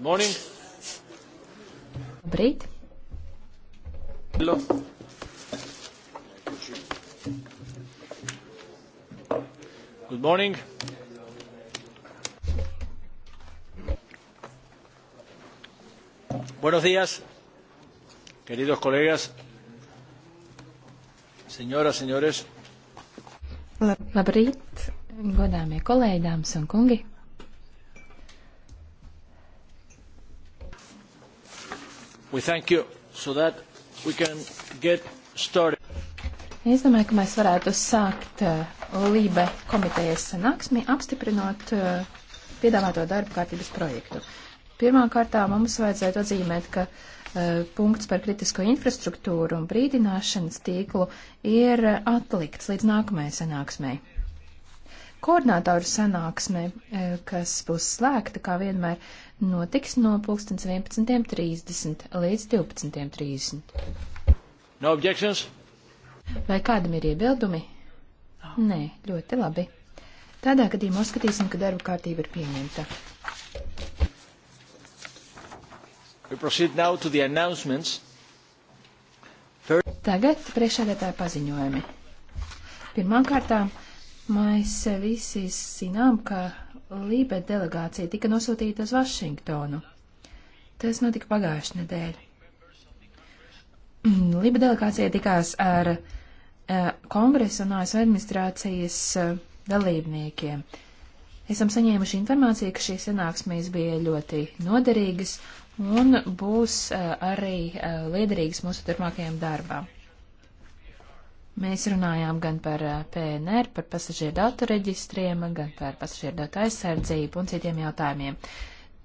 Morning. Labrīt. Hello. Good morning. Buenos días, queridos colegas, señoras, señores. Labrīt, godāmie kolēģi, dāmas un kungi. We thank you so that we can get started. Es domāju, ka mēs varētu sākt uh, Lībe komitejas sanāksmi, apstiprinot uh, piedāvāto darba kārtības projektu. Pirmām kārtām mums vajadzētu atzīmēt, ka uh, punkts par kritisko infrastruktūru un brīdināšanas tīklu ir atlikts līdz nākamajai sanāksmei koordinātoru sanāksme, eh, kas būs slēgta, kā vienmēr, notiks no 11.30 līdz 12.30. No objections? Vai kādam ir iebildumi? No. Nē, ļoti labi. Tādā gadījumā uzskatīsim, ka darba kārtība ir pieņemta. We proceed now to the announcements. Tagad priekšādētāja paziņojumi. Pirmkārtām. Mēs visi zinām, ka Lībe delegācija tika nosūtīta uz Vašingtonu. Tas notika pagājušajā nedēļā. Lībe delegācija tikās ar eh, kongresa un ASV administrācijas eh, dalībniekiem. Esam saņēmuši informāciju, ka šīs sanāksmēs bija ļoti noderīgas un būs eh, arī liederīgas mūsu turpmākajam darbam. Mēs runājām gan par eh, PNR, par pasažieru datu reģistriem, gan par pasažieru datu aizsardzību un citiem jautājumiem.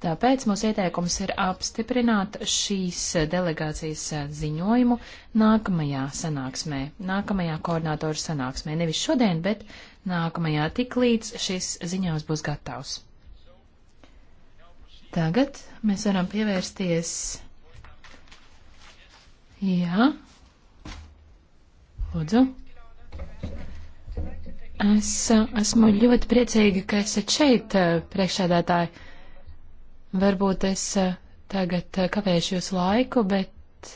Tāpēc mūsu ieteikums ir apstiprināt šīs delegācijas eh, ziņojumu nākamajā sanāksmē, nākamajā koordinātoru sanāksmē. Nevis šodien, bet nākamajā tik līdz šis ziņojums būs gatavs. Tagad mēs varam pievērsties. Jā, Lūdzu. Es uh, esmu ļoti priecīga, ka esat šeit, uh, priekšsēdētāji. Varbūt es uh, tagad kavēšu jūsu laiku, bet.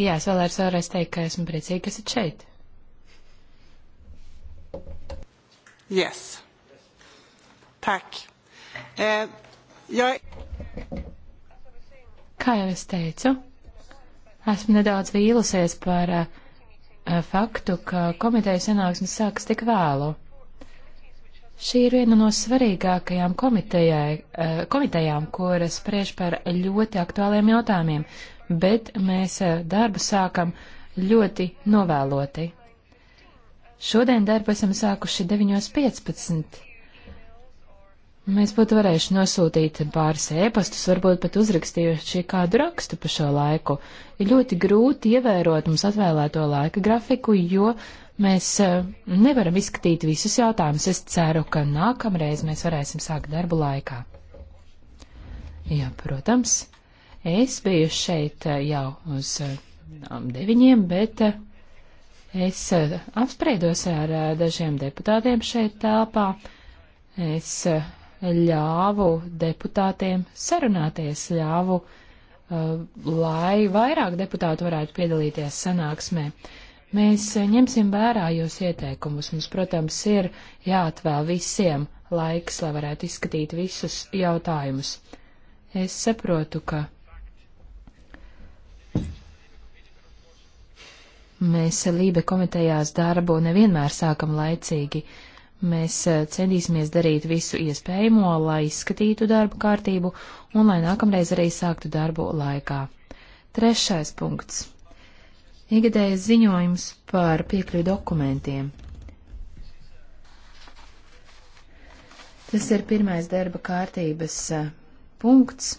Jā, es vēl ar savu reizi teiktu, ka esmu priecīga, ka esat šeit. Yes. Tak. Eh, jā. Kā jau es teicu? Esmu nedaudz vīlusies par uh, faktu, ka komiteja sanāksmes sākas tik vēlu. Šī ir viena no svarīgākajām komitejai, eh, komitejām, kuras spriež par ļoti aktuāliem jautājumiem, bet mēs darbu sākam ļoti novēloti. Šodien darbu esam sākuši 9.15. Mēs būtu varējuši nosūtīt pāris ēpastus, varbūt pat uzrakstījuši kādu rakstu pa šo laiku. Ir ļoti grūti ievērot mums atvēlēto laika grafiku, jo mēs e, nevaram izskatīt visus jautājumus. Es ceru, ka nākamreiz mēs varēsim sākt darbu laikā. Jā, protams, es biju šeit e, jau uz e, deviņiem, bet es apspriedos ar dažiem deputātiem šeit telpā. Es ļāvu deputātiem sarunāties, ļāvu, uh, lai vairāk deputātu varētu piedalīties sanāksmē. Mēs uh, ņemsim vērā jūs ieteikumus. Mums, protams, ir jāatvēl visiem laiks, lai varētu izskatīt visus jautājumus. Es saprotu, ka mēs Lībe komitejās darbu nevienmēr sākam laicīgi. Uh, Mēs eh, centīsimies darīt visu iespējamo, lai izskatītu darbu kārtību un lai nākamreiz arī sāktu darbu laikā. Trešais punkts. Iegadējas ziņojums par piekļuvi dokumentiem. Tas ir pirmais darba kārtības eh, punkts.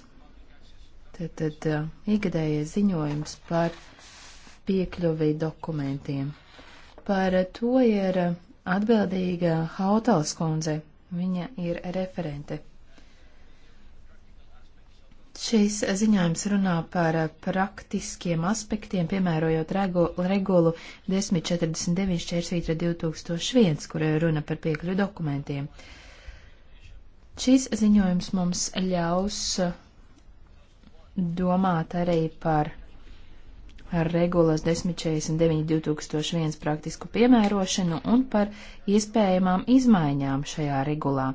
Tad, tad eh, iegadējas ziņojums par piekļuvi dokumentiem. Par to ir atbildīga Hautals kundze. Viņa ir referente. Šis ziņojums runā par praktiskiem aspektiem, piemērojot regu, regulu 1049 čērsvītra 2001, kur runa par piekļu dokumentiem. Šis ziņojums mums ļaus domāt arī par ar regulas 1049-2001 praktisku piemērošanu un par iespējamām izmaiņām šajā regulā.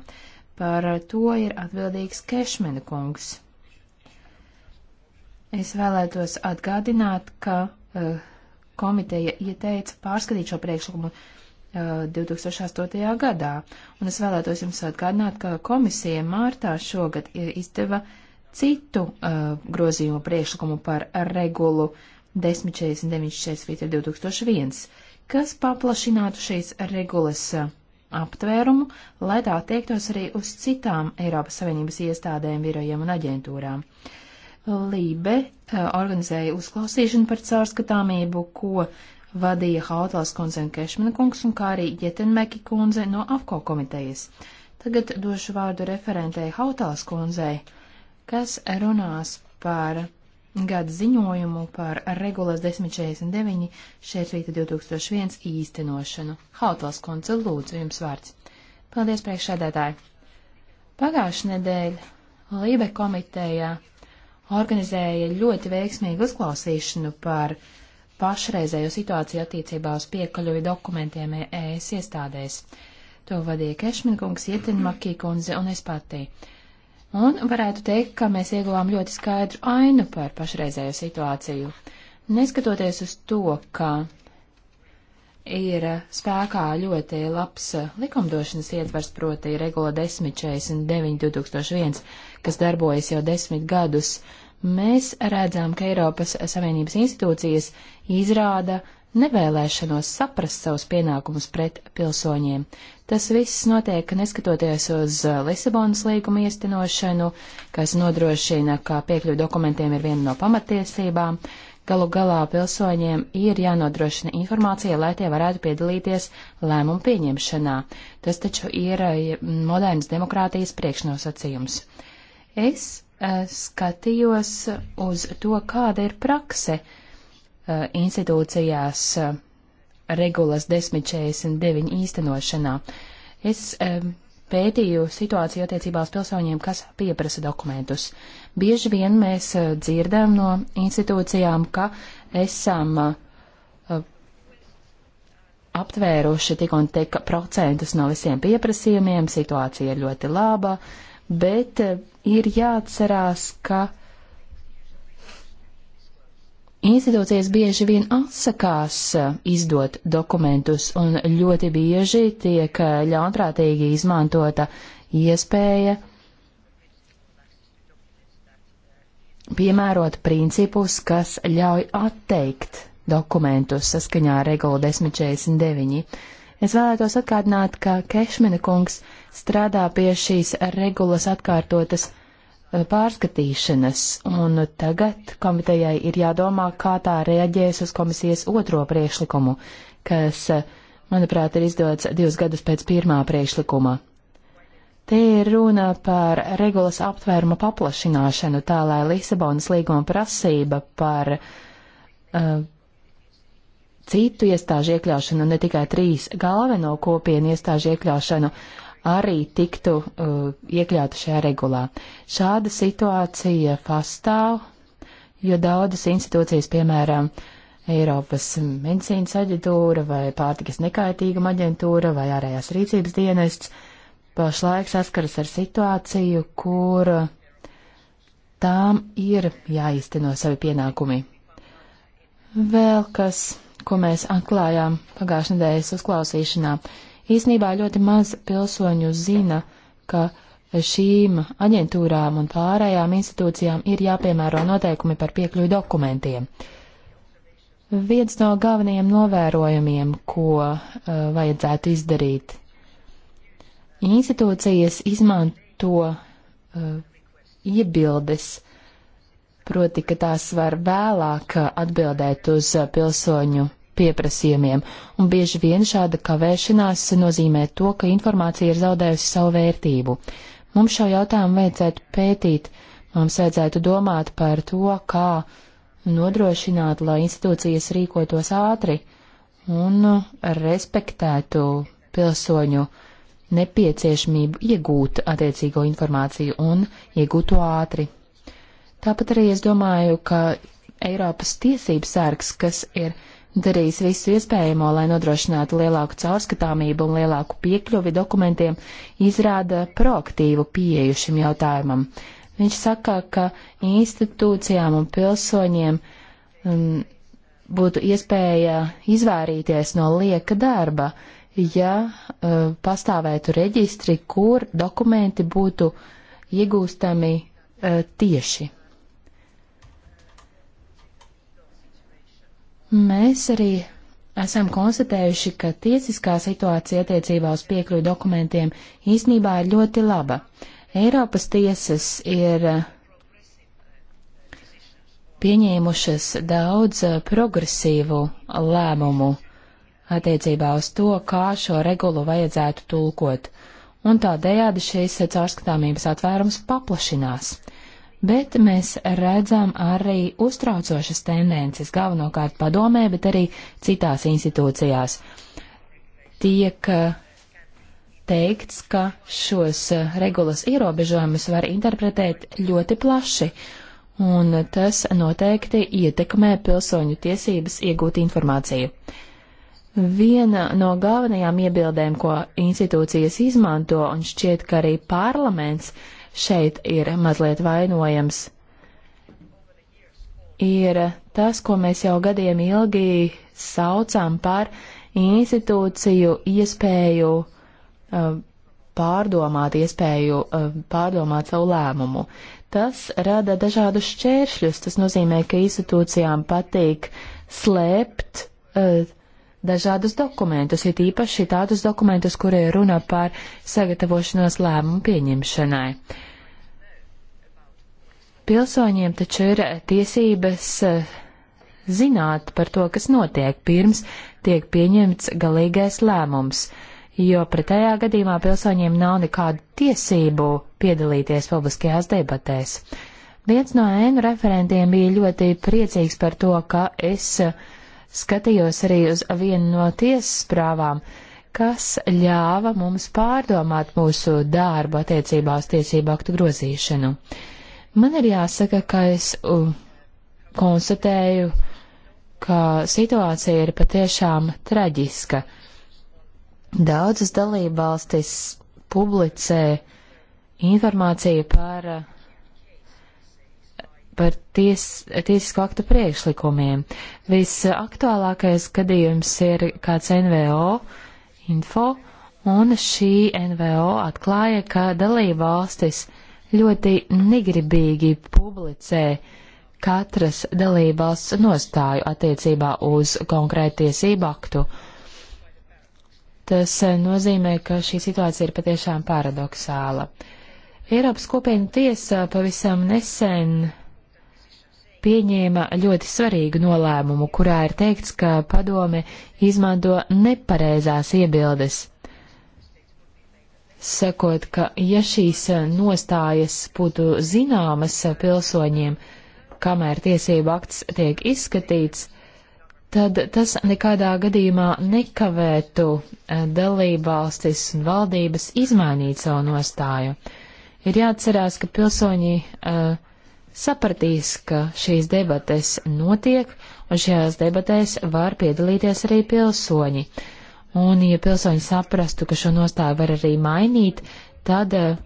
Par to ir atbildīgs Kešmena kungs. Es vēlētos atgādināt, ka uh, komiteja ieteica pārskatīt šo priekšlikumu uh, eh, 2008. gadā, un es vēlētos jums atgādināt, ka komisija mārtā šogad eh, izdeva citu uh, grozījumu priekšlikumu par regulu uh, 1049-2001, kas paplašinātu šīs regulas aptvērumu, lai tā attiektos arī uz citām Eiropas Savienības iestādēm, birojiem un aģentūrām. Lībe organizēja uzklausīšanu par caurskatāmību, ko vadīja Hautals kundze un Kešmina kungs un kā arī Jetenmeki kundze no AFKO komitejas. Tagad došu vārdu referentei Hautals kundzei, kas runās par gada ziņojumu par regulas 1049 šeit rīta 2001 īstenošanu. Hautals konce, lūdzu, jums vārds. Paldies, priekšsēdētāji. Pagājušā nedēļa Lībe komitejā organizēja ļoti veiksmīgu uzklausīšanu par pašreizējo situāciju attiecībā uz piekaļuvi dokumentiem ES iestādēs. To vadīja Kešminkungs, Ietinmakī kundze un es patī. Uh, Un varētu teikt, ka mēs ieguvām ļoti skaidru ainu par pašreizējo situāciju. Neskatoties uz to, ka ir spēkā ļoti labs eh, likumdošanas ietvars, proti regula 1049-2001, kas darbojas jau desmit gadus, mēs redzam, ka Eiropas Savienības institūcijas izrāda nevēlēšanos saprast savus pienākumus pret pilsoņiem. Tas viss notiek neskatoties uz uh, Lisabonas līguma iestenošanu, kas nodrošina, ka piekļuvi dokumentiem ir viena no pamatiesībām. Galu galā pilsoņiem ir jānodrošina informācija, lai tie varētu piedalīties lēmumu pieņemšanā. Tas taču ir uh, modernas demokrātijas priekšnosacījums. Es uh, skatījos uz to, kāda ir prakse institūcijās regulas 1049 īstenošanā. Es um, pētīju situāciju attiecībā uz pilsoņiem, kas pieprasa dokumentus. Bieži vien mēs uh, dzirdam no institūcijām, ka esam uh, aptvēruši tik un tik procentus no visiem pieprasījumiem, situācija ir ļoti laba, bet uh, ir jāatcerās, ka uh, Institūcijas bieži vien atsakās e, izdot dokumentus, un ļoti bieži tiek e, ļaunprātīgi izmantota iespēja piemērot principus, kas ļauj atteikt dokumentus saskaņā ar regulu 1049. Es vēlētos atgādināt, ka Kešmina kungs strādā pie šīs regulas atkārtotas Eh, pārskatīšanas, un tagad komitejai ir jādomā, kā tā reaģēs uz komisijas otro priekšlikumu, kas, eh, manuprāt, ir izdots divus gadus pēc pirmā priekšlikuma. Te ir runa par regulas aptvēruma paplašināšanu, tā lai Lisabonas līguma prasība par uh, citu iestāžu iekļaušanu, ne tikai trīs galveno kopienu iestāžu iekļaušanu, uh, arī tiktu uh, iekļauta šajā regulā. Šāda situācija pastāv, jo daudzas institūcijas, piemēram, Eiropas medicīnas aģentūra vai pārtikas nekaitīguma aģentūra vai ārējās rīcības dienests pašlaik saskaras ar situāciju, kur tām ir jāizteno savi pienākumi. Vēl kas, ko mēs atklājām pagājušajā nedēļas uzklausīšanā, uh, Īsnībā ļoti maz pilsoņu zina, ka šīm aģentūrām un pārējām institūcijām ir jāpiemēro noteikumi par piekļuvi dokumentiem. Viens no galvenajiem novērojumiem, ko uh, vajadzētu izdarīt, institūcijas izmanto uh, iebildes, proti, ka tās var vēlāk atbildēt uz uh, pilsoņu pieprasījumiem, un bieži vien šāda kavēšanās nozīmē to, ka informācija ir zaudējusi savu vērtību. Mums šo jautājumu vajadzētu pētīt, mums vajadzētu domāt par to, kā nodrošināt, lai institūcijas rīkotos ātri un respektētu pilsoņu nepieciešamību iegūt attiecīgo informāciju un iegūt to ātri. Tāpat arī es domāju, ka Eiropas tiesības sārgs, kas ir darīs visu iespējamo, lai nodrošinātu lielāku caurskatāmību un lielāku piekļuvi dokumentiem, izrāda proaktīvu pieeju šim jautājumam. Viņš saka, ka institūcijām un pilsoņiem um, būtu iespēja izvairīties no lieka darba, ja uh, pastāvētu reģistri, kur dokumenti būtu iegūstami uh, tieši. Mēs arī esam konstatējuši, ka tiesiskā situācija attiecībā uz piekļuvi dokumentiem īsnībā ir ļoti laba. Eiropas tiesas ir eh, pieņēmušas daudz eh, progresīvu lēmumu attiecībā uz to, kā šo regulu vajadzētu tulkot, un tādējādi šīs caurskatāmības atvērums paplašinās bet mēs redzam arī uztraucošas tendences, galvenokārt padomē, bet arī citās institūcijās. Tiek eh, teikts, ka šos eh, regulas ierobežojumus var interpretēt ļoti plaši, un tas noteikti ietekmē pilsoņu tiesības iegūt informāciju. Viena no galvenajām iebildēm, ko institūcijas izmanto, un šķiet, ka arī parlaments uh, šeit ir mazliet vainojams, ir tas, ko mēs jau gadiem ilgi saucam par institūciju iespēju uh, pārdomāt, iespēju uh, pārdomāt savu lēmumu. Tas rada dažādus šķēršļus. Tas nozīmē, ka institūcijām patīk slēpt uh, dažādus dokumentus, ir īpaši tādus dokumentus, kurie runa par sagatavošanos lēmumu pieņemšanai. Pilsoņiem taču ir eh, tiesības eh, zināt par to, kas notiek pirms tiek pieņemts galīgais lēmums, jo pretējā gadījumā pilsoņiem nav nekādu tiesību piedalīties publiskajās debatēs. Viens no ēnu referentiem bija ļoti priecīgs par to, ka es eh, skatījos arī uz vienu no tiesas prāvām, kas ļāva mums pārdomāt mūsu darbu attiecībā uz tiesību aktu grozīšanu. Uh, Man ir jāsaka, ka es uh, konstatēju, ka situācija ir patiešām traģiska. Daudzas dalībvalstis publicē informāciju par, par ties, tiesisko aktu priekšlikumiem. Visaktuālākais gadījums ir kāds NVO info, un šī NVO atklāja, ka dalībvalstis ļoti negribīgi publicē katras dalībās nostāju attiecībā uz konkrētu tiesību aktu. Tas eh, nozīmē, ka šī situācija ir patiešām paradoxāla. Eiropas kopiena tiesa pavisam nesen pieņēma ļoti svarīgu nolēmumu, kurā ir teikts, ka padome izmanto nepareizās iebildes sakot, ka ja šīs eh, nostājas būtu zināmas eh, pilsoņiem, kamēr tiesība akts tiek izskatīts, tad tas nekādā gadījumā nekavētu eh, dalībvalstis un valdības izmainīt savu nostāju. Ir jāatcerās, ka pilsoņi uh, sapratīs, ka šīs debates notiek, un šajās debatēs var piedalīties arī pilsoņi. Uh, Un, ja pilsoņi saprastu, ka šo nostāju var arī mainīt, tad eh,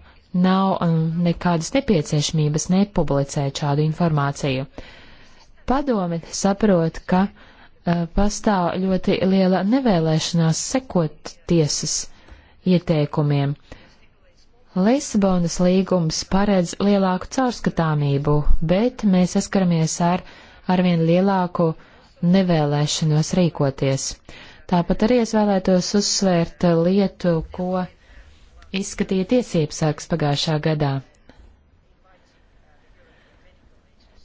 nav eh, nekādas nepieciešamības nepublicēt šādu informāciju. Padome saprot, ka uh, pastāv ļoti liela nevēlēšanās sekot tiesas ieteikumiem. Lisabonas līgums paredz lielāku caurskatāmību, bet mēs saskaramies ar arvien lielāku nevēlēšanos rīkoties. Uh, Tāpat arī es vēlētos uzsvērt lietu, ko izskatīja tiesības sāks pagājušā gadā.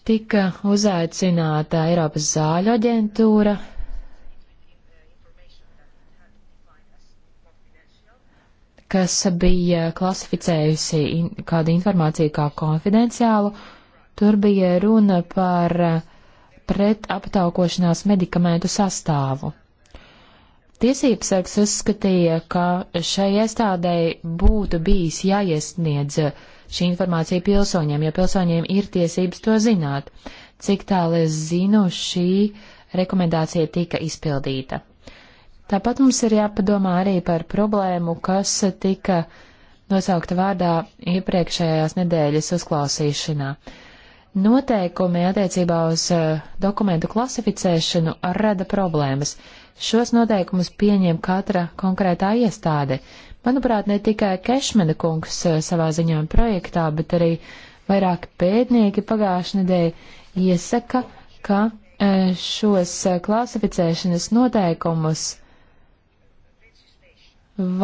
Tika uzaicināta Eiropas zāļu aģentūra, kas bija klasificējusi in, kādu informāciju kā konfidenciālu. Tur bija runa par eh, pretaptaukošanās medikamentu sastāvu. Tiesības sargs uzskatīja, ka šai iestādēji būtu bijis jāiesniedz šī informācija pilsoņiem, jo pilsoņiem ir tiesības to zināt. Cik tālu es zinu, šī rekomendācija tika izpildīta. Tāpat mums ir jāpadomā arī par problēmu, kas tika nosaukta vārdā iepriekšējās nedēļas uzklausīšanā. Noteikumi attiecībā uz eh, dokumentu klasificēšanu rada problēmas. Šos noteikumus pieņem katra konkrētā iestāde. Manuprāt, ne tikai Kešmena kungs eh, savā ziņojuma projektā, bet arī vairāki pētnieki pagājušajā nedēļā iesaka, ka eh, šos eh, klasificēšanas noteikumus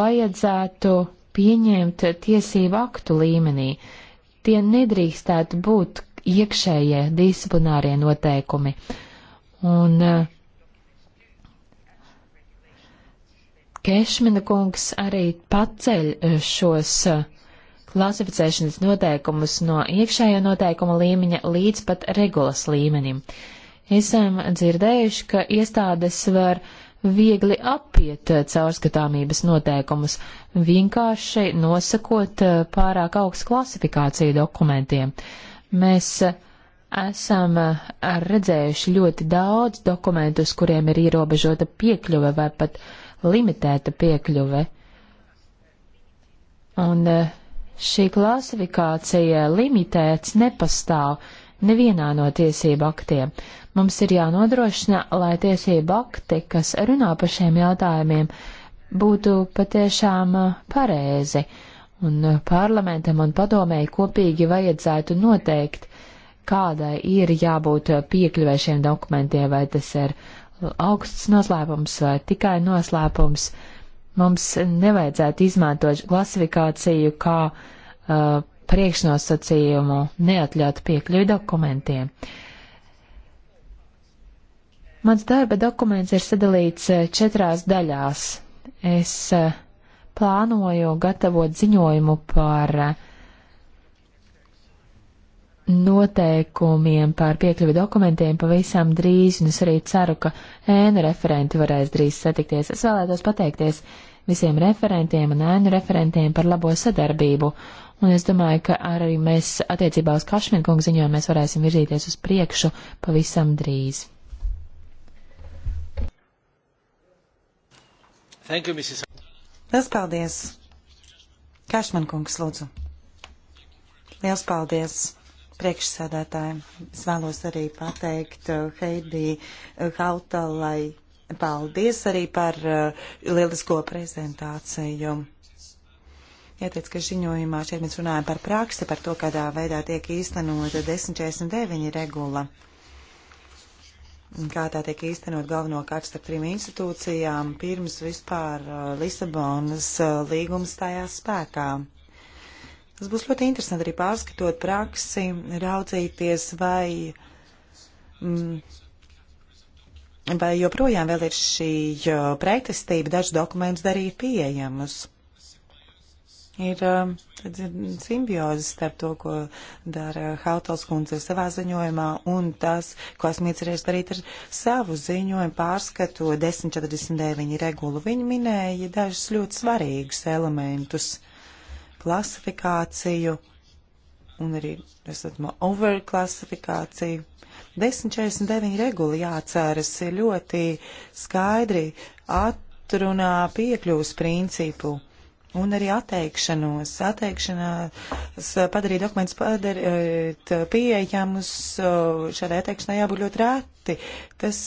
vajadzētu pieņemt tiesību aktu līmenī. Tie nedrīkstētu būt iekšējie disciplinārie noteikumi. Un uh, Kešmina kungs arī paceļ e, šos e, klasificēšanas noteikumus no iekšējā noteikuma līmeņa līdz pat regulas līmenim. Esam dzirdējuši, ka iestādes var viegli apiet e, caurskatāmības noteikumus, vienkārši nosakot pārāk augstu klasifikāciju dokumentiem. Mēs esam redzējuši ļoti daudz dokumentus, kuriem ir ierobežota piekļuve vai pat uh, limitēta piekļuve. Un eh, šī klasifikācija limitēts nepastāv nevienā no tiesību aktiem. Mums ir jānodrošina, lai tiesību akti, kas runā par šiem jautājumiem, būtu patiešām eh, pareizi, un eh, parlamentam un padomēji kopīgi vajadzētu noteikt, kādai ir jābūt piekļuvē šiem dokumentiem, vai tas ir augsts noslēpums vai tikai noslēpums. Mums nevajadzētu izmantot klasifikāciju kā uh, priekšnosacījumu neatļaut piekļuvi dokumentiem. Mans darba dokuments ir sadalīts uh, četrās daļās. Es uh, plānoju gatavot ziņojumu par uh, noteikumiem par piekļuvi dokumentiem pavisam drīz, un es arī ceru, ka ēnu referenti varēs drīz satikties. Es vēlētos pateikties visiem referentiem un ēnu referentiem par labo sadarbību, un es domāju, ka arī mēs attiecībā uz Kašminkungu ziņojumu mēs varēsim virzīties uz priekšu pavisam drīz. Thank you, Mrs. Liels paldies! Kašmankungs, lūdzu! Liels paldies! priekšsēdētājiem. Es vēlos arī pateikt uh, Heidi uh, Hautalai paldies arī par uh, lielisko prezentāciju. Ieteic, ka ziņojumā šeit mēs runājam par praksi, par to, kādā veidā tiek īstenota 1049 regula. Kā tā tiek īstenot galvenokārt starp trim institūcijām, pirms vispār uh, Lisabonas uh, līgums stājās spēkā. Uh, Tas būs ļoti interesanti arī pārskatot praksi, raudzīties, vai, mm, vai joprojām vēl ir šī pretestība dažu dokumentus darīt pieejamus. Ir, um, tad ir simbiozes starp to, ko dara Hautals kundze savā ziņojumā un tas, ko esmu iecerējis darīt ar savu ziņojumu pārskatu 1049 regulu. Viņa minēja dažus ļoti svarīgus elementus. Uh, klasifikāciju un arī esatmo overklasifikāciju. 1049 regula jāatceras ir ļoti skaidri atrunā piekļūs principu un arī atteikšanos. Atteikšanās padarīt dokumentus padarīt pieejamus šādai atteikšanai jābūt ļoti reti. Tas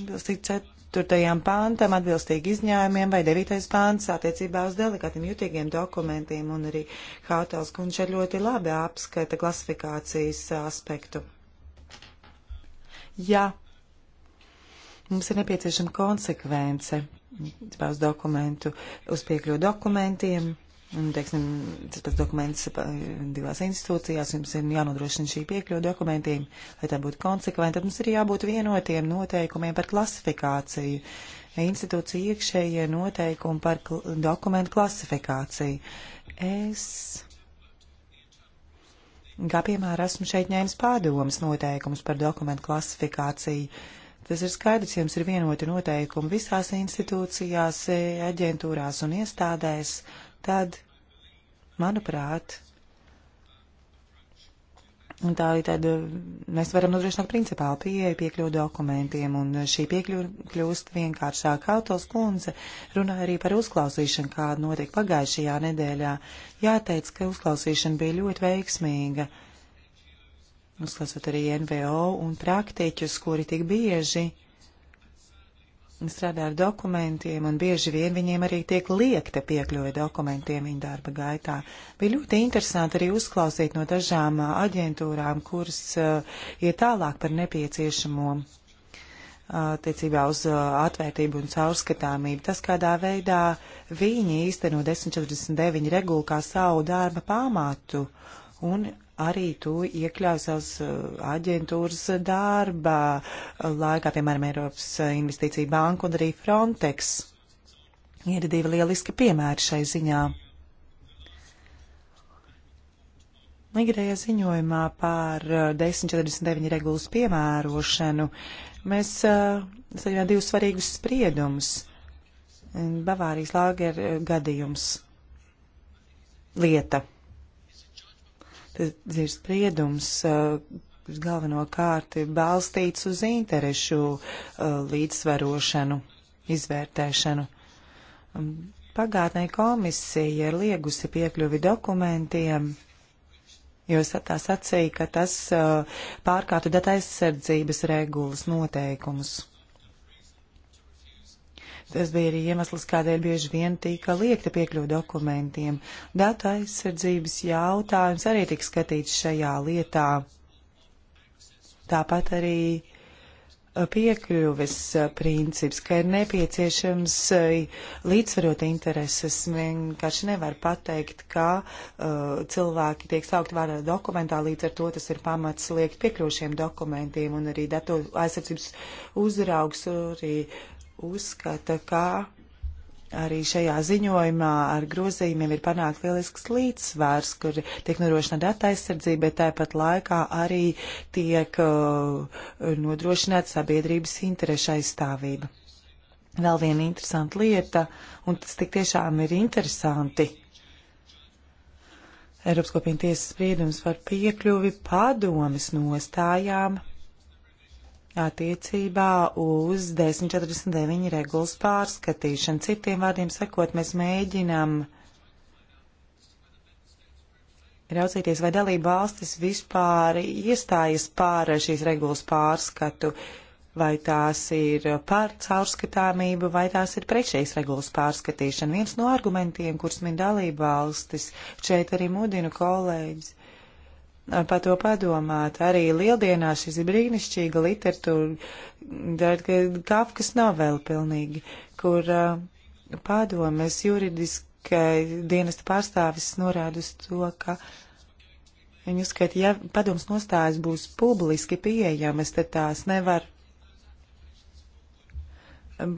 atbilstīt 4. pāntam atbilstīgi izņēmumiem vai 9. pāns attiecībā uz delikātiem jutīgiem dokumentiem un arī Hautels kundze ļoti labi apskata klasifikācijas aspektu. Jā, mums ir nepieciešama konsekvence uz dokumentu, uz piekļu dokumentiem. Un, teiksim, tas pats dokuments divās institūcijās, jums ir jānodrošina šī piekļuva dokumentiem, lai tā būtu konsekventa, tad mums ir jābūt vienotiem noteikumiem par klasifikāciju, institūcija iekšējie noteikumi par kl dokumentu klasifikāciju. Es, kā piemēra, esmu šeit ņēmis pārdomas noteikumus par dokumentu klasifikāciju. Tas ir skaidrs, jums ir vienoti noteikumi visās institūcijās, e, aģentūrās un iestādēs. Uh, tad, manuprāt, Un tā ir tāda, mēs varam nodrošināt principāli pieeju piekļuvu dokumentiem, un šī piekļuva kļūst vienkāršāk. Kautos kundze runāja arī par uzklausīšanu, kāda notika pagājušajā nedēļā. Jāteic, ka uzklausīšana bija ļoti veiksmīga. Uzklausot arī NVO un praktiķus, kuri tik bieži uh, strādā ar dokumentiem, un bieži vien viņiem arī tiek liekta piekļuve dokumentiem viņa darba gaitā. Bija ļoti interesanti arī uzklausīt no dažām aģentūrām, kuras uh, iet tālāk par nepieciešamo attiecībā uh, uz uh, atvērtību un caurskatāmību. Tas, kādā veidā viņi īsteno 1049 regulu kā savu darba pamatu un arī to iekļauj savas eh, aģentūras darbā eh, laikā, piemēram, Eiropas eh, Investīcija Banka un arī Frontex. Ir divi lieliski piemēri šai ziņā. Migrējā ziņojumā par 1049 regulas piemērošanu mēs saņemām divus svarīgus spriedumus. Bavārijas lāger gadījums lieta Tad uh, ir spriedums galvenokārt balstīts uz interešu uh, līdzsvarošanu, izvērtēšanu. Um, pagātnē komisija ir liegusi piekļuvi dokumentiem, jo tā sacīja, ka tas uh, pārkāptu data aizsardzības regulas noteikumus. Tas bija arī iemesls, kādēļ bieži vien tika liekta piekļuva dokumentiem. Datu aizsardzības jautājums arī tika skatīts šajā lietā. Tāpat arī uh, piekļuves uh, princips, ka ir nepieciešams uh, līdzsvarot intereses. Vienkārši nevar pateikt, ka uh, cilvēki tiek saukt vārdā dokumentā, līdz ar to tas ir pamats liekt piekļuvušiem dokumentiem un arī datu aizsardzības uzraugs arī uzskata, ka arī šajā ziņojumā ar grozījumiem ir panākt lielisks līdzsvērs, kur tiek nodrošināta data aizsardzība, bet tāpat laikā arī tiek uh, nodrošināta sabiedrības interešu aizstāvība. Vēl viena interesanta lieta, un tas tik tiešām ir interesanti. Eiropas kopienas tiesas spriedums par piekļuvi padomis nostājām attiecībā uz 1049 regulas pārskatīšanu. Citiem vārdiem sakot, mēs mēģinām raudzīties, vai dalība valstis vispār iestājas pār šīs regulas pārskatu, vai tās ir par caurskatāmību, vai tās ir pret šīs regulas pārskatīšanu. Viens no argumentiem, kurus min dalība valstis, šeit arī mudinu kolēģis, par to padomāt. Arī lieldienās šis ir brīnišķīga literatūra, kad Kafkas novela pilnīgi, kur padomes juridiskai dienesta pārstāvis norāda uz to, ka viņi uzskata, ja padoms nostājas būs publiski pieejamas, tad tās nevar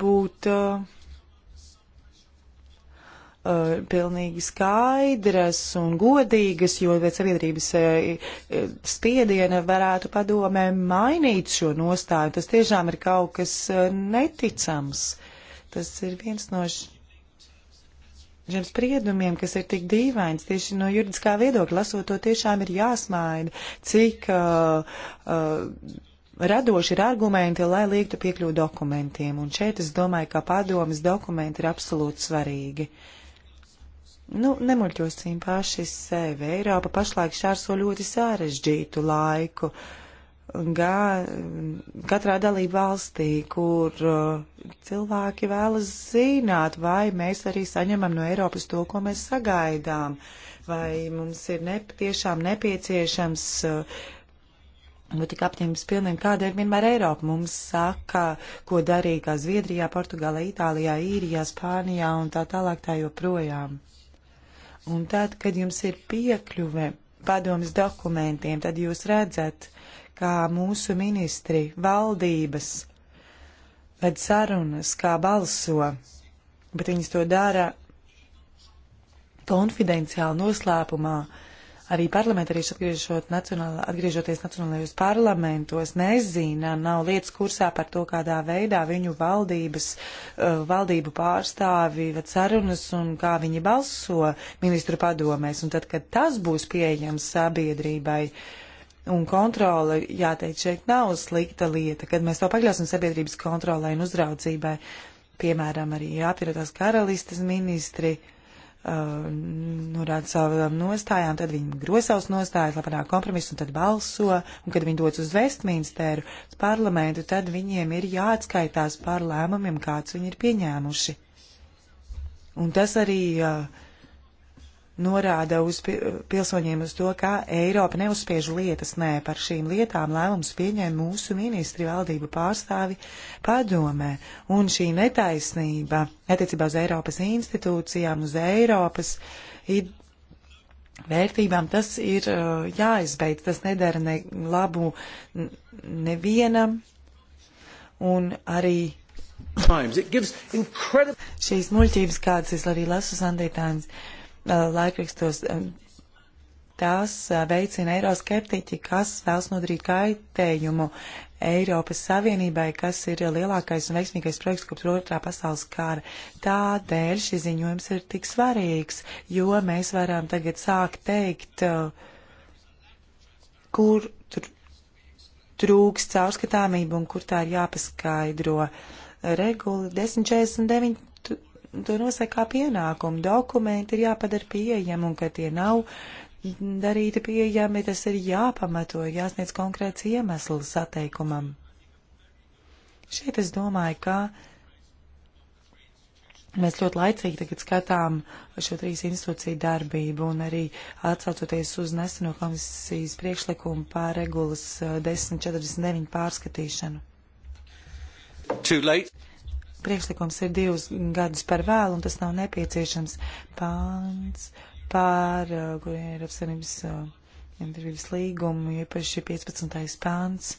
būt. Uh, uh, pilnīgi skaidras un godīgas, jo pēc sabiedrības uh, spiediena varētu padomē mainīt šo nostāju. Tas tiešām ir kaut kas uh, neticams. Tas ir viens no šiem spriedumiem, kas ir tik dīvains tieši no juridiskā viedokļa. Lasot to tiešām ir jāsmaina, cik uh, uh, radoši ir argumenti, lai liektu piekļūt dokumentiem. Un šeit es domāju, ka padomas dokumenti ir absolūti svarīgi. Uh, Nu, nemuļķosim paši sevi. Eiropa pašlaik šārso ļoti sarežģītu laiku. Gā, katrā dalība valstī, kur uh, cilvēki vēlas zināt, vai mēs arī saņemam no Eiropas to, ko mēs sagaidām, vai mums ir ne, tiešām nepieciešams uh, Nu, tik apņemts pilnīgi, kādēļ vienmēr Eiropa mums saka, ko darīja kā Zviedrijā, Portugālē, Itālijā, Īrijā, Spānijā un tā tālāk tā joprojām. Un tad, kad jums ir piekļuve padomas dokumentiem, tad jūs redzat, kā mūsu ministri, valdības ved sarunas, kā balso, bet viņas to dara konfidenciāli noslēpumā, uh, arī parlamentārieši atgriežot nacionāla, atgriežoties nacionālajos parlamentos nezina, nav lietas kursā par to, kādā veidā viņu valdības, uh, valdību pārstāvi ved sarunas un kā viņi balso ministru padomēs. Un tad, kad tas būs pieejams sabiedrībai un kontrole, jāteic, šeit nav slikta lieta, kad mēs to pakļausim sabiedrības kontrolē un uzraudzībai, piemēram, arī apvienotās karalistes ministri. Uh, Uh, norāda savām nostājām, tad viņi groz savus nostājas, lai panāk kompromisu, un tad balso, un kad viņi dodas uz Vestminsteru, uz parlamentu, tad viņiem ir jāatskaitās par lēmumiem, kāds viņi ir pieņēmuši. Un tas arī uh, norāda uz pilsoņiem uz to, ka Eiropa neuzspiež lietas, nē, par šīm lietām lēmums pieņēma mūsu ministri valdību pārstāvi padomē, un šī netaisnība attiecībā uz Eiropas institūcijām, uz Eiropas vērtībām, tas ir uh, jāizbeidz, tas nedara ne labu nevienam, un arī Šīs muļķības, kādas es arī lasu sandītājums, uh, laikrakstos. Tās veicina eiroskeptiķi, kas vēlas nodarīt kaitējumu Eiropas Savienībai, kas ir lielākais un veiksmīgais projekts kopš otrā pasaules kara. Tādēļ šis ziņojums ir tik svarīgs, jo mēs varam tagad sākt teikt, kur trūks caurskatāmība un kur tā ir jāpaskaidro. Regula 1049 to nosaka pienākumu. Dokumenti ir jāpadara pieejami, un ka tie nav darīti pieejami, tas ir jāpamato, jāsniedz konkrēts iemesls sateikumam. Šeit es domāju, ka mēs ļoti laicīgi tagad skatām šo trīs institūciju darbību un arī atsaucoties uz neseno komisijas priekšlikumu pār regulas 1049 eh, pārskatīšanu. Too late. Priekšlikums ir divus gadus par vēlu, un tas nav nepieciešams pāns pār, kuriem uh, ir apsainības intervības uh, līgumu, īpaši 15. pāns.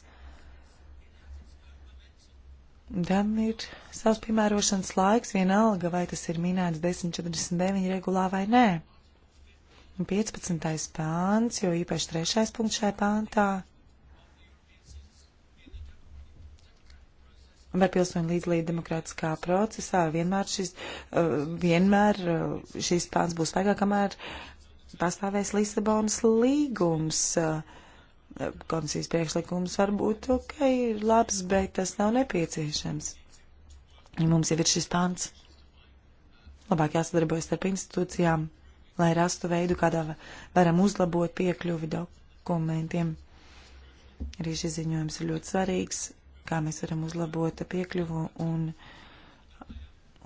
Tam ir savs piemērošanas laiks, vienalga, vai tas ir minēts 10.49 regulā vai nē. 15. pāns, jo īpaši 3. punkts šajā pāntā Un vai pilsoņu līdzlīd demokrātiskā procesā vienmēr šis, uh, vienmēr uh, šīs pāns būs spēkā, kamēr pastāvēs Lisabonas līgums. Uh, komisijas priekšlikums varbūt ok, ir labs, bet tas nav nepieciešams. Ja mums jau ir šis pāns. Labāk jāsadarbojas starp institūcijām, lai rastu veidu, kādā varam uzlabot piekļuvi dokumentiem. Arī šis ziņojums ir ļoti svarīgs kā mēs varam uzlabot piekļuvu un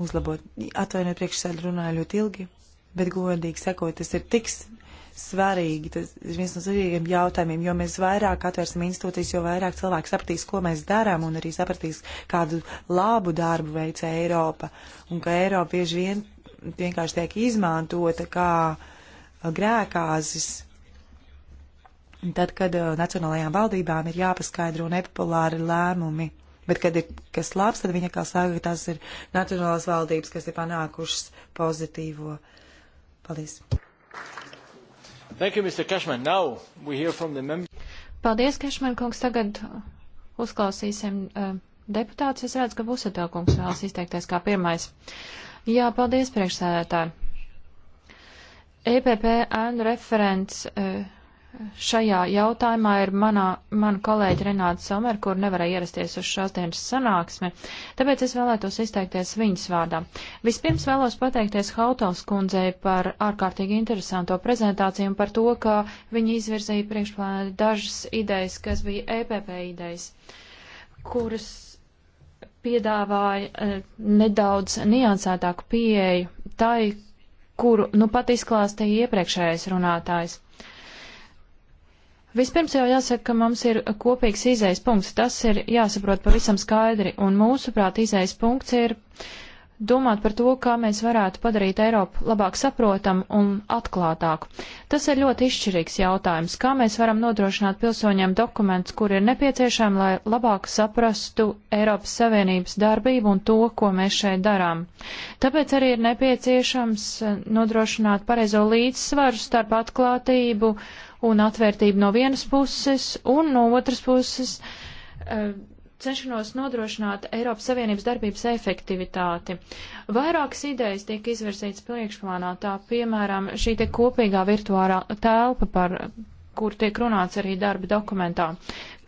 uzlabot. Atvainojiet, priekšsēdē runāju ļoti ilgi, bet godīgi sakot, tas ir tik svarīgi. Tas ir viens no svarīgiem jautājumiem, jo mēs vairāk atvērsim institūcijas, jo vairāk cilvēki sapratīs, ko mēs darām, un arī sapratīs, kādu labu darbu veic Eiropa. Un ka Eiropa bieži vien vienkārši tiek izmantota kā grēkāzis Tad, kad uh, nacionālajām valdībām ir jāpaskaidro nepopulāri lēmumi, bet kad ir kas labs, tad viņa kā saka, ka tās ir nacionālās valdības, kas ir panākušas pozitīvo. Paldies. Thank you, Mr. Cashman. Now we hear from the member. Paldies, Kašman kungs. Tagad uzklausīsim uh, deputātus. Es redzu, ka Busetā kungs vēlas izteikties kā pirmais. Jā, paldies, priekšsēdētāji. EPP ēnu referents. Uh, šajā jautājumā ir manā, mana kolēģa Renāta Somer, kur nevarēja ierasties uz šās dienas sanāksmi, tāpēc es vēlētos izteikties viņas vārdā. Vispirms vēlos pateikties Hautals kundzei par ārkārtīgi interesanto prezentāciju un par to, ka viņa izvirzīja priekšplānā dažas idejas, kas bija EPP idejas, kuras piedāvāja eh, nedaudz niansētāku pieeju tai, kuru nu pat izklāstīja iepriekšējais runātājs. Vispirms jau jāsaka, ka mums ir kopīgs izējas punkts. Tas ir jāsaprot pavisam skaidri, un mūsuprāt, izējas punkts ir uh, domāt par to, kā mēs varētu padarīt Eiropu labāk saprotam un atklātāku. Tas ir ļoti izšķirīgs jautājums, kā mēs varam nodrošināt pilsoņiem dokumentus, kur ir nepieciešami, lai labāk saprastu Eiropas Savienības darbību un to, ko mēs šeit darām. Tāpēc arī ir nepieciešams eh, nodrošināt pareizo līdzsvaru starp atklātību un atvērtību no vienas puses un no otras puses. Uh, cenšanos nodrošināt Eiropas Savienības darbības efektivitāti. Vairākas idejas tiek izvirzītas priekšplānā, tā piemēram šī te kopīgā virtuālā telpa, par kur tiek runāts arī darba dokumentā,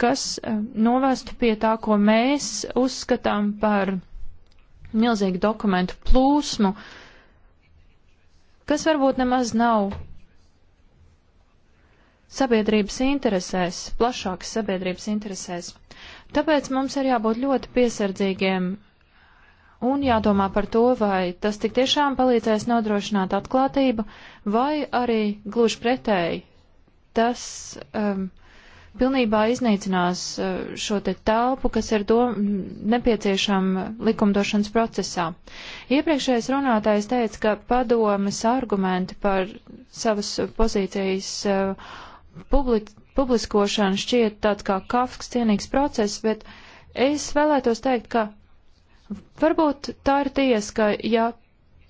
kas eh, novestu pie tā, ko mēs uzskatām par milzīgu dokumentu plūsmu, kas varbūt nemaz nav sabiedrības interesēs, plašākas sabiedrības interesēs. Tāpēc mums ir jābūt ļoti piesardzīgiem un jādomā par to, vai tas tik tiešām palīdzēs nodrošināt atklātību, vai arī gluži pretēji tas um, pilnībā iznīcinās uh, šo te telpu, kas ir dom, nepieciešama likumdošanas procesā. Iepriekšējais runātājs teica, ka padomas argumenti par savas pozīcijas uh, publicēt publiskošana šķiet tāds kā kafks cienīgs process, bet es vēlētos teikt, ka varbūt tā ir tiesa, ka ja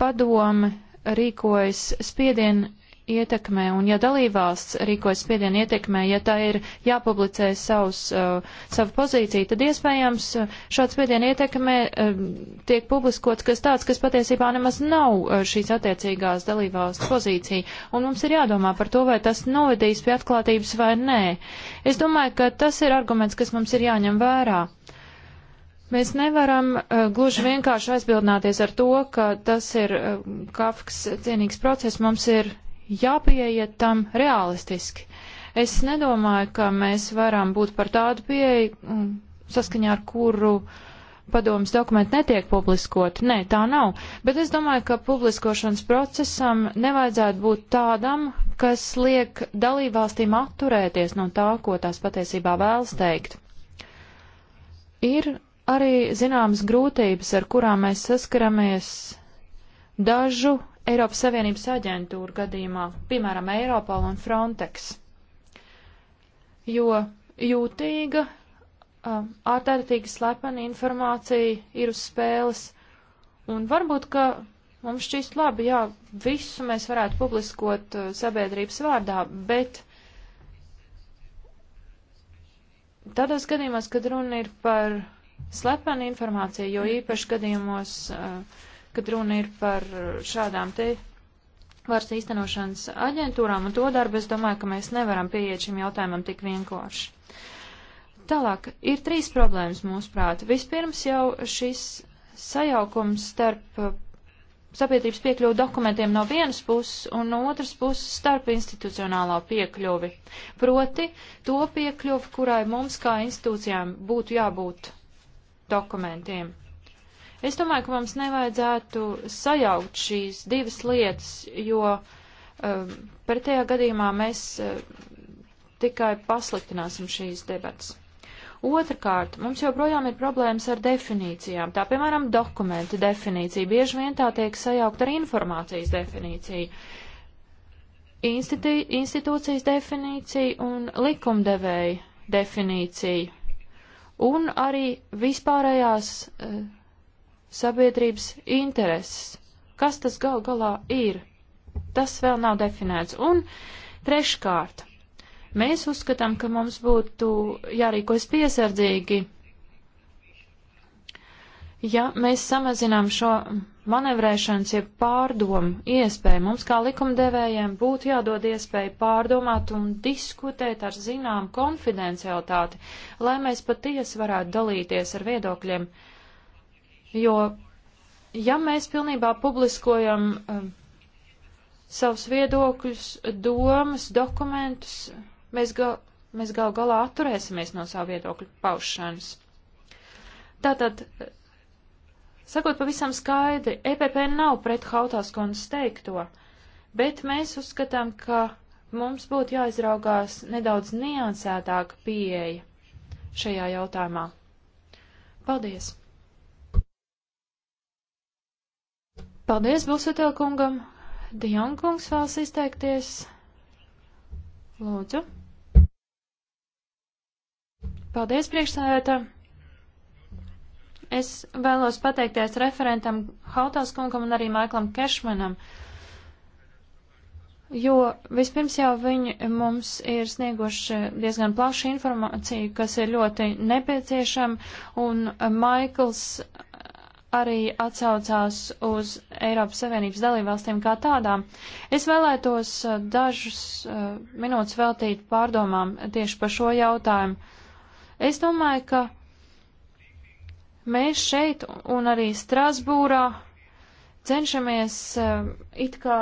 padome rīkojas spiedienu ietekmē, un ja dalībvalsts rīkojas spiedienu ietekmē, ja tā ir jāpublicē savus, uh, savu pozīciju, tad iespējams uh, šāds spiedienu ietekmē uh, tiek publiskots kas tāds, kas patiesībā nemaz nav uh, šīs attiecīgās dalībvalsts pozīcija, un mums ir jādomā par to, vai tas novedīs pie atklātības vai nē. Es domāju, ka tas ir arguments, kas mums ir jāņem vērā. Mēs nevaram uh, gluži vienkārši aizbildināties ar to, ka tas ir uh, Kafkas cienīgs process. Mums ir jāpieiet tam realistiski. Es nedomāju, ka mēs varam būt par tādu pieeju, mm, saskaņā ar kuru padomas dokumenti netiek publiskoti. Nē, tā nav. Bet es domāju, ka publiskošanas procesam nevajadzētu būt tādam, kas liek dalībvalstīm atturēties no tā, ko tās patiesībā vēlas teikt. Ir arī zināmas grūtības, ar kurām mēs saskaramies dažu Eiropas Savienības aģentūru gadījumā, piemēram, Eiropol un Frontex, jo jūtīga, ārkārtīgi slepena informācija ir uz spēles, un varbūt, ka mums šķīst labi, jā, visu mēs varētu publiskot sabiedrības vārdā, bet tādās gadījumās, kad runa ir par slepenu informāciju, jo īpaši gadījumos uh, kad runa ir par šādām te varas īstenošanas aģentūrām un to darbu, es domāju, ka mēs nevaram pieiet šim jautājumam tik vienkārši. Tālāk, ir trīs problēmas mūsuprāt. Vispirms jau šis sajaukums starp uh, sabiedrības piekļuvu dokumentiem no vienas puses un no otras puses starp institucionālā piekļuvi. Proti to piekļuvi, kurai mums kā institūcijām būtu jābūt dokumentiem. Es domāju, ka mums nevajadzētu sajaukt šīs divas lietas, jo uh, pretējā gadījumā mēs uh, tikai pasliktināsim šīs debatas. Otrakārt, mums joprojām ir problēmas ar definīcijām. Tā, piemēram, dokumenta definīcija. Bieži vien tā tiek sajaukt ar informācijas definīciju, institī, institūcijas definīciju un likumdevēja definīciju. Un arī vispārējās uh, sabiedrības intereses. Kas tas gal galā ir? Tas vēl nav definēts. Un treškārt, mēs uzskatām, ka mums būtu jārīkojas piesardzīgi, ja mēs samazinām šo manevrēšanas, jeb ja pārdomu iespēju. Mums kā likumdevējiem būtu jādod iespēju pārdomāt un diskutēt ar zinām konfidencialitāti, lai mēs patiesi varētu dalīties ar viedokļiem. Uh, Jo, ja mēs pilnībā publiskojam um, savus viedokļus, domas, dokumentus, mēs, ga, mēs gal galā atturēsimies no savu viedokļu paušanas. Tātad, sakot pavisam skaidri, EPP nav pret Hautās kundzes teikto, bet mēs uzskatām, ka mums būtu jāizraugās nedaudz niansētāka pieeja šajā jautājumā. Paldies! Paldies Bulsutelkungam. Dijankungs vēlas izteikties. Lūdzu. Paldies priekšsēdētā. Es vēlos pateikties referentam Hautās kungam un arī Maiklam Kešmanam, jo vispirms jau viņi mums ir snieguši diezgan plašu informāciju, kas ir ļoti nepieciešama, un Maikls arī atsaucās uz Eiropas Savienības dalībvalstīm kā tādām. Es vēlētos uh, dažus uh, minūtes veltīt pārdomām tieši par šo jautājumu. Es domāju, ka mēs šeit un arī Strasbūrā cenšamies uh, it kā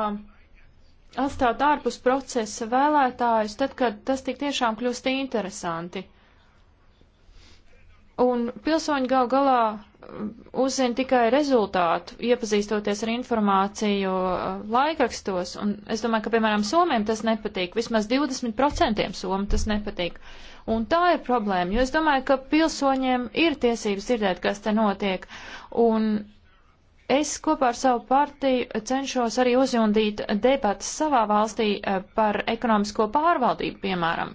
atstāt ārpus procesa vēlētājus, tad, kad tas tik tiešām kļūst interesanti. Un pilsoņi gal galā uzzina tikai rezultātu, iepazīstoties ar informāciju uh, laikrakstos, un es domāju, ka, piemēram, somiem tas nepatīk, vismaz 20% somu tas nepatīk. Un tā ir problēma, jo es domāju, ka pilsoņiem ir tiesības dzirdēt, kas te notiek, un es kopā ar savu partiju cenšos arī uzjundīt debatas savā valstī uh, par ekonomisko pārvaldību, piemēram.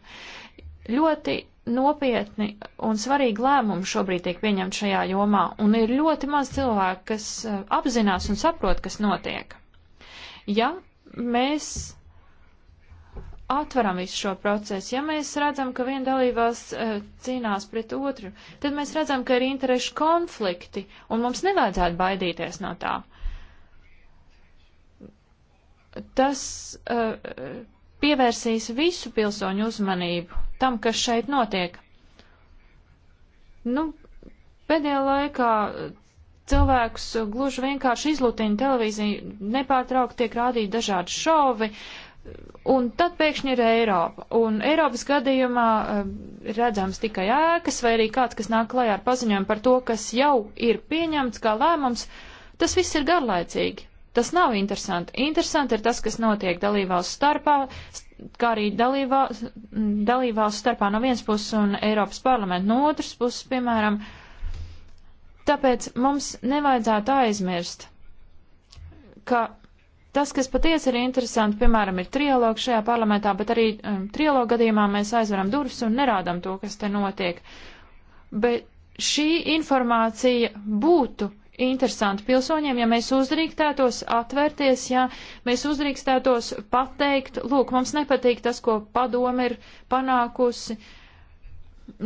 Ļoti nopietni un svarīgi lēmumi šobrīd tiek pieņemti šajā jomā, un ir ļoti maz cilvēku, kas eh, apzinās un saprot, kas notiek. Ja mēs atveram visu šo procesu, ja mēs redzam, ka viena dalībās uh, cīnās pret otru, tad mēs redzam, ka ir interešu konflikti, un mums nevajadzētu baidīties no tā. Tas uh, pievērsīs visu pilsoņu uzmanību tam, kas šeit notiek. Nu, pēdējā laikā cilvēkus gluži vienkārši izlutina televīzija, nepārtraukti tiek rādīti dažādi šovi, un tad pēkšņi ir Eiropa. Un Eiropas gadījumā eh, redzams tikai ēkas vai arī kāds, kas nāk klajā ar paziņojumu par to, kas jau ir pieņemts kā lēmums, tas viss ir garlaicīgi. Tas nav interesanti. Interesanti ir tas, kas notiek dalībvalsts starpā, kā arī dalībvalsts starpā no vienas puses un Eiropas parlamenta no otras puses, piemēram. Tāpēc mums nevajadzētu aizmirst, ka tas, kas patiesi ir interesanti, piemēram, ir trialogs šajā parlamentā, bet arī um, trialogu gadījumā mēs aizveram durvis un nerādam to, kas te notiek. Bet šī informācija būtu interesanti pilsoņiem, ja mēs uzdrīkstētos atvērties, ja mēs uzdrīkstētos pateikt, lūk, mums nepatīk tas, ko padome ir panākusi,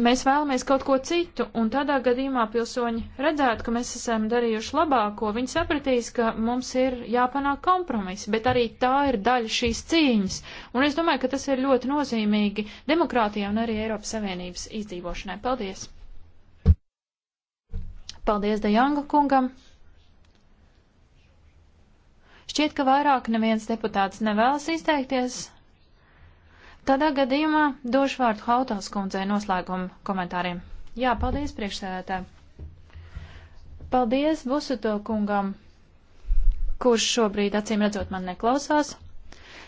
mēs vēlamies kaut ko citu, un tādā gadījumā pilsoņi redzētu, ka mēs esam darījuši labāko, viņi sapratīs, ka mums ir jāpanāk kompromiss, bet arī tā ir daļa šīs cīņas, un es domāju, ka tas ir ļoti nozīmīgi demokrātijai un arī Eiropas Savienības izdzīvošanai. Paldies! Paldies Dejanga kungam. Šķiet, ka vairāk neviens deputāts nevēlas izteikties. Tādā gadījumā došu vārdu Hautās kundzei noslēguma komentāriem. Jā, paldies priekšsēdētāji. Paldies Busuto kungam, kurš šobrīd acīm redzot man neklausās.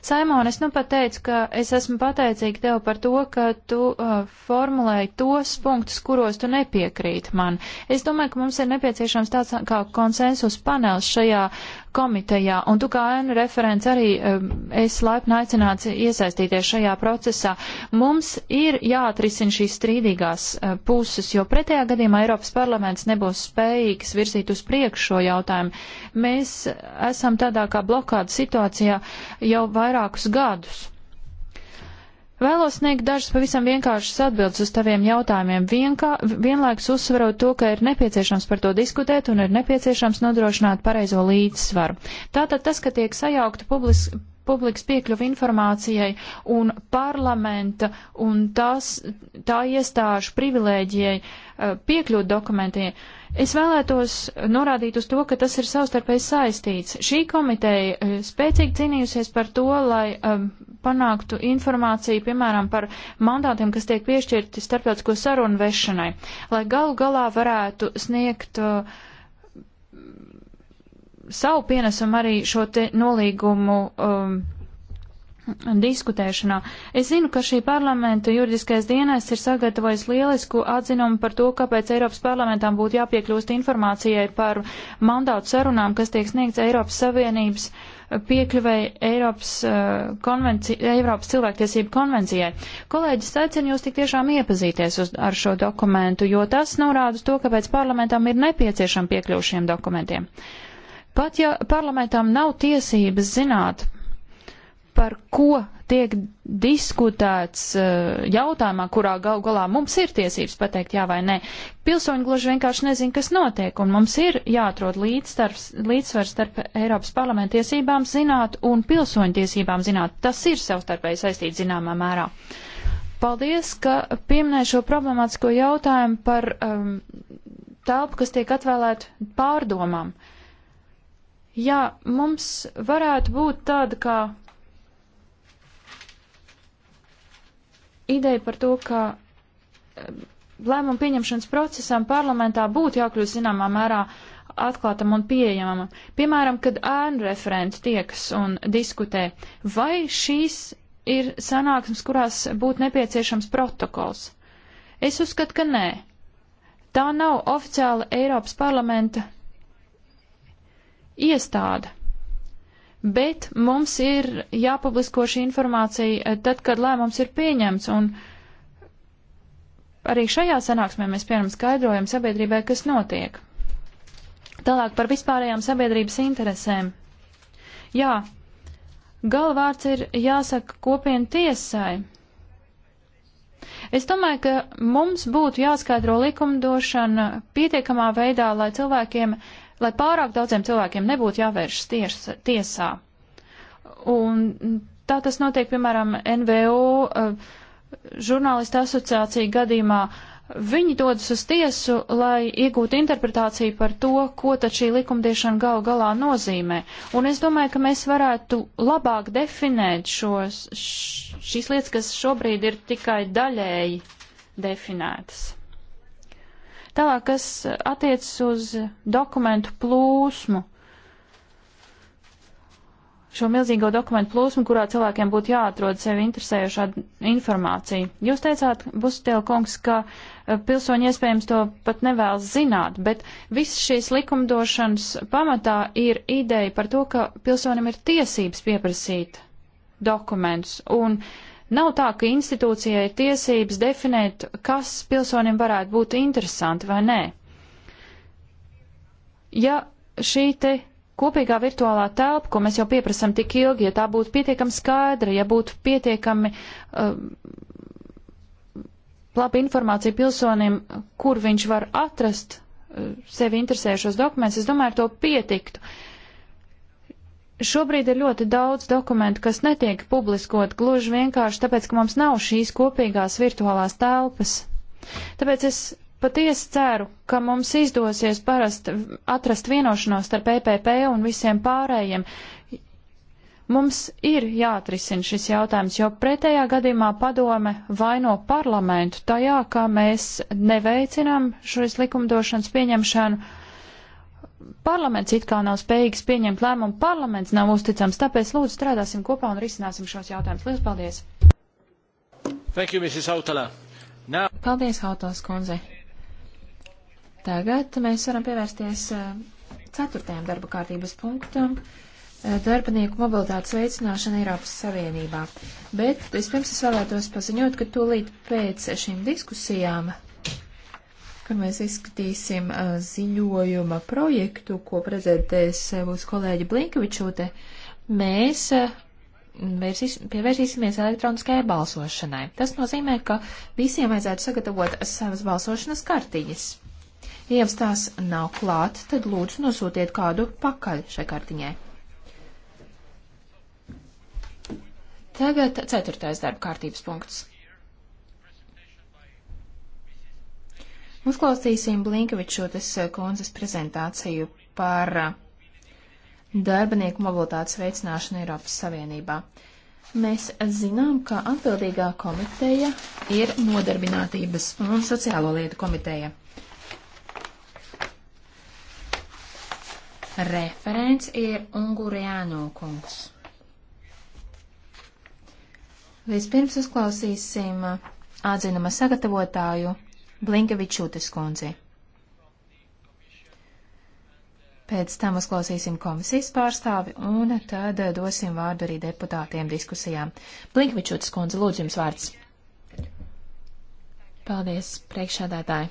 Saimon, es nu pat teicu, ka es esmu pateicīga tev par to, ka tu uh, formulēji tos punktus, kuros tu nepiekrīti man. Es domāju, ka mums ir nepieciešams tāds kā konsensus panels šajā komitejā, un tu kā N referents arī es laipni aicināts iesaistīties šajā procesā. Mums ir jāatrisina šīs strīdīgās eh, puses, jo pretējā gadījumā Eiropas parlaments nebūs spējīgs virzīt uz priekšu šo jautājumu. Mēs eh, esam tādā kā blokāda situācijā jau vairākus gadus. Vēlos sniegt dažas pavisam vienkāršas atbildes uz taviem jautājumiem, Vienkā, vienlaikus uzsverot to, ka ir nepieciešams par to diskutēt un ir nepieciešams nodrošināt pareizo līdzsvaru. Tātad tas, ka tiek sajaukta publis, publikas piekļuva informācijai un parlamenta un tās, tā iestāžu privilēģijai eh, piekļūt dokumentiem, Es vēlētos norādīt uz to, ka tas ir savstarpēji saistīts. Šī komiteja eh, spēcīgi cīnījusies par to, lai um, panāktu informāciju, piemēram, par mandātiem, kas tiek piešķirti starptautisko sarunu vešanai, lai galu galā varētu sniegt uh, savu pienesumu arī šo te nolīgumu um, diskutēšanā. Es zinu, ka šī parlamenta juridiskais dienests ir sagatavojis lielisku atzinumu par to, kāpēc Eiropas parlamentām būtu jāpiekļūst informācijai par mandātu sarunām, kas tiek sniegts Eiropas Savienības uh, piekļuvēja Eiropas, uh, konvenci... Eiropas cilvēktiesību konvencijai. Kolēģis aicina jūs tik tiešām iepazīties uz, ar šo dokumentu, jo tas norāda to, kāpēc parlamentam ir nepieciešama piekļuva šiem dokumentiem. Pat ja parlamentam nav tiesības zināt par ko tiek diskutēts eh, jautājumā, kurā gal galā mums ir tiesības pateikt jā vai nē. Pilsoņi gluži vienkārši nezin, kas notiek, un mums ir jāatrod līdzsvars starp Eiropas parlamenta tiesībām zināt un pilsoņu tiesībām zināt. Tas ir savstarpēji saistīts zināmā mērā. Paldies, ka pieminēju šo problemātisko jautājumu par um, telpu, kas tiek atvēlēta pārdomām. Jā, mums varētu būt tāda kā ideja par to, ka eh, lēmumu pieņemšanas procesam parlamentā būtu jākļūst zināmā mērā atklātam un pieejamam. Piemēram, kad ēnu referenti tiekas un diskutē, vai šīs ir sanāksmes, kurās būtu nepieciešams protokols? Es uzskatu, ka nē. Tā nav oficiāla Eiropas parlamenta iestāde bet mums ir jāpublisko šī informācija eh, tad, kad lēmums ir pieņemts. Un arī šajā sanāksmē mēs, piemēram, skaidrojam sabiedrībai, kas notiek. Tālāk par vispārējām sabiedrības interesēm. Jā, galvārds ir jāsaka kopienu tiesai. Es domāju, ka mums būtu jāskaidro likumdošana pietiekamā veidā, lai cilvēkiem uh, lai pārāk daudziem cilvēkiem nebūtu jāvēršas ties, tiesā. Un tā tas notiek, piemēram, NVO eh, žurnālista asociācija gadījumā. Viņi dodas uz tiesu, lai iegūtu interpretāciju par to, ko tad šī likumdiešana gal galā nozīmē. Un es domāju, ka mēs varētu labāk definēt šos, šīs lietas, kas šobrīd ir tikai daļēji definētas. Tālāk, kas attiecas uz dokumentu plūsmu, šo milzīgo dokumentu plūsmu, kurā cilvēkiem būtu jāatrod sevi interesējošā informācija. Jūs teicāt, Bustiela kungs, ka e, pilsoņi iespējams to pat nevēlas zināt, bet viss šīs likumdošanas pamatā ir ideja par to, ka pilsonim ir tiesības pieprasīt dokumentus. Un uh, Nav tā, ka institūcijai ir tiesības definēt, kas pilsonim varētu būt interesanti vai nē. Ja šī te kopīgā virtuālā telpa, ko mēs jau pieprasam tik ilgi, ja tā būtu pietiekami skaidra, ja būtu pietiekami uh, laba informācija pilsonim, kur viņš var atrast uh, sevi interesējušos dokumentus, es domāju, ar to pietiktu. Uh, Šobrīd ir ļoti daudz dokumentu, kas netiek publiskot gluži vienkārši tāpēc, ka mums nav šīs kopīgās virtuālās telpas. Tāpēc es patiesi ceru, ka mums izdosies parast atrast vienošanos starp PPP e un visiem pārējiem. Mums ir jāatrisina šis jautājums, jo pretējā gadījumā padome vaino parlamentu tajā, kā mēs neveicinām šīs likumdošanas pieņemšanu parlaments it kā nav spējīgs pieņemt lēmumu, parlaments nav uzticams, tāpēc lūdzu strādāsim kopā un risināsim šos jautājumus. Lielas paldies! Thank you, Mrs. Hautala. Now... Paldies, Hautalas kundze. Tagad mēs varam pievērsties eh, ceturtajam darba kārtības punktam eh, - darbinieku mobilitātes veicināšana Eiropas Savienībā. Bet vispirms es vēlētos paziņot, ka tūlīt pēc šīm diskusijām kad mēs izskatīsim ziņojuma projektu, ko prezentēs mūsu kolēģi Blinkevičūte, mēs vērsīs, pievērsīsimies elektroniskajai balsošanai. Tas nozīmē, ka visiem vajadzētu sagatavot savas balsošanas kartiņas. Ja jums tās nav klāt, tad lūdzu nosūtiet kādu pakaļ šai kartiņai. Tagad ceturtais darba kārtības punkts. Uzklausīsim Blinkevičotas eh, kundzes prezentāciju par eh, darbinieku mobilitātes veicināšanu Eiropas Savienībā. Mēs zinām, ka atbildīgā komiteja ir nodarbinātības un sociālo lietu komiteja. Referents ir Unguriāno kungs. Vispirms uzklausīsim eh, atzinuma sagatavotāju Blinkevičūtes kundzi. Pēc tam uzklausīsim komisijas pārstāvi un tad dosim vārdu arī deputātiem diskusijām. Blinkvičūtas kundze, lūdzu jums vārds. Paldies, priekšādātāji.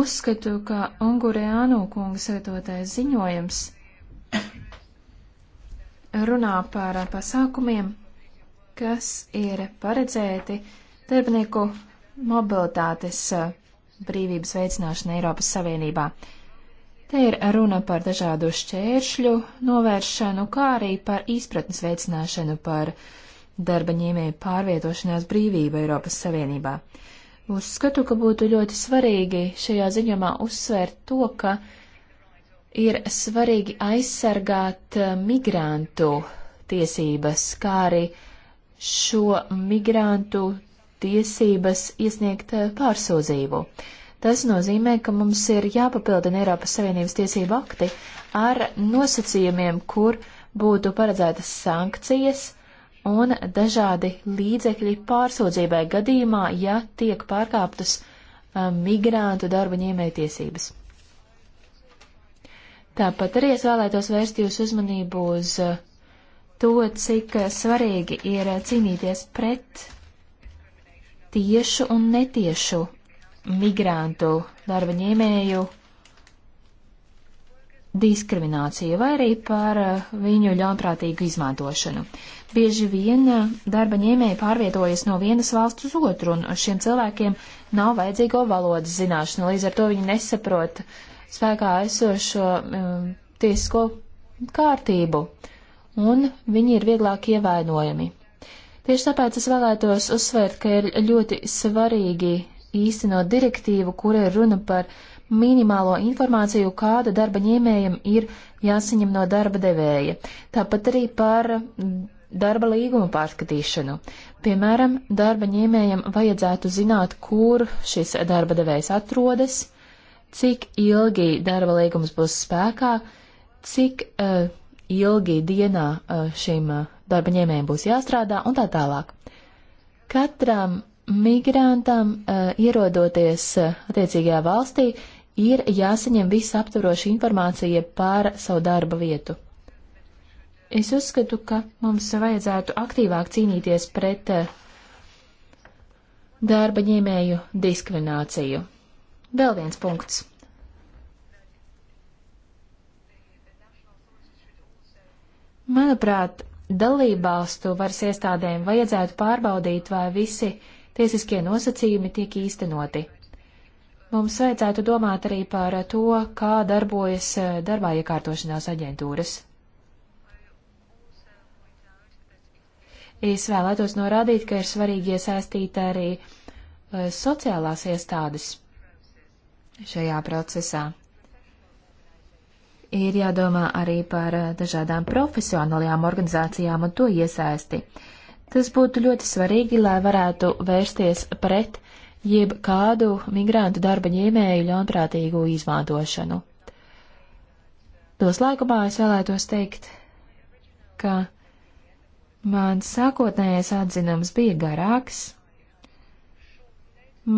Uzskatu, ka Ungureānu kunga sagatavotais ziņojums runā par pasākumiem, kas ir paredzēti darbinieku mobilitātes brīvības veicināšana Eiropas Savienībā. Te ir runa par dažādu šķēršļu novēršanu, kā arī par izpratnes veicināšanu par darba ņēmēju pārvietošanās brīvību Eiropas Savienībā. Uzskatu, ka būtu ļoti svarīgi šajā ziņumā uzsvērt to, ka ir svarīgi aizsargāt migrantu tiesības, kā arī uh, šo migrantu tiesības iesniegt eh, pārsūdzību. Tas nozīmē, ka mums ir jāpapildina Eiropas Savienības tiesību akti ar nosacījumiem, kur būtu paredzētas sankcijas un dažādi līdzekļi pārsūdzībai gadījumā, ja tiek pārkāptas eh, migrantu darba ņēmēja tiesības. Tāpat arī es vēlētos vērst jūsu uzmanību uz uh, to, cik svarīgi ir cīnīties pret tiešu un netiešu migrantu darba ņēmēju diskrimināciju vai arī par viņu ļaunprātīgu izmantošanu. Bieži vien darba ņēmēji pārvietojas no vienas valsts uz otru, un šiem cilvēkiem nav vajadzīgo valodas zināšanu, līdz ar to viņi nesaprot spēkā esošo um, tiesisko kārtību. Uh, un viņi ir vieglāk ievainojami. Tieši tāpēc es vēlētos uzsvērt, ka ir ļoti svarīgi īstenot direktīvu, kura ir runa par minimālo informāciju, kāda darba ņēmējiem ir jāsaņem no darba devēja. Tāpat arī par darba līguma pārskatīšanu. Piemēram, darba ņēmējiem vajadzētu zināt, kur šis darba devējs atrodas, cik ilgi darba līgums būs spēkā, cik uh, ilgi dienā šim darba ņēmējiem būs jāstrādā un tā tālāk. Katram migrantam ierodoties attiecīgajā valstī ir jāsaņem visa aptvaroša informācija par savu darba vietu. Es uzskatu, ka mums vajadzētu aktīvāk cīnīties pret darba ņēmēju diskrimināciju. Vēl viens punkts. Manuprāt, dalībvalstu varas iestādēm vajadzētu pārbaudīt, vai visi tiesiskie nosacījumi tiek īstenoti. Mums vajadzētu domāt arī par to, kā darbojas eh, darbā iekārtošanās aģentūras. Es vēlētos norādīt, ka ir svarīgi iesaistīt arī eh, sociālās iestādes šajā procesā ir jādomā arī par eh, dažādām profesionālajām organizācijām un to iesaisti. Tas būtu ļoti svarīgi, lai varētu vērsties pret jebkādu migrantu darba ņēmēju ļaunprātīgu izmantošanu. Noslēgumā es vēlētos teikt, ka mans sākotnējais atzinums bija garāks.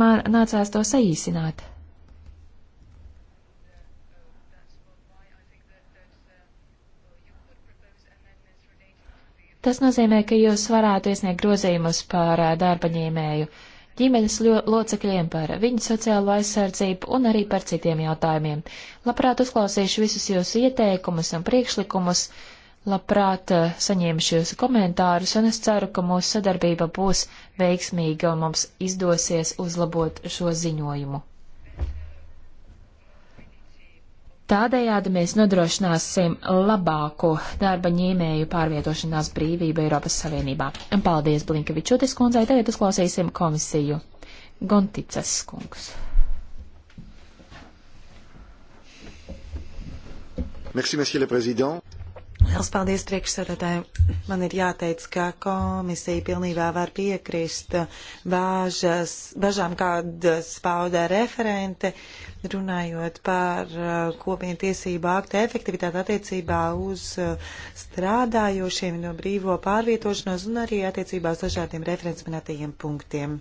Man nācās to saīsināt. Tas nozīmē, ka jūs varētu iesniegt grozījumus par darba ņēmēju ģimenes locekļiem, par viņu sociālo aizsardzību un arī par citiem jautājumiem. Labprāt uzklausīšu visus jūsu ieteikumus un priekšlikumus, labprāt saņemšu jūsu komentārus un es ceru, ka mūsu sadarbība būs veiksmīga un mums izdosies uzlabot šo ziņojumu. Tādējādi mēs nodrošināsim labāku darba ņēmēju pārvietošanās brīvību Eiropas Savienībā. Paldies, Blinkevičūtis kundzei. Tagad uzklausīsim komisiju. Gonticas kungs. Merci, monsieur le président. Liels paldies priekšsēdētāji. Man ir jāteic, ka komisija pilnībā var piekrist bāžas, bažām, kādas paudē referente, runājot par uh, kopienu tiesību aktu efektivitāti attiecībā uz uh, strādājošiem no brīvo pārvietošanos un arī attiecībā uz dažādiem referents minētajiem punktiem.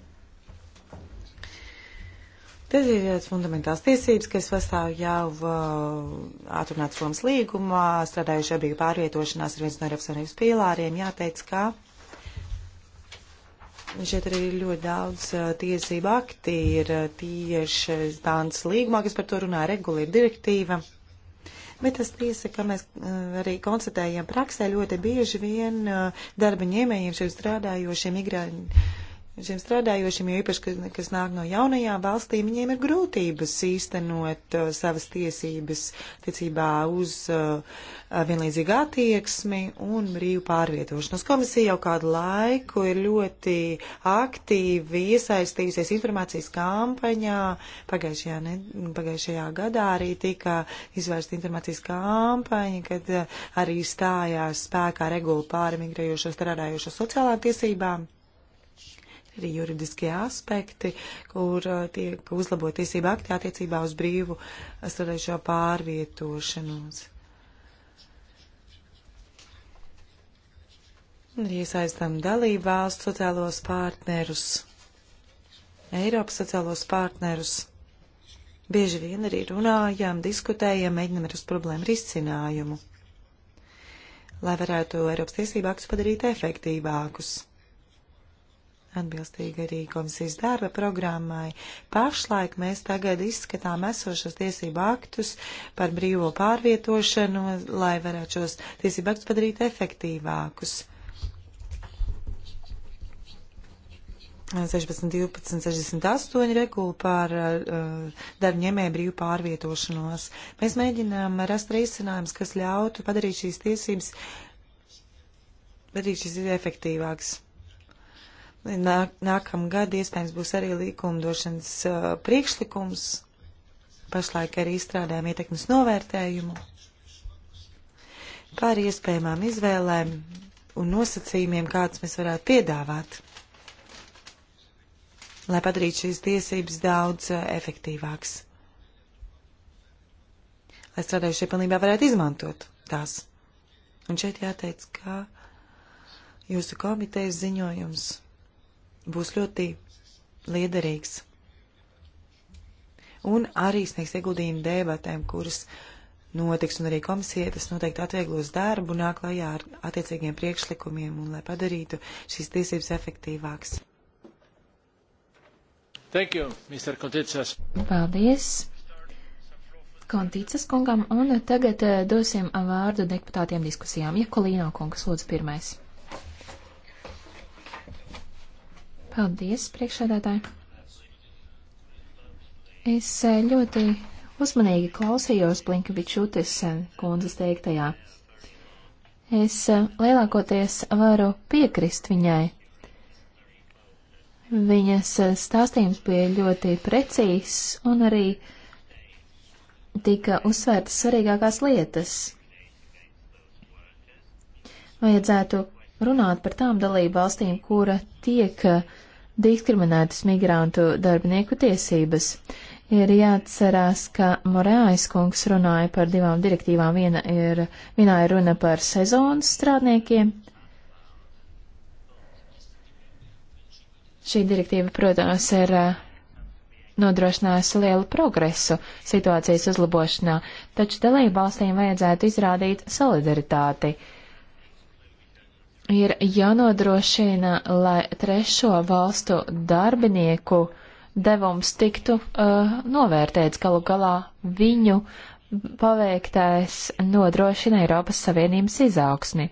Te ir fundamentāls tiesības, kas pastāv jau uh, atrunāts Romas līgumā, strādājuši brīvu pārvietošanās ir viens no Eiropas Savienības pīlāriem. Jāteic, ka šeit arī ļoti daudz uh, tiesību akti ir uh, tieši Dānas līgumā, kas par to runā regulīra direktīva. Bet tas tiesa, ka mēs uh, arī konstatējam praksē ļoti bieži vien uh, darba ņēmējiem šiem strādājošiem migrāņiem šiem strādājošiem, jo īpaši, kas, kas nāk no jaunajām valstīm, viņiem ir grūtības īstenot uh, savas tiesības tiecībā uz uh, vienlīdzīgu attieksmi un brīvu pārvietošanos. Komisija jau kādu laiku ir ļoti aktīvi iesaistījusies informācijas kampaņā. Pagājušajā, ne, pagājušajā gadā arī tika izvērsta informācijas kampaņa, kad uh, arī stājās spēkā regula pāri migrējošo strādājošo sociālām tiesībām arī juridiskie aspekti, kur uh, tiek uzlabot tiesība akti attiecībā uz brīvu strādājušo pārvietošanos. Arī iesaistām dalību valsts sociālos partnerus, Eiropas sociālos partnerus. Bieži vien arī runājām, diskutējām, mēģinām ar uz problēmu risinājumu, lai varētu Eiropas tiesību aktus padarīt efektīvākus atbilstīgi arī komisijas darba programmai. Pašlaik mēs tagad izskatām esošos tiesību aktus par brīvo pārvietošanu, lai varētu šos tiesību aktus padarīt efektīvākus. 16, 12, 68 regula par uh, darbņēmēju brīvu pārvietošanos. Mēs mēģinām rast risinājumus, kas ļautu padarīt šīs tiesības, padarīt šīs efektīvākas Nāk, nākamgad iespējams būs arī likumdošanas uh, priekšlikums. Pašlaik arī izstrādājam ietekmes novērtējumu par iespējamām izvēlēm un nosacījumiem, kādus mēs varētu piedāvāt, lai padarītu šīs tiesības daudz uh, efektīvākas, lai strādājušie pilnībā varētu izmantot tās. Un šeit jāteic, ka jūsu komitejas ziņojums būs ļoti liederīgs. Un arī sniegs ieguldījumu debatēm, kuras notiks, un arī komisija tas noteikti atvieglos darbu, nāk lajā ar attiecīgiem priekšlikumiem un lai padarītu šīs tiesības efektīvākas. Thank you, Mr. Konticas. Paldies. Konticas kungam, un tagad eh, dosim vārdu deputātiem diskusijām. Jekolīno kungs, lūdzu, pirmais. Paldies, priekšsēdētāji. Es eh, ļoti uzmanīgi klausījos Blinkevičūtis eh, kundzes teiktajā. Es eh, lielākoties varu piekrist viņai. Viņas stāstījums bija ļoti precīzs un arī tika uzsvērtas svarīgākās lietas. Vajadzētu runāt par tām dalību valstīm, kura tiek uh, diskriminētas migrantu darbinieku tiesības. Ir jāatcerās, ka Morēais kungs runāja par divām direktīvām. Viena ir, vienā ir runa par sezonas strādniekiem. Šī direktīva, protams, ir eh, nodrošinājusi lielu progresu situācijas uzlabošanā, taču dalību valstīm vajadzētu izrādīt solidaritāti ir jānodrošina, lai trešo valstu darbinieku devums tiktu uh, novērtēts galu galā viņu paveiktais nodrošina Eiropas Savienības izaugsmi.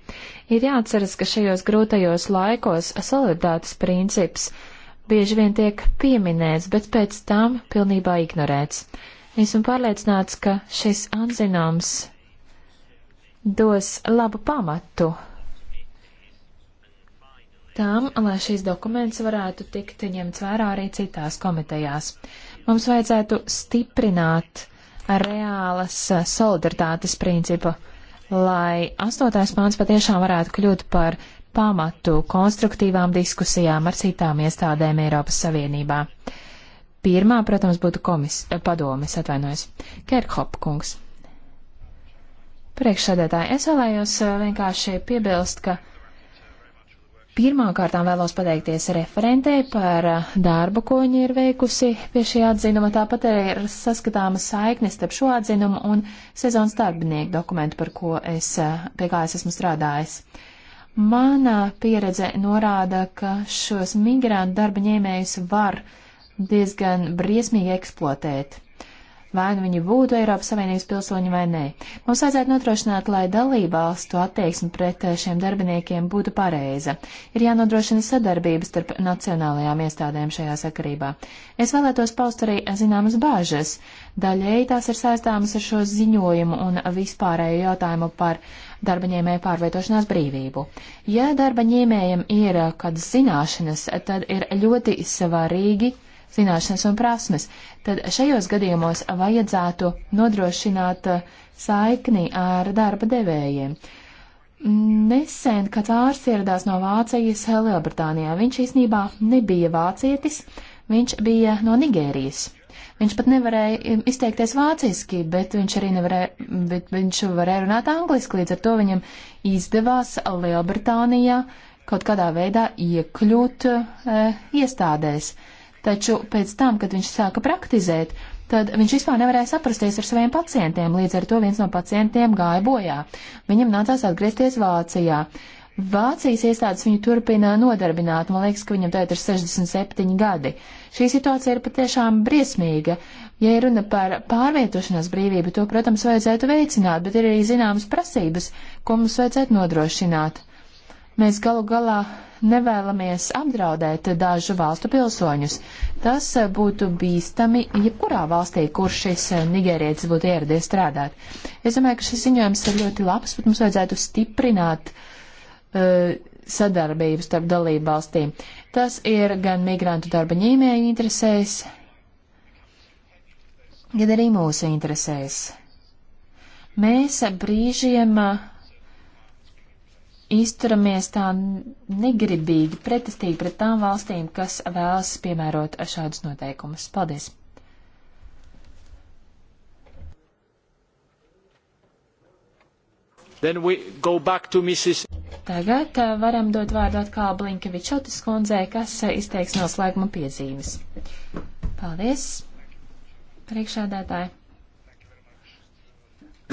Ir jāatceras, ka šajos grūtajos laikos solidaritātes princips bieži vien tiek pieminēts, bet pēc tam pilnībā ignorēts. Esmu pārliecināts, ka šis atzinums dos labu pamatu tam, lai šīs dokuments varētu tikt ņemts vērā arī citās komitejās. Mums vajadzētu stiprināt reālas solidaritātes principu, lai astotais pāns patiešām varētu kļūt par pamatu konstruktīvām diskusijām ar citām iestādēm Eiropas Savienībā. Pirmā, protams, būtu komis, padomis, atvainojos, Kerkhop kungs. Priekšsēdētāji, es vēlējos vienkārši piebilst, ka Pirmkārtām vēlos pateikties referentē par darbu, ko viņa ir veikusi pie šī atzinuma. Tāpat ir saskatāma saikne starp šo atzinumu un sezonas darbinieku dokumentu, par ko es, pie kā es esmu strādājis. Mana pieredze norāda, ka šos migrantu darba ņēmējus var diezgan briesmīgi eksploatēt vai nu viņi būtu Eiropas Savienības pilsoņi vai nē. Mums vajadzētu nodrošināt, lai dalībvalstu attieksme pret eh, šiem darbiniekiem būtu pareiza. Ir jānodrošina sadarbības starp nacionālajām iestādēm šajā sakarībā. Es vēlētos paust arī zināmas bāžas. Daļēji tās ir saistāmas ar šo ziņojumu un vispārēju jautājumu par darba ņēmēja pārvietošanās brīvību. Ja darba ņēmējam ir eh, kādas zināšanas, tad ir ļoti svarīgi, zināšanas un prasmes, tad šajos gadījumos vajadzētu nodrošināt uh, saikni ar darba devējiem. Nesen, kad ārsts ieradās no Vācijas uh, Lielbritānijā, viņš īsnībā nebija vācietis, viņš bija no Nigērijas. Viņš pat nevarēja um, izteikties vāciski, bet viņš arī nevarēja, bet viņš varēja runāt angliski, līdz ar to viņam izdevās Lielbritānijā kaut kādā veidā iekļūt e, iestādēs taču pēc tam, kad viņš sāka praktizēt, tad viņš vispār nevarēja saprasties ar saviem pacientiem, līdz ar to viens no pacientiem gāja bojā. Viņam nācās atgriezties Vācijā. Vācijas iestādes viņu turpina nodarbināt, man liekas, ka viņam tagad ir 67 gadi. Šī situācija ir patiešām briesmīga. Ja ir runa par pārvietošanās brīvību, to, protams, vajadzētu veicināt, bet ir arī zināmas prasības, ko mums vajadzētu nodrošināt. Mēs galu galā nevēlamies apdraudēt dažu valstu pilsoņus. Tas eh, būtu bīstami jebkurā valstī, kur šis eh, nigērietis būtu ieradies strādāt. Es domāju, ka šis ziņojums ir ļoti labs, bet mums vajadzētu stiprināt uh, eh, sadarbību starp dalību valstīm. Tas ir gan migrantu darba ņēmēju interesēs, gan arī mūsu interesēs. Mēs brīžiem uh, izturamies tā negribīgi, pretestīgi pret tām valstīm, kas vēlas piemērot šādus noteikumus. Paldies! Tagad eh, varam dot vārdu atkal Blinkevičotis kundzei, kas eh, izteiks noslēguma piezīmes. Paldies, priekšādātāji.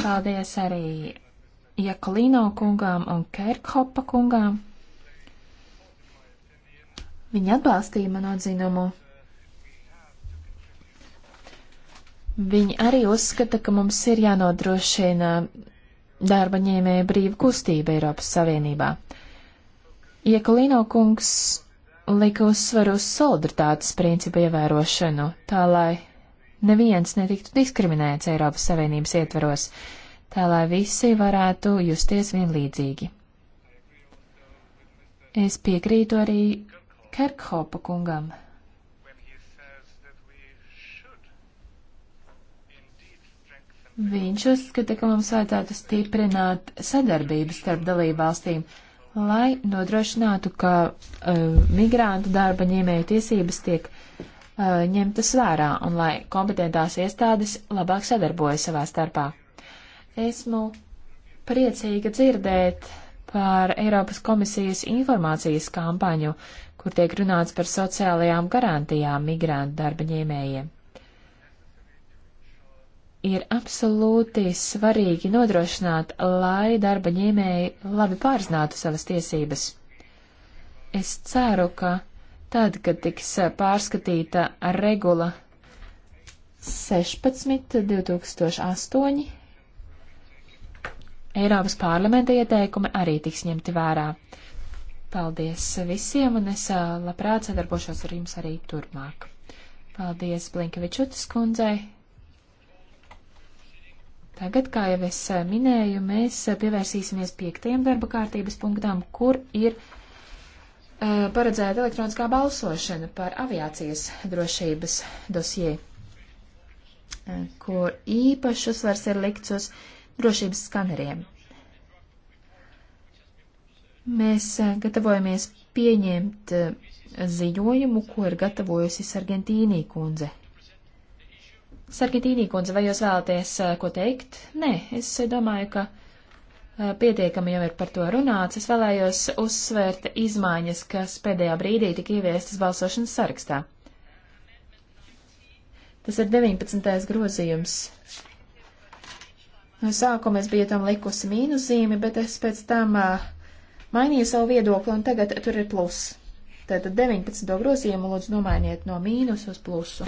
Paldies arī Jakalīno kungām un Kerkhopa kungām. Viņi atbalstīja manu atzinumu. Viņi arī uzskata, ka mums ir jānodrošina darba ņēmēja brīva kustība Eiropas Savienībā. Jakalīno kungs lika uzsvaru uz solidaritātes principu ievērošanu, tā lai neviens netiktu diskriminēts Eiropas Savienības ietveros tā lai visi varētu justies vienlīdzīgi. Es piekrītu arī Kerkhopa kungam. Viņš uzskata, ka mums vajadzētu stiprināt sadarbību starp dalībvalstīm, lai nodrošinātu, ka uh, migrantu darba ņēmēju tiesības tiek uh, ņemtas vērā un lai kompetentās iestādes labāk sadarbojas savā starpā. Esmu priecīga dzirdēt par Eiropas komisijas informācijas kampaņu, kur tiek runāts par sociālajām garantijām migrantu darba ņēmējiem. Ir absolūti svarīgi nodrošināt, lai darba ņēmēji labi pārzinātu savas tiesības. Es ceru, ka tad, kad tiks pārskatīta regula 16 2008, Eiropas parlamenta ieteikumi arī tiks ņemti vērā. Paldies visiem, un es labprāt sadarbošos ar jums arī turpmāk. Paldies Blinkevičutas kundzei. Tagad, kā jau es minēju, mēs pievērsīsimies piektajam darba kārtības punktām, kur ir uh, paredzēta elektroniskā balsošana par aviācijas drošības dosie, uh, kur īpašs uzsvars ir likts uz uh, drošības skaneriem. Mēs eh, gatavojamies pieņemt eh, ziņojumu, ko ir gatavojusi Sargentīnī kundze. Sargentīnī kundze, vai jūs vēlaties eh, ko teikt? Nē, es domāju, ka pietiekami jau ir par to runāts. Es vēlējos uzsvērt izmaiņas, kas pēdējā brīdī tika ieviestas balsošanas sarakstā. Tas ir 19. grozījums. No sākuma es biju tam likusi mīnuszīmi, bet es pēc tam uh, mainīju savu viedokli un tagad tur ir pluss. Tātad 19. grozījumu lūdzu nomainiet no mīnus uz plusu.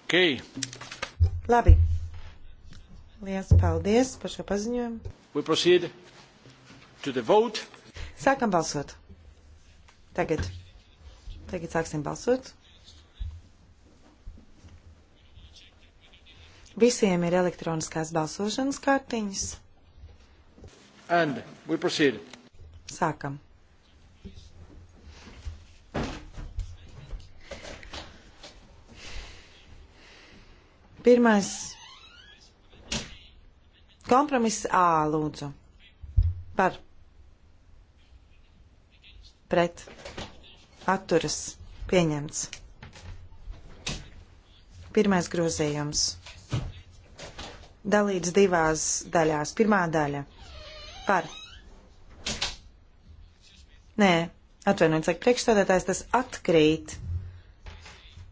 Okay. Labi. Lielas paldies par šo paziņojumu. We proceed to the vote. Sākam balsot. Tagad. Tagad sāksim balsot. Visiem ir elektroniskās balsošanas kartiņas. And we proceed. Sākam. Pirmais kompromiss ā, lūdzu. Par. Pret. Atturas. Pieņemts. Pirmais grozījums dalīts divās daļās. Pirmā daļa par. Nē, atvainojiet, saka priekšstādātājs, tas atkrīt,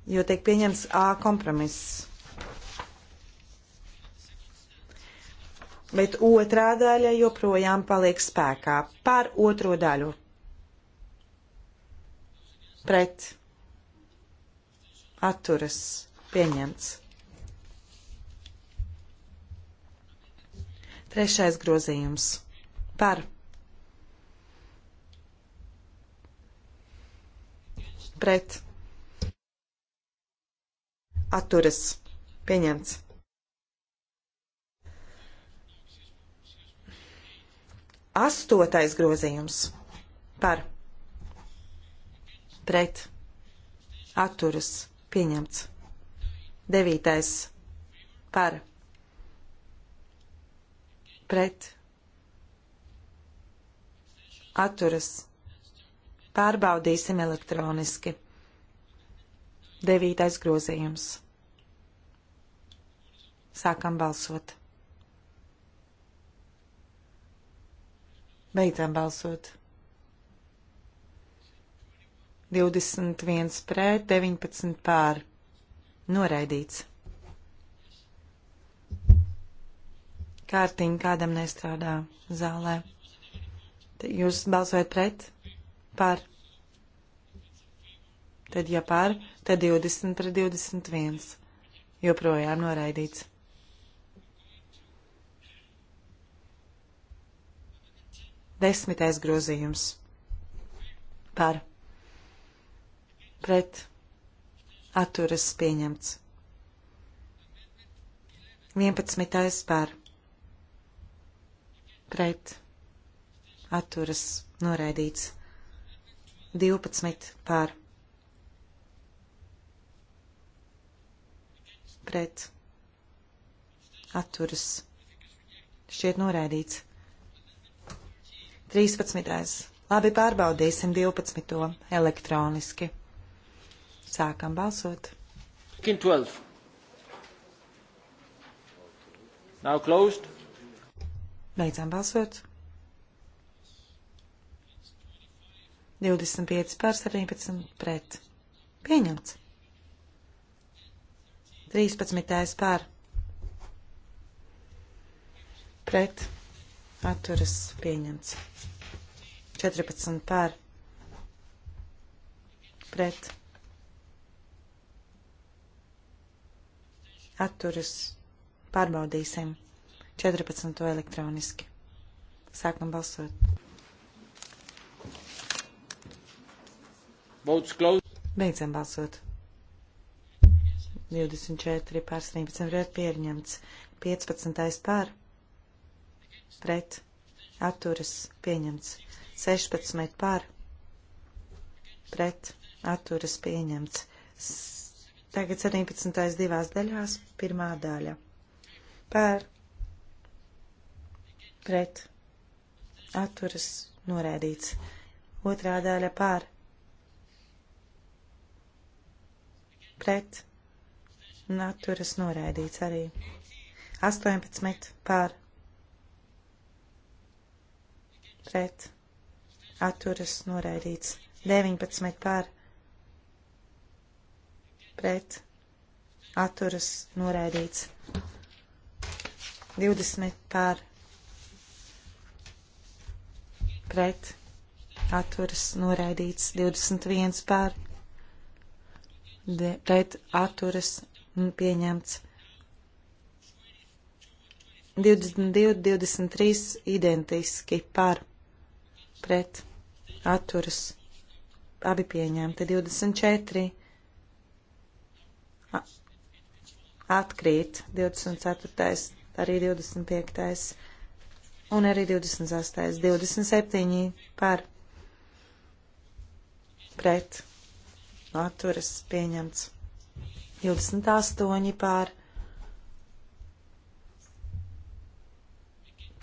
jo tiek pieņemts A kompromiss. Bet otrā daļa joprojām paliek spēkā par otro daļu. Pret. Atturas. Pieņemts. Trešais grozījums par pret atturas pieņemts. Astotais grozījums par pret atturas pieņemts. Devītais par pret pret, atturas. Pārbaudīsim elektroniski. Devītais grozījums. Sākam balsot. Beidzam balsot. 21 pret, 19 pār. Noraidīts. kārtiņa kādam nestrādā zālē. Jūs balsojat pret? Par. Tad, ja par, tad 20 pret 21. Joprojām noraidīts. Desmitais grozījums. Par. Pret. Atturas pieņemts. 11. par pret atturas noraidīts 12 pār pret atturas šķiet noraidīts 13. Labi, pārbaudīsim 12. elektroniski. Sākam balsot. 12. Now closed. Beidzām balsot. 25 pār 17 pret. Pieņemts. 13. pār. Pret. Atturas pieņemts. 14 pār. Pret. Atturas pārbaudīsim. 14. elektroniski. Sākam balsot. Beidzam balsot. 24 pār 17 pret pieņemts, 15 pār pret atturas pieņemts, 16 pār pret atturas pieņemts. Tagad 17. divās daļās, pirmā daļa. Pār pret atturas norēdīts. Otrā daļa pār pret atturas norēdīts arī. 18 pār pret atturas norēdīts. 19 pār pret atturas norēdīts. 20 pār pret atturas noraidīts 21 pār, de, pret atturas pieņemts 22, 23 identiski pār, pret atturas abi pieņemti 24. Atkrīt 24. arī 25 un arī 28. 27 par pret atturas pieņemts. 28 par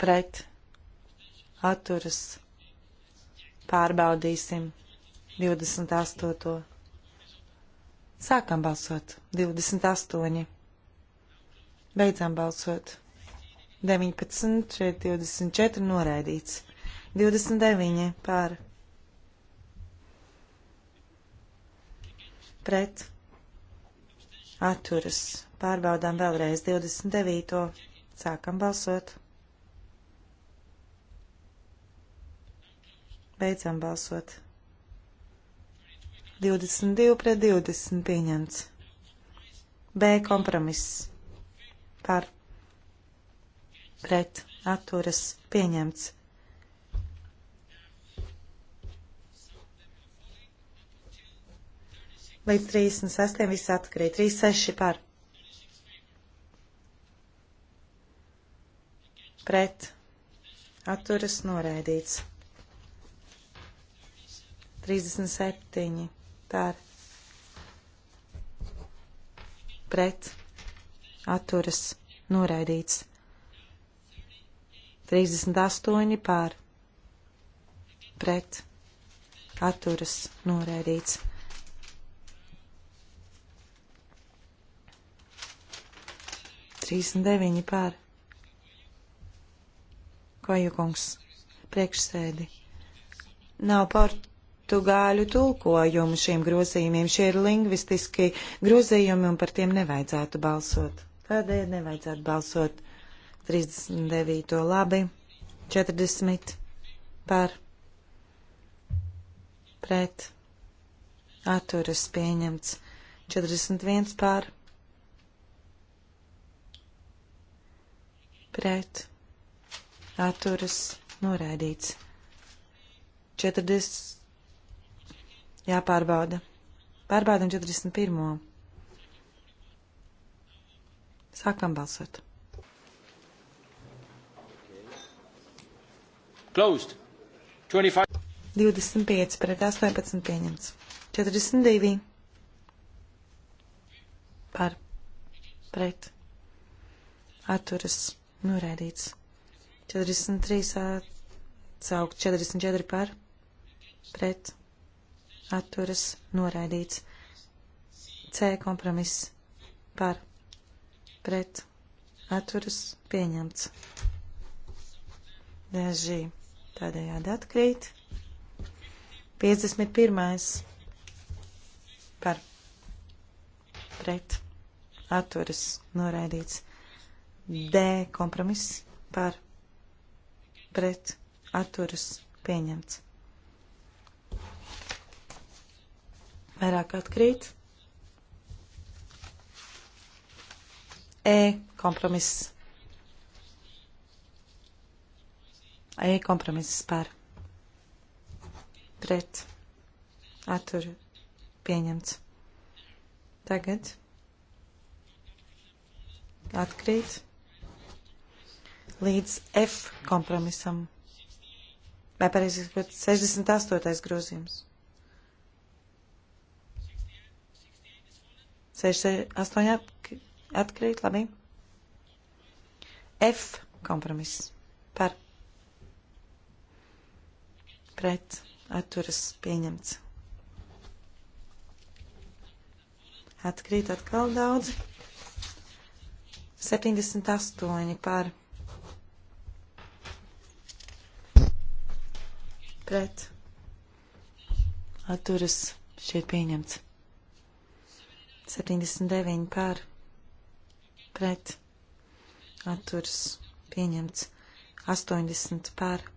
pret atturas pārbaudīsim 28. Sākam balsot 28. Beidzam balsot. 19, šeit 24 noraidīts. 29 pār. Pret. Atturas. Pārbaudām vēlreiz 29. Sākam balsot. Beidzam balsot. 22 pret 20 pieņemts. B kompromiss. Par pret atturas pieņemts. Līdz 36. viss atkarīja. 36 par. Pret. Atturas noraidīts. 37 par. Pret. Atturas noraidīts. 38 pār pret atturas norēdīts. Trīsdesmit deviņi pār. Kojukungs, priekšsēdi. Nav portugāļu tulkojumu šiem grozījumiem. Šie ir lingvistiski grozījumi un par tiem nevajadzētu balsot. Tādēļ nevajadzētu balsot. 39. labi, 40 par, pret, atturas pieņemts, 41 par, pret, atturas noraidīts, 40, jāpārbauda, pārbaudam 41. Sākam balsot. Closed. 25. 25 pret 18 pieņemts. 42 par pret atturas norēdīts. 43 atsaukt 44 par pret atturas norēdīts. C kompromiss par pret atturas pieņemts. Dažīgi. Tādējādi atkrīt. 51. par pret atturas noraidīts. D kompromiss par pret atturas pieņemts. Vairāk atkrīt. E kompromiss E kompromiss par pret atturu pieņemts. Tagad atkrīt līdz F kompromisam. Vai pareizi sakot, 68. grozījums. 68 atkrīt, labi. F kompromiss par pret atturas pieņemts. Atkrīt atkal daudzi. 78 par pret atturas šeit pieņemts. 79 par pret atturas pieņemts. 80 par pret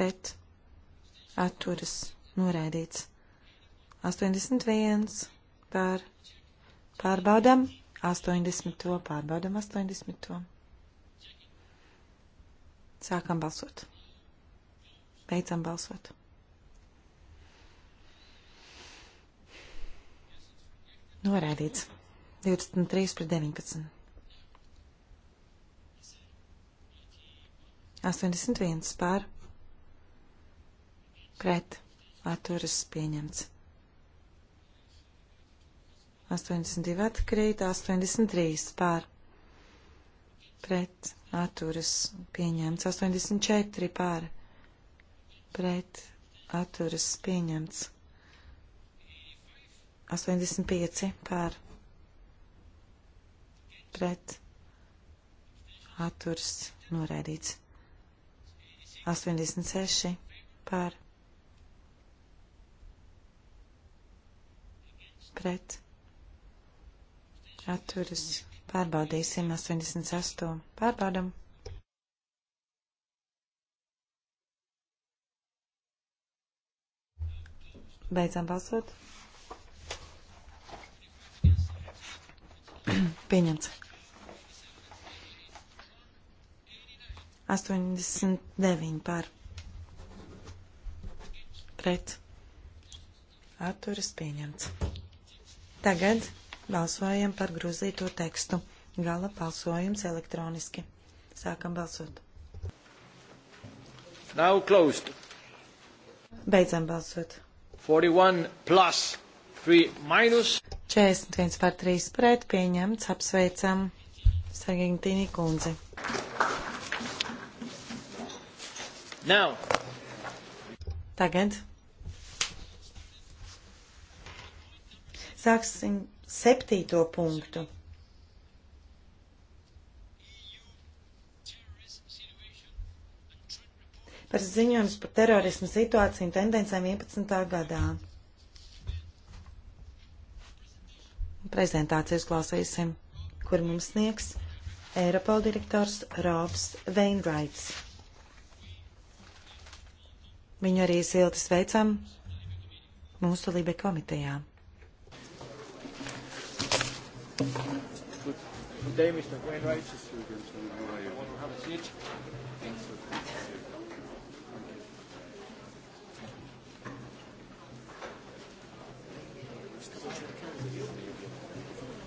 pret atturas noraidīts. 81 par pārbaudam 80. pārbaudam 80. Sākam balsot. Beidzam balsot. Noraidīts. 23 pret 19. 81 pār pret atturas pieņemts. 82 atkrīt, 83 pār pret atturas pieņemts, 84 pār pret atturas pieņemts, 85 pār pret atturas noraidīts, 86 pār pret atturas. Pārbaudīsim 88. Pārbaudam. Beidzam balsot. Pieņemts. 89 par pret. Atturas pieņemts. Tagad balsojam par grozīto tekstu. Gala balsojums elektroniski. Sākam balsot. Now closed. Beidzam balsot. 41 plus 3 minus. 41 par 3 pret pieņemts. Apsveicam Sargentīni kundzi. Now. Tagad Sāksim septīto punktu. par ziņojums par terorismu situāciju un tendencēm 11. gadā. Prezentāciju uzklausīsim, kur mums sniegs Eiropola direktors Robs Veinraits. Viņu arī silti sveicam mūsu Libe komitejām. Good, good day, Mr. Wainwright. How are you? Want to have a seat? Thanks.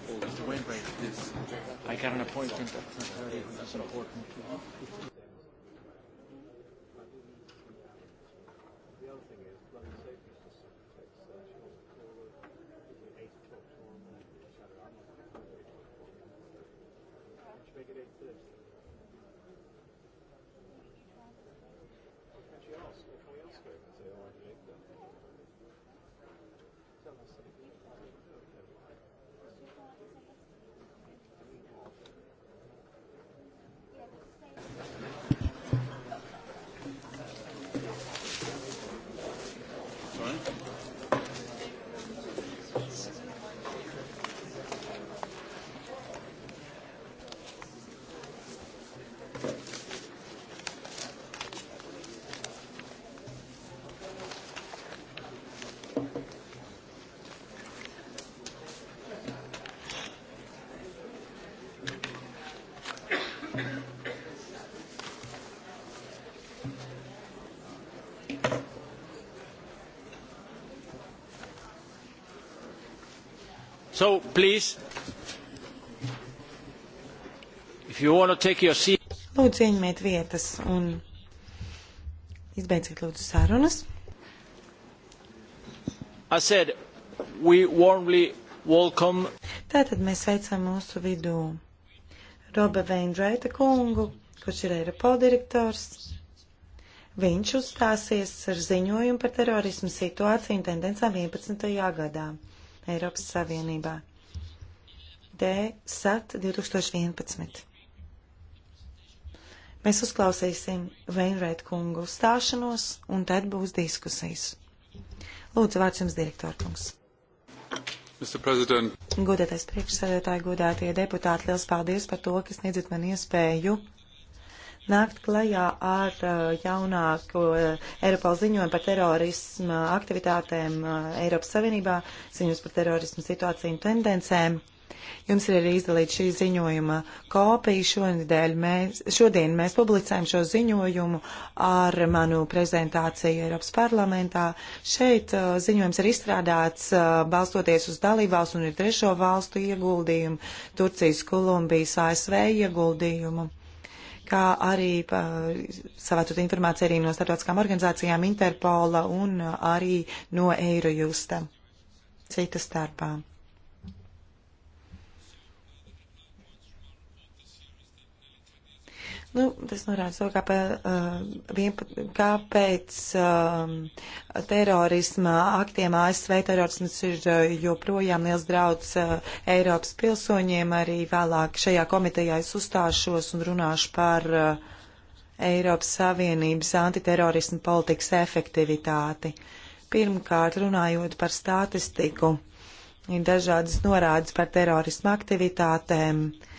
Oh, Mr. Wainwright, please. I got an appointment at 10.30. That's important. much else. So, please, if you want to take your seat. Lūdzu, ieņemiet vietas un izbeidziet lūdzu sarunas. I said, we warmly welcome. Tātad mēs veicam mūsu vidū Roba Veindraita kungu, kurš ir Eiropa direktors. Viņš uzstāsies ar ziņojumu par terorismu situāciju un tendencām 11. gadā. Eiropas Savienībā. D. SAT 2011. Mēs uzklausīsim Veinrēt kungu uzstāšanos, un tad būs diskusijas. Lūdzu, vārds jums, direktorkungs. Godētais priekšsēdētāji, godētie deputāti, liels paldies par to, ka sniedzat man iespēju nākt klajā ar uh, jaunāko uh, Eiropā ziņojumu par terorismu aktivitātēm uh, Eiropas Savienībā, ziņojums par terorismu situāciju un tendencēm. Jums ir arī izdalīta šī ziņojuma kopija. Šonadēļ mēs, šodien mēs publicējam šo ziņojumu ar manu prezentāciju Eiropas parlamentā. Šeit uh, ziņojums ir izstrādāts uh, balstoties uz dalībvalstu un ir trešo valstu ieguldījumu, Turcijas, Kolumbijas, ASV ieguldījumu kā arī savācot informāciju arī no starptautiskām organizācijām Interpola un arī no Eirojusta citas starpā. Nu, tas norāda to, kāpē, uh, kāpēc uh, terorisma aktiem ASV terorisms ir uh, joprojām liels drauds uh, Eiropas pilsoņiem. Arī vēlāk šajā komitejā es uzstāšos un runāšu par uh, Eiropas Savienības antiterorisma politikas efektivitāti. Pirmkārt, runājot par statistiku, ir dažādas norādes par terorisma aktivitātēm. Uh,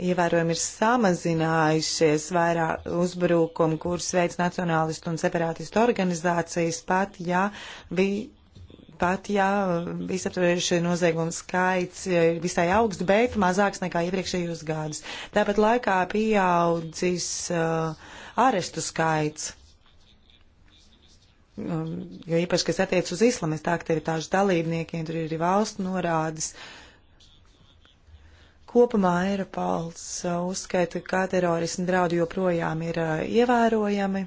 ievērojami ir samazinājušies vairāk uzbrukumu, kurus veids nacionālistu un separātistu organizācijas, pat ja, vi, pat ja visaptvarojušie noziegumu skaits ir visai augsts, bet mazāks nekā iepriekšējos gadus. Tāpat laikā pieaudzis uh, arestu skaits. Um, jo īpaši, kas attiec uz islamistu aktivitāšu dalībniekiem, tur ir arī valstu norādes. Uh, Kopumā Eiropols uh, uzskaita, ka terorismu draudi joprojām ir uh, ievērojami,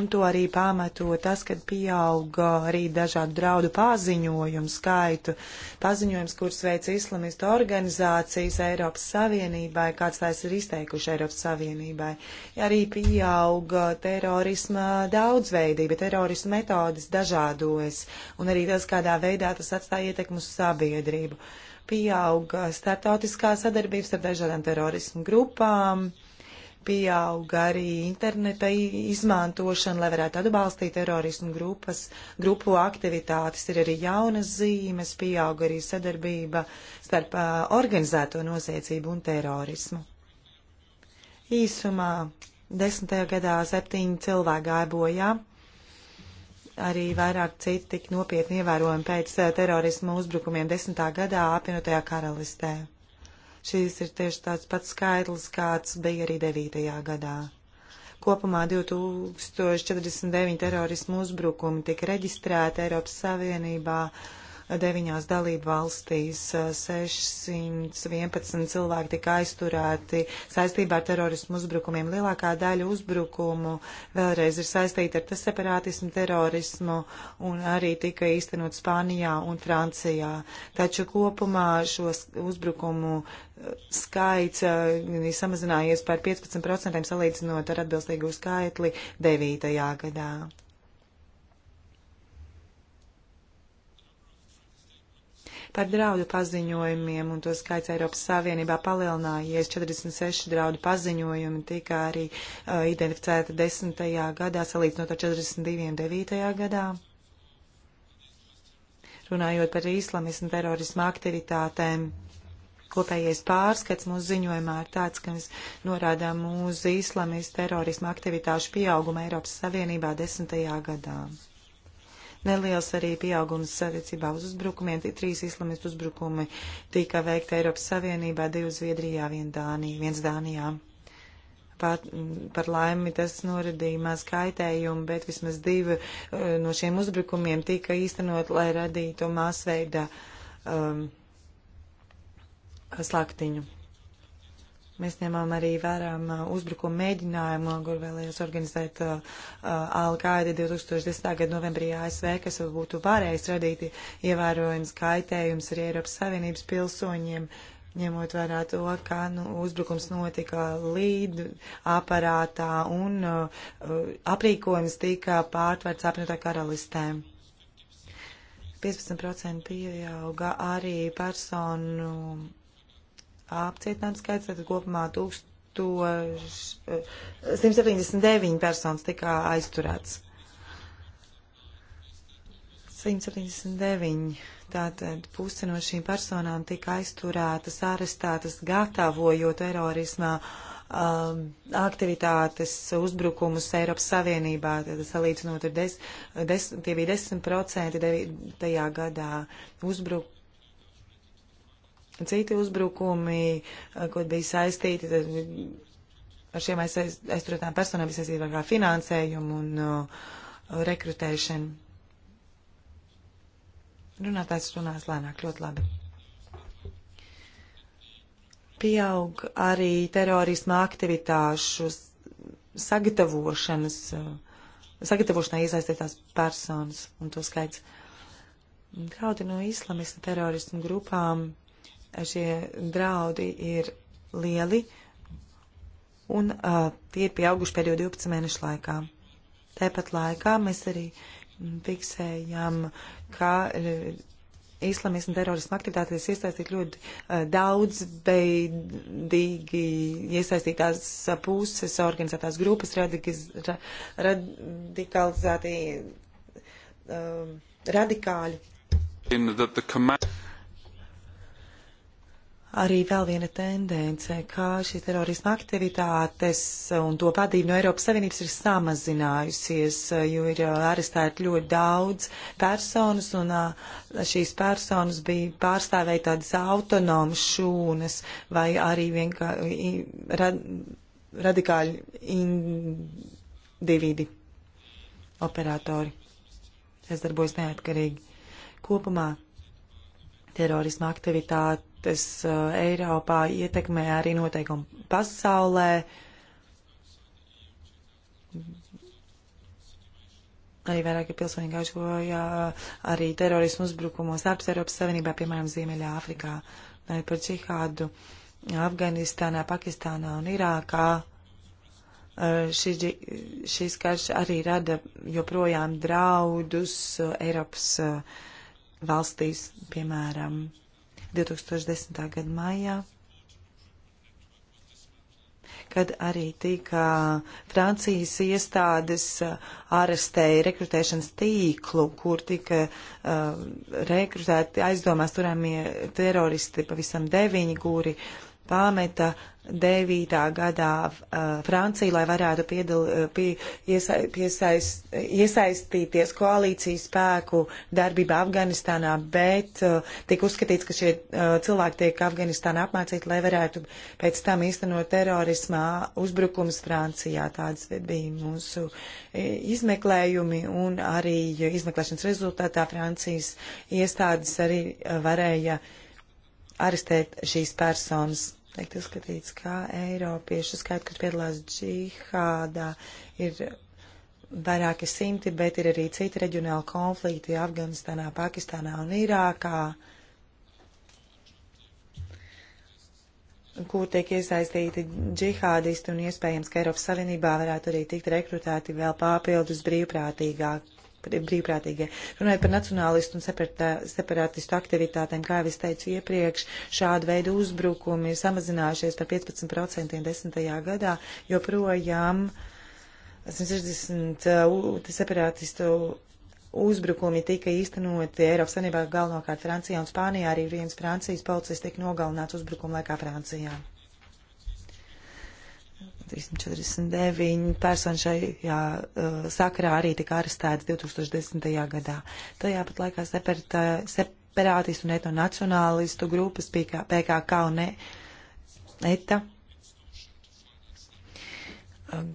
un to arī pamato tas, ka pieauga arī dažādu draudu paziņojumu skaitu. Paziņojums, kurus veica islamistu organizācijas Eiropas Savienībai, kāds tās ir izteikuši Eiropas Savienībai. Arī pieauga terorisma daudzveidība, terorisma metodas dažādojas, un arī tas, kādā veidā tas atstāja ietekmu uz sabiedrību. Uh, pieauga starptautiskā sadarbības ar dažādām terorismu grupām, pieauga arī interneta izmantošana, lai varētu atbalstīt terorismu grupas, grupu aktivitātes, ir arī jaunas zīmes, pieauga arī sadarbība starp uh, organizēto noziedzību un terorismu. Īsumā desmitajā gadā septiņi cilvēki gāja bojā arī vairāk citi tik nopietni ievērojami pēc eh, terorismu uzbrukumiem desmitā gadā apvienotajā karalistē. Šīs ir tieši tāds pats skaitlis, kāds bija arī 9. gadā. Kopumā 2049 terorismu uzbrukumi tika reģistrēti Eiropas Savienībā. Uh, deviņās dalību valstīs. 611 cilvēki tika aizturēti saistībā ar terorismu uzbrukumiem. Lielākā daļa uzbrukumu vēlreiz ir saistīta ar separātismu, terorismu un arī tika īstenot Spānijā un Francijā. Taču kopumā šos uzbrukumu skaits ir samazinājies par 15% salīdzinot ar atbilstīgo skaitli 9. gadā. par draudu paziņojumiem, un to skaits Eiropas Savienībā palielinājies. 46 draudu paziņojumi tika arī uh, identificēta 10. gadā, salīdzinot ar 42. 9. gadā. Runājot par islamismu terorismu aktivitātēm. Kopējais pārskats mūsu ziņojumā ir tāds, ka mēs norādām uz islamistu terorismu aktivitāšu pieaugumu Eiropas Savienībā desmitajā gadā neliels arī pieaugums attiecībā uz uzbrukumiem. Trīs islamistu uzbrukumi tika veikti Eiropas Savienībā, divi Zviedrijā, vien Dānī, viens Dānijā. Pat, mm, par laimi tas noradīja maz kaitējumu, bet vismaz divi eh, no šiem uzbrukumiem tika īstenot, lai radītu masveida um, slaktiņu. Mēs ņemam arī vērām uzbrukumu mēģinājumu, kur vēlējos organizēt uh, Al-Qaida 2010. gada novembrī ASV, kas būtu varējis radīt ievērojams kaitējums arī Eiropas Savienības pilsoņiem, ņemot vērā to, ka nu, uzbrukums notika līd aparātā un uh, aprīkojums tika pārtverts apņotā karalistē. 15% pieauga arī personu apcietinātu skaits, tad kopumā 179 eh, personas tika aizturēts. 179. Tātad puse no šīm personām tika aizturētas, arestētas, gatavojot terorismā um, aktivitātes uzbrukumus Eiropas Savienībā. Tad salīdzinot, des, des, tie bija 10% 9. gadā uzbruk, citi uzbrukumi, eh, ko bija saistīti ar šiem aiz, aizturētām personām, bija saistīti ar finansējumu un uh, rekrutēšanu. Runātājs runās lēnāk, ļoti labi. Pieaug arī terorisma aktivitāšu sagatavošanas, eh, sagatavošanai iesaistītās personas un to skaits. Kādi no islamista terorismu grupām šie draudi ir lieli un uh, tie ir pieauguši pēdējo 12 mēnešu laikā. Tāpat laikā mēs arī fiksējam, ka uh, islamismu terorismu aktivitātēs iesaistīt ļoti uh, daudzveidīgi iesaistītās puses, organizētās grupas, radikiz, ra, radikalizētī uh, radikāļi arī vēl viena tendence, kā šī terorisma aktivitātes un to vadība no Eiropas Savienības ir samazinājusies, eh, jo ir eh, arestēti ļoti daudz personas un eh, šīs personas bija pārstāvēja tādas autonomas šūnas vai arī vienkārši rad, radikāļi individi, operatori. Es darbojos neatkarīgi. Kopumā terorisma aktivitāte Tas uh, Eiropā ietekmē arī noteikumu pasaulē. Arī vairāki pilsoņi gaišoja uh, arī terorismu uzbrukumos ārpus Eiropas Savienībā, piemēram, Ziemeļā Afrikā, vai par džihādu Afganistānā, Pakistānā un Irākā. Uh, šis, šis karš arī rada joprojām draudus uh, Eiropas uh, valstīs, piemēram, 2010. gada maijā, kad arī tika Francijas iestādes uh, arestēja rekrutēšanas tīklu, kur tika uh, rekrutēti aizdomās turāmie teroristi, pavisam deviņi, kuri uh, pameta 9. gadā uh, Franciju, lai varētu piedal, uh, pie, iesa, piesaist, iesaistīties koalīcijas spēku darbībā Afganistānā, bet uh, tika uzskatīts, ka šie uh, cilvēki tiek Afganistānā apmācīti, lai varētu pēc tam īstenot terorismā uzbrukums Francijā. Tāds bija mūsu e, izmeklējumi un arī izmeklēšanas rezultātā Francijas iestādes arī uh, varēja arestēt šīs personas tiek uzskatīts, kā Eiropiešu skaits, kas piedalās džihādā, ir vairāki simti, bet ir arī citi reģionāli konflikti Afganistānā, Pakistānā un Irākā, kur tiek iesaistīti džihādisti un iespējams, ka Eiropas Savienībā varētu arī tikt rekrutēti vēl papildus brīvprātīgāk brīvprātīgie. Runājot par nacionālistu un separātistu aktivitātēm, kā jau es teicu iepriekš, šāda veida uzbrukumi ir samazinājušies par 15% desmitajā gadā, joprojām 160 uh, separātistu uzbrukumi tika īstenoti Eiropas Savienībā galvenokārt Francijā un Spānijā, arī viens Francijas policists tika nogalināts uzbrukuma laikā Francijā. 349 personu šajā uh, sakarā arī tika arestētas 2010. gadā. Tajā pat laikā separta, separātistu un etnonacionālistu grupas PKK un e, ETA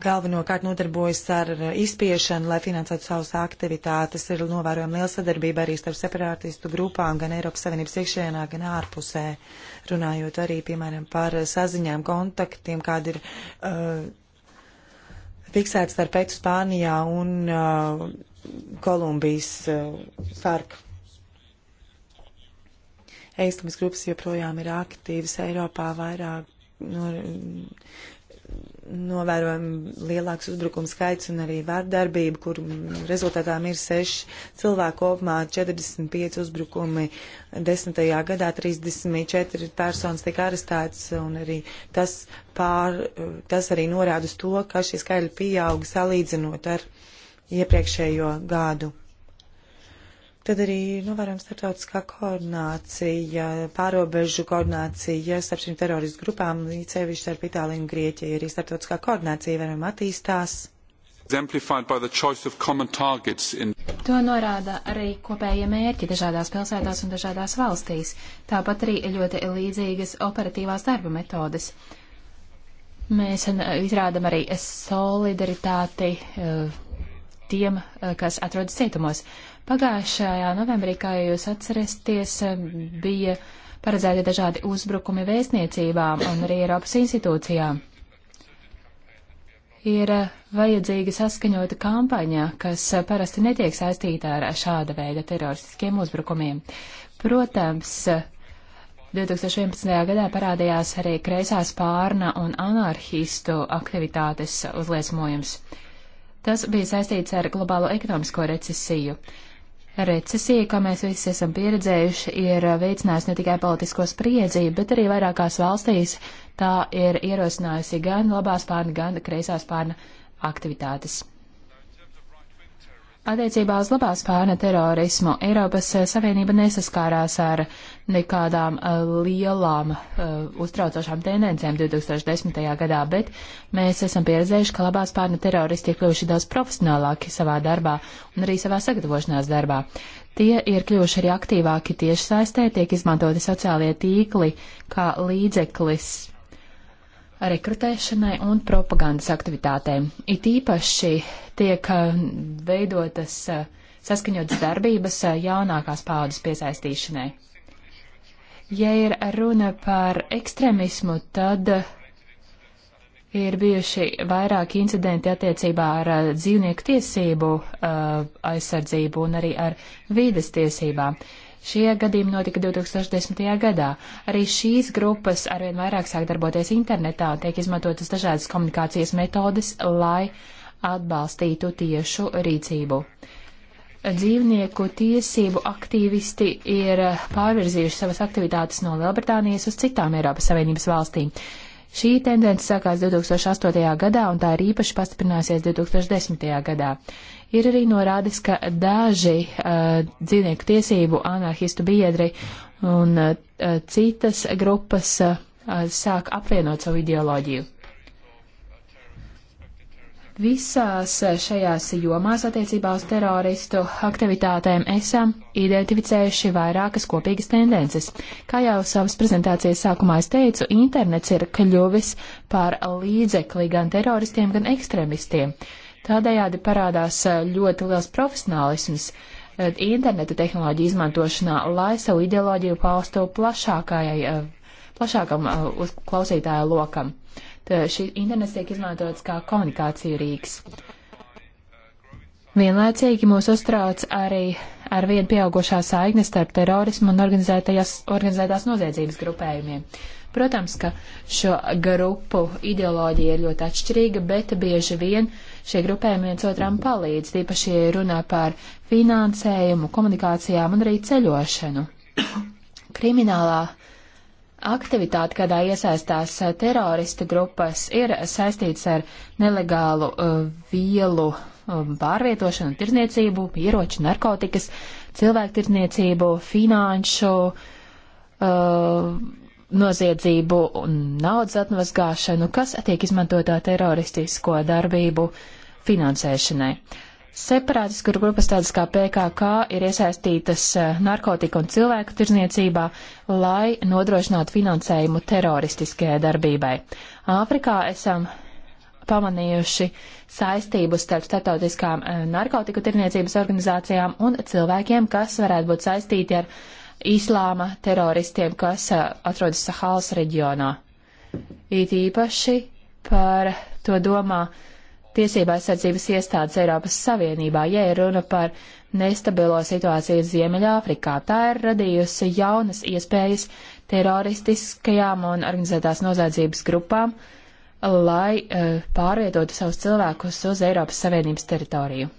galvenokārt nodarbojas ar uh, izspiešanu, lai finansētu savas aktivitātes. Ir novērojama liela sadarbība arī starp separātistu grupām gan Eiropas Savienības iekšēnā, gan ārpusē, runājot arī, piemēram, par saziņām, kontaktiem, kāda ir uh, fiksēta starp ETU Spānijā un uh, Kolumbijas uh, FARC. Eistamas grupas joprojām ir aktīvas Eiropā vairāk. Nu, novērojami lielāks uzbrukums skaits un arī vārdarbība, kur rezultātā ir seši cilvēki kopumā 45 uzbrukumi. Desmitajā gadā 34 personas tika arestētas un arī tas, pār, tas arī norāda uz to, ka šie skaļi pieauga salīdzinot ar iepriekšējo gadu. Tad arī novērojam nu, starptautiskā koordinācija, pārobežu koordinācija starp šīm teroristu grupām, īcevišķi starp Itāliju un Grieķiju. Arī starptautiskā koordinācija varam attīstās. In... To norāda arī kopējie mērķi dažādās pilsētās un dažādās valstīs. Tāpat arī ļoti līdzīgas operatīvās darba metodes. Mēs izrādam arī solidaritāti eh, tiem, eh, kas atrodas cietumos. Pagājušajā novembrī, kā jūs atcerēsieties, bija paredzēti dažādi uzbrukumi vēstniecībām un arī Eiropas institūcijām. Ir vajadzīga saskaņota kampaņa, kas parasti netiek saistīta ar šāda veida teroristiskiem uzbrukumiem. Protams, 2011. gadā parādījās arī kreisā spārna un anarchistu aktivitātes uzliesmojums. Tas bija saistīts ar globālo ekonomisko recesiju. Recesija, kā mēs visi esam pieredzējuši, ir veicinājusi ne tikai politisko spriedzi, bet arī vairākās valstīs tā ir ierosinājusi gan labās pārna, gan kreisās pārna aktivitātes. Attiecībā uz labās pārna terorismu Eiropas eh, Savienība nesaskārās ar nekādām uh, lielām uh, uztraucošām tendencēm 2010. gadā, bet mēs esam pieredzējuši, ka labās pārna teroristi ir kļuvuši daudz profesionālāki savā darbā un arī savā sagatavošanās darbā. Tie ir kļuvuši arī aktīvāki tieši saistē, tiek izmantoti sociālie tīkli kā līdzeklis rekrutēšanai un propagandas aktivitātēm. It īpaši tiek eh, veidotas eh, saskaņotas darbības eh, jaunākās paudzes piesaistīšanai. Ja ir runa par ekstremismu, tad ir bijuši vairāki incidenti attiecībā ar dzīvnieku tiesību aizsardzību un arī ar vīdes tiesībām. Šie gadījumi notika 2010. gadā. Arī šīs grupas arvien vairāk sāk darboties internetā un tiek izmantotas dažādas komunikācijas metodes, lai atbalstītu tiešu rīcību. Dzīvnieku tiesību aktīvisti ir pārvirzījuši savas aktivitātes no Lielbritānijas uz citām Eiropas Savienības valstīm. Šī tendence sākās 2008. gadā un tā ir īpaši pastiprinājusies 2010. gadā ir arī norādis, ka daži uh, dzīvnieku tiesību anarchistu biedri un uh, citas grupas uh, sāk apvienot savu ideoloģiju. Visās šajās jomās attiecībā uz teroristu aktivitātēm esam identificējuši vairākas kopīgas tendences. Kā jau savas prezentācijas sākumā es teicu, internets ir kļuvis par līdzekli gan teroristiem, gan ekstremistiem. Uh, Tādējādi parādās eh, ļoti liels profesionālisms eh, interneta tehnoloģiju izmantošanā, lai savu ideoloģiju paustu plašākajai, eh, plašākam klausītāju lokam. Tā šī internets tiek izmantots kā komunikācija rīks. Vienlaicīgi mūs uztrauc arī ar vien pieaugušā saikne starp terorismu un organizētās noziedzības grupējumiem. Protams, ka šo grupu ideoloģija ir ļoti atšķirīga, bet bieži vien uh, Šie grupējumi viens otram palīdz, tīpaši runā par finansējumu, komunikācijām un arī ceļošanu. Kriminālā aktivitāte, kādā iesaistās terorista grupas, ir saistīts ar nelegālu uh, vielu uh, pārvietošanu, tirzniecību, ieroču, narkotikas, cilvēktirzniecību, finanšu. Uh, noziedzību un naudas atmazgāšanu, kas tiek izmantotā teroristisko darbību finansēšanai. Separātisku grupas tādas kā PKK ir iesaistītas eh, narkotika un cilvēku tirzniecībā, lai nodrošinātu finansējumu teroristiskajai darbībai. Āfrikā esam pamanījuši saistību starp starptautiskām eh, narkotiku tirniecības organizācijām un cilvēkiem, kas varētu būt saistīti ar islāma teroristiem, kas uh, atrodas Sahālas reģionā. It īpaši par to domā tiesībā aizsardzības iestādes Eiropas Savienībā, ja ir runa par nestabilo situāciju Ziemeļāfrikā. Tā ir radījusi jaunas iespējas teroristiskajām un organizētās noziedzības grupām, lai uh, pārvietotu savus cilvēkus uz Eiropas Savienības teritoriju.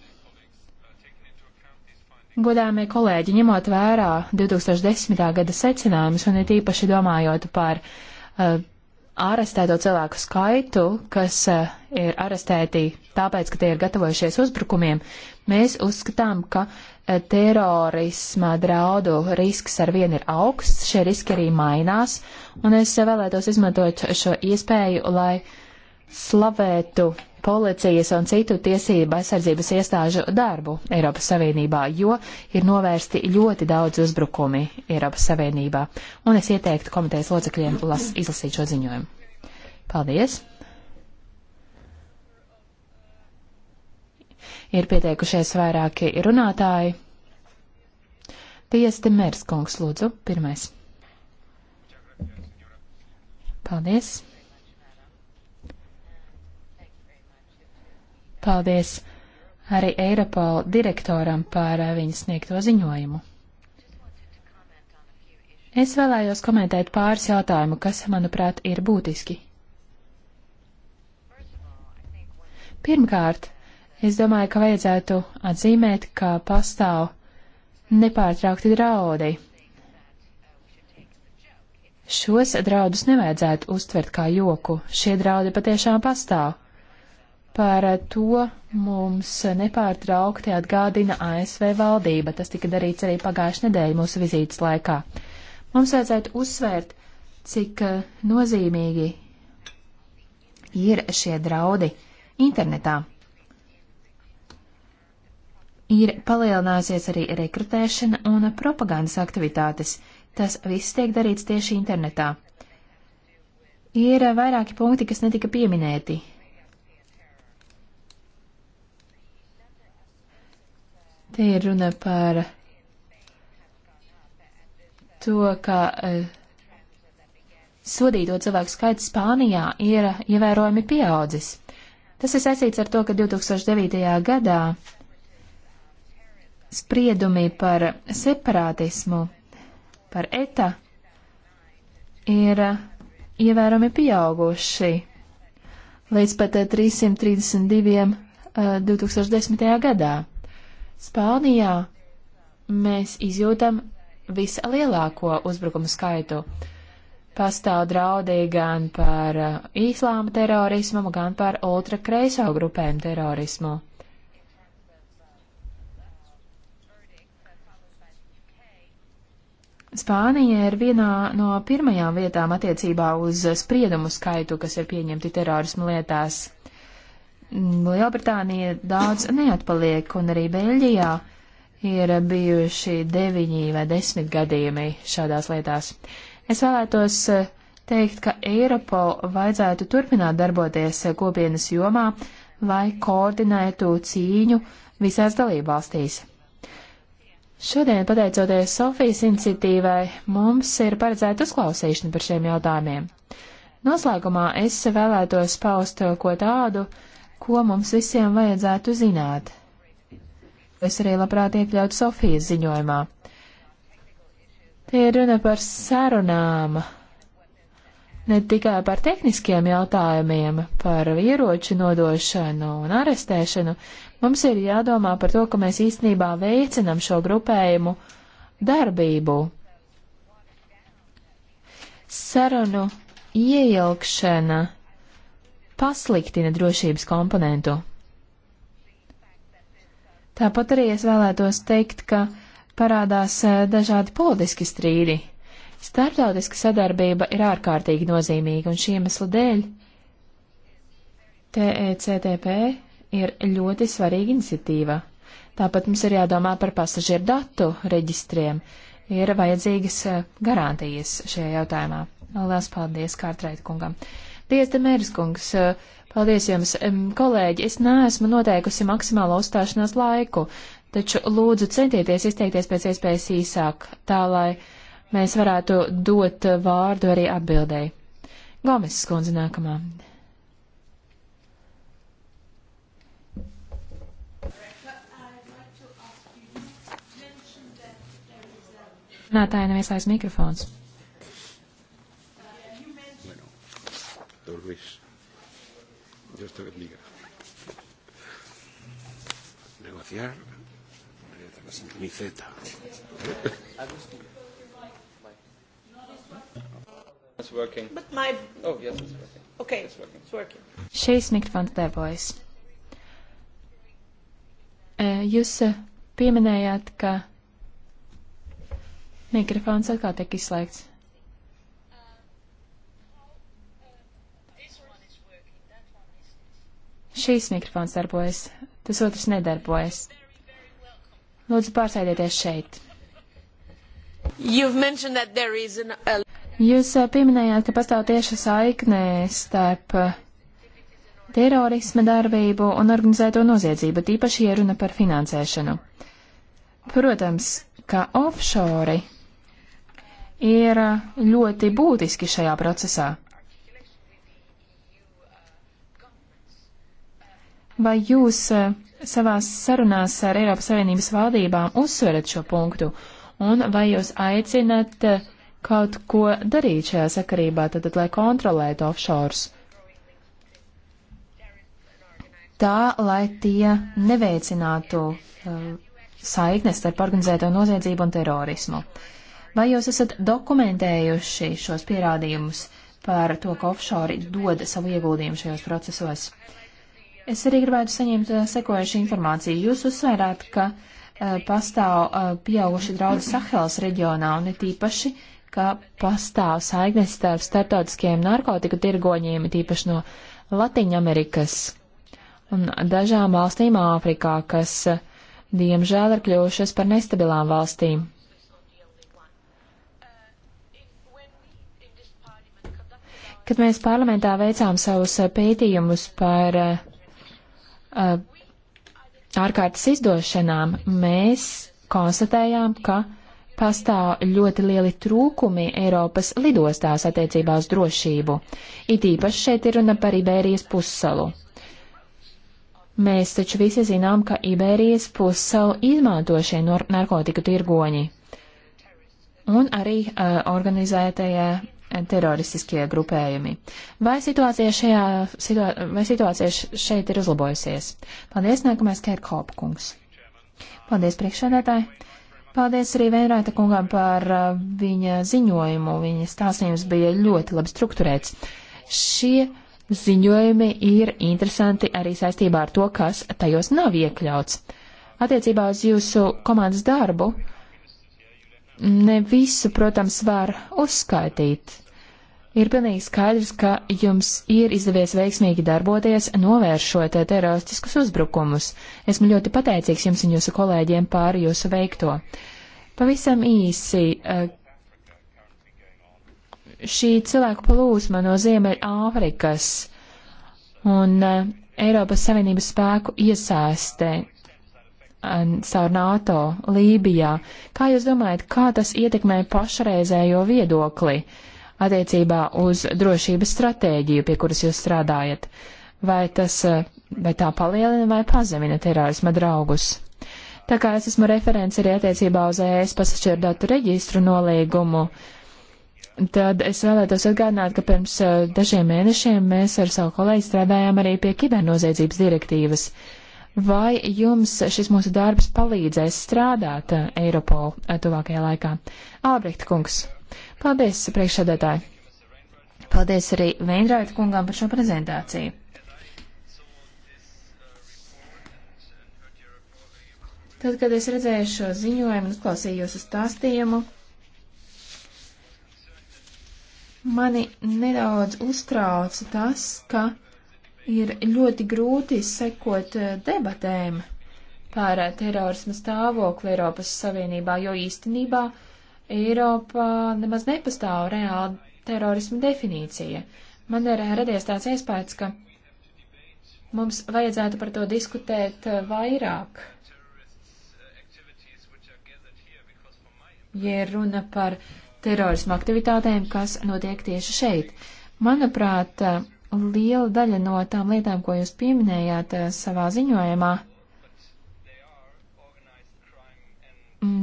Godāmie kolēģi, ņemot vērā 2010. gada secinājumus un it īpaši domājot par uh, eh, arestēto cilvēku skaitu, kas uh, ir arestēti tāpēc, ka tie ir gatavojušies uzbrukumiem, mēs uzskatām, ka uh, terorisma draudu risks ar vienu ir augsts, šie riski arī mainās, un es uh, vēlētos izmantot šo iespēju, lai slavētu policijas un citu tiesību aizsardzības iestāžu darbu Eiropas Savienībā, jo ir novērsti ļoti daudz uzbrukumi Eiropas Savienībā. Un es ieteiktu komitejas locekļiem las, izlasīt šo ziņojumu. Paldies! Ir pieteikušies vairāki runātāji. Tiesti Mērskungs, lūdzu, pirmais. Paldies! Paldies arī Eiropola direktoram par eh, viņu sniegto ziņojumu. Es vēlējos komentēt pāris jautājumu, kas, manuprāt, ir būtiski. Pirmkārt, es domāju, ka vajadzētu atzīmēt, ka pastāv nepārtraukti draudi. Šos draudus nevajadzētu uztvert kā joku, šie draudi patiešām pastāv. Par to mums nepārtraukti atgādina ASV valdība. Tas tika darīts arī pagājušajā nedēļā mūsu vizītes laikā. Mums vajadzētu uzsvērt, cik eh, nozīmīgi ir šie draudi internetā. Ir palielināsies arī rekrutēšana un propagandas aktivitātes. Tas viss tiek darīts tieši internetā. Ir vairāki punkti, kas netika pieminēti. Te ir runa par to, ka eh, sodīto cilvēku skaits Spānijā ir ievērojami pieaudzis. Tas ir saistīts ar to, ka 2009. gadā spriedumi par separātismu, par ETA, ir ievērojami pieauguši līdz pat 332 eh, 2010. Eh, gadā. Spānijā mēs izjūtam vislielāko uzbrukumu skaitu. Pastāv draudi gan par īslāma uh, terorismu, gan par ultrakreiso grupēm terorismu. Spānija ir vienā no pirmajām vietām attiecībā uz spriedumu skaitu, kas ir pieņemti terorismu lietās. Lielbritānija daudz neatpaliek, un arī Beļģijā ir bijuši deviņi vai desmit gadījumi šādās lietās. Es vēlētos eh, teikt, ka Eiropol vajadzētu turpināt darboties eh, kopienas jomā, lai koordinētu cīņu visās dalībvalstīs. Šodien, pateicoties Sofijas iniciatīvai, mums ir paredzēta uzklausīšana par šiem jautājumiem. Noslēgumā es vēlētos paust ko tādu, uh, ko mums visiem vajadzētu zināt. Es arī labprāt iekļautu Sofijas ziņojumā. Tie ir runa par sarunām, ne tikai par tehniskiem jautājumiem, par ieroču nodošanu un arestēšanu. Mums ir jādomā par to, ka mēs īstenībā veicinam šo grupējumu darbību. Sarunu ieilgšana pasliktina drošības komponentu. Tāpat arī es vēlētos teikt, ka parādās eh, dažādi politiski strīdi. Startautiska sadarbība ir ārkārtīgi nozīmīga, un šī iemesla dēļ TECTP ir ļoti svarīga iniciatīva. Tāpat mums ir jādomā par pasažieru datu reģistriem. Ir vajadzīgas eh, garantijas šajā jautājumā. Lielas paldies Kārtreita kungam. Uh, Tiesa Mērskungs, eh, paldies jums. Kolēģi, es neesmu noteikusi maksimālo uzstāšanās laiku, taču lūdzu centieties izteikties pēc iespējas īsāk, tā lai mēs varētu dot vārdu arī atbildēji. Gomes skundze nākamā. Runātāja nevies aiz mikrofons. don Luis. Dios te bendiga. Negociar. Mi Z. But my... Oh, yes, it's working. Okay, it's working. It's working. Šīs mikrofons darbojas. Jūs pieminējāt, ka mikrofons atkal tiek izslēgts. Šīs mikrofons darbojas, tas otrs nedarbojas. Lūdzu, pārsēdieties šeit. An... Jūs eh, pieminējāt, ka pastāv tieša saiknē starp eh, terorisma darbību un organizēto noziedzību, tīpaši ieruna par finansēšanu. Protams, ka offshore ir eh, ļoti būtiski šajā procesā. Vai jūs eh, savās sarunās ar Eiropas Savienības valdībām uzsverat šo punktu? Un vai jūs aicinat eh, kaut ko darīt šajā sakarībā, tad, lai kontrolētu offshores? Tā, lai tie neveicinātu uh, saiknes starp organizēto noziedzību un terorismu. Vai jūs esat dokumentējuši šos pierādījumus par to, ka offshore dod savu ieguldījumu šajos procesos? Uh, Es arī gribētu saņemt eh, sekojušu informāciju. Jūs uzsvērāt, ka uh, pastāv uh, pieauguši draudi Sahelas reģionā un it īpaši, ka pastāv saiknes starp starptautiskajiem narkotiku tirgoņiem, it īpaši no Latiņa Amerikas un dažām valstīm Āfrikā, kas, uh, diemžēl, ir kļuvušas par nestabilām valstīm. Kad mēs parlamentā veicām savus pētījumus par uh, Uh, ārkārtas izdošanām mēs konstatējām, ka pastāv ļoti lieli trūkumi Eiropas lidostās attiecībā uz drošību. It īpaši šeit ir runa par Iberijas pussalu. Mēs taču visi zinām, ka Iberijas pussalu izmanto šie narkotiku tirgoņi un arī uh, organizētajā teroristiskie grupējumi. Vai situācija, šajā, situā, vai situācija šeit ir uzlabojusies? Paldies, nākamais Kērkhopa kungs. Paldies, priekšsēdētāji. Paldies arī Veinrēta kungam par uh, viņa ziņojumu. Viņa stāstījums bija ļoti labi strukturēts. Šie ziņojumi ir interesanti arī saistībā ar to, kas tajos nav iekļauts. Attiecībā uz jūsu komandas darbu ne visu, protams, var uzskaitīt. Ir pilnīgi skaidrs, ka jums ir izdevies veiksmīgi darboties, novēršot teroristiskus uzbrukumus. Esmu ļoti pateicīgs jums un jūsu kolēģiem pār jūsu veikto. Pavisam īsi, eh, šī cilvēku plūsma no Ziemeļāfrikas un eh, Eiropas Savienības spēku iesaistē eh, caur NATO Lībijā, kā jūs domājat, kā tas ietekmē pašreizējo viedokli? Uh, attiecībā uz drošības stratēģiju, pie kuras jūs strādājat? Vai tas, eh, vai tā palielina vai pazemina terorisma draugus? Tā kā es esmu referents arī attiecībā uz ES pasažieru datu reģistru nolīgumu, tad es vēlētos atgādināt, ka pirms eh, dažiem mēnešiem mēs ar savu kolēģi strādājām arī pie kibernoziedzības direktīvas. Vai jums šis mūsu darbs palīdzēs strādāt eh, Eiropol tuvākajā laikā? Albrecht kungs. Paldies, priekšsēdētāji! Paldies arī Veindraita kungām par šo prezentāciju. Tad, kad es redzēju šo ziņojumu un uzklausījos uz stāstījumu, mani nedaudz uztrauca tas, ka ir ļoti grūti sekot eh, debatēm par terorismu stāvokli Eiropas Savienībā, jo īstenībā uh, Eiropā nemaz nepastāv reāla terorisma definīcija. Man ir radies tāds iespējas, ka mums vajadzētu par to diskutēt eh, vairāk. Ja runa par terorismu aktivitātēm, kas notiek tieši šeit. Manuprāt, eh, liela daļa no tām lietām, ko jūs pieminējāt eh, savā ziņojumā,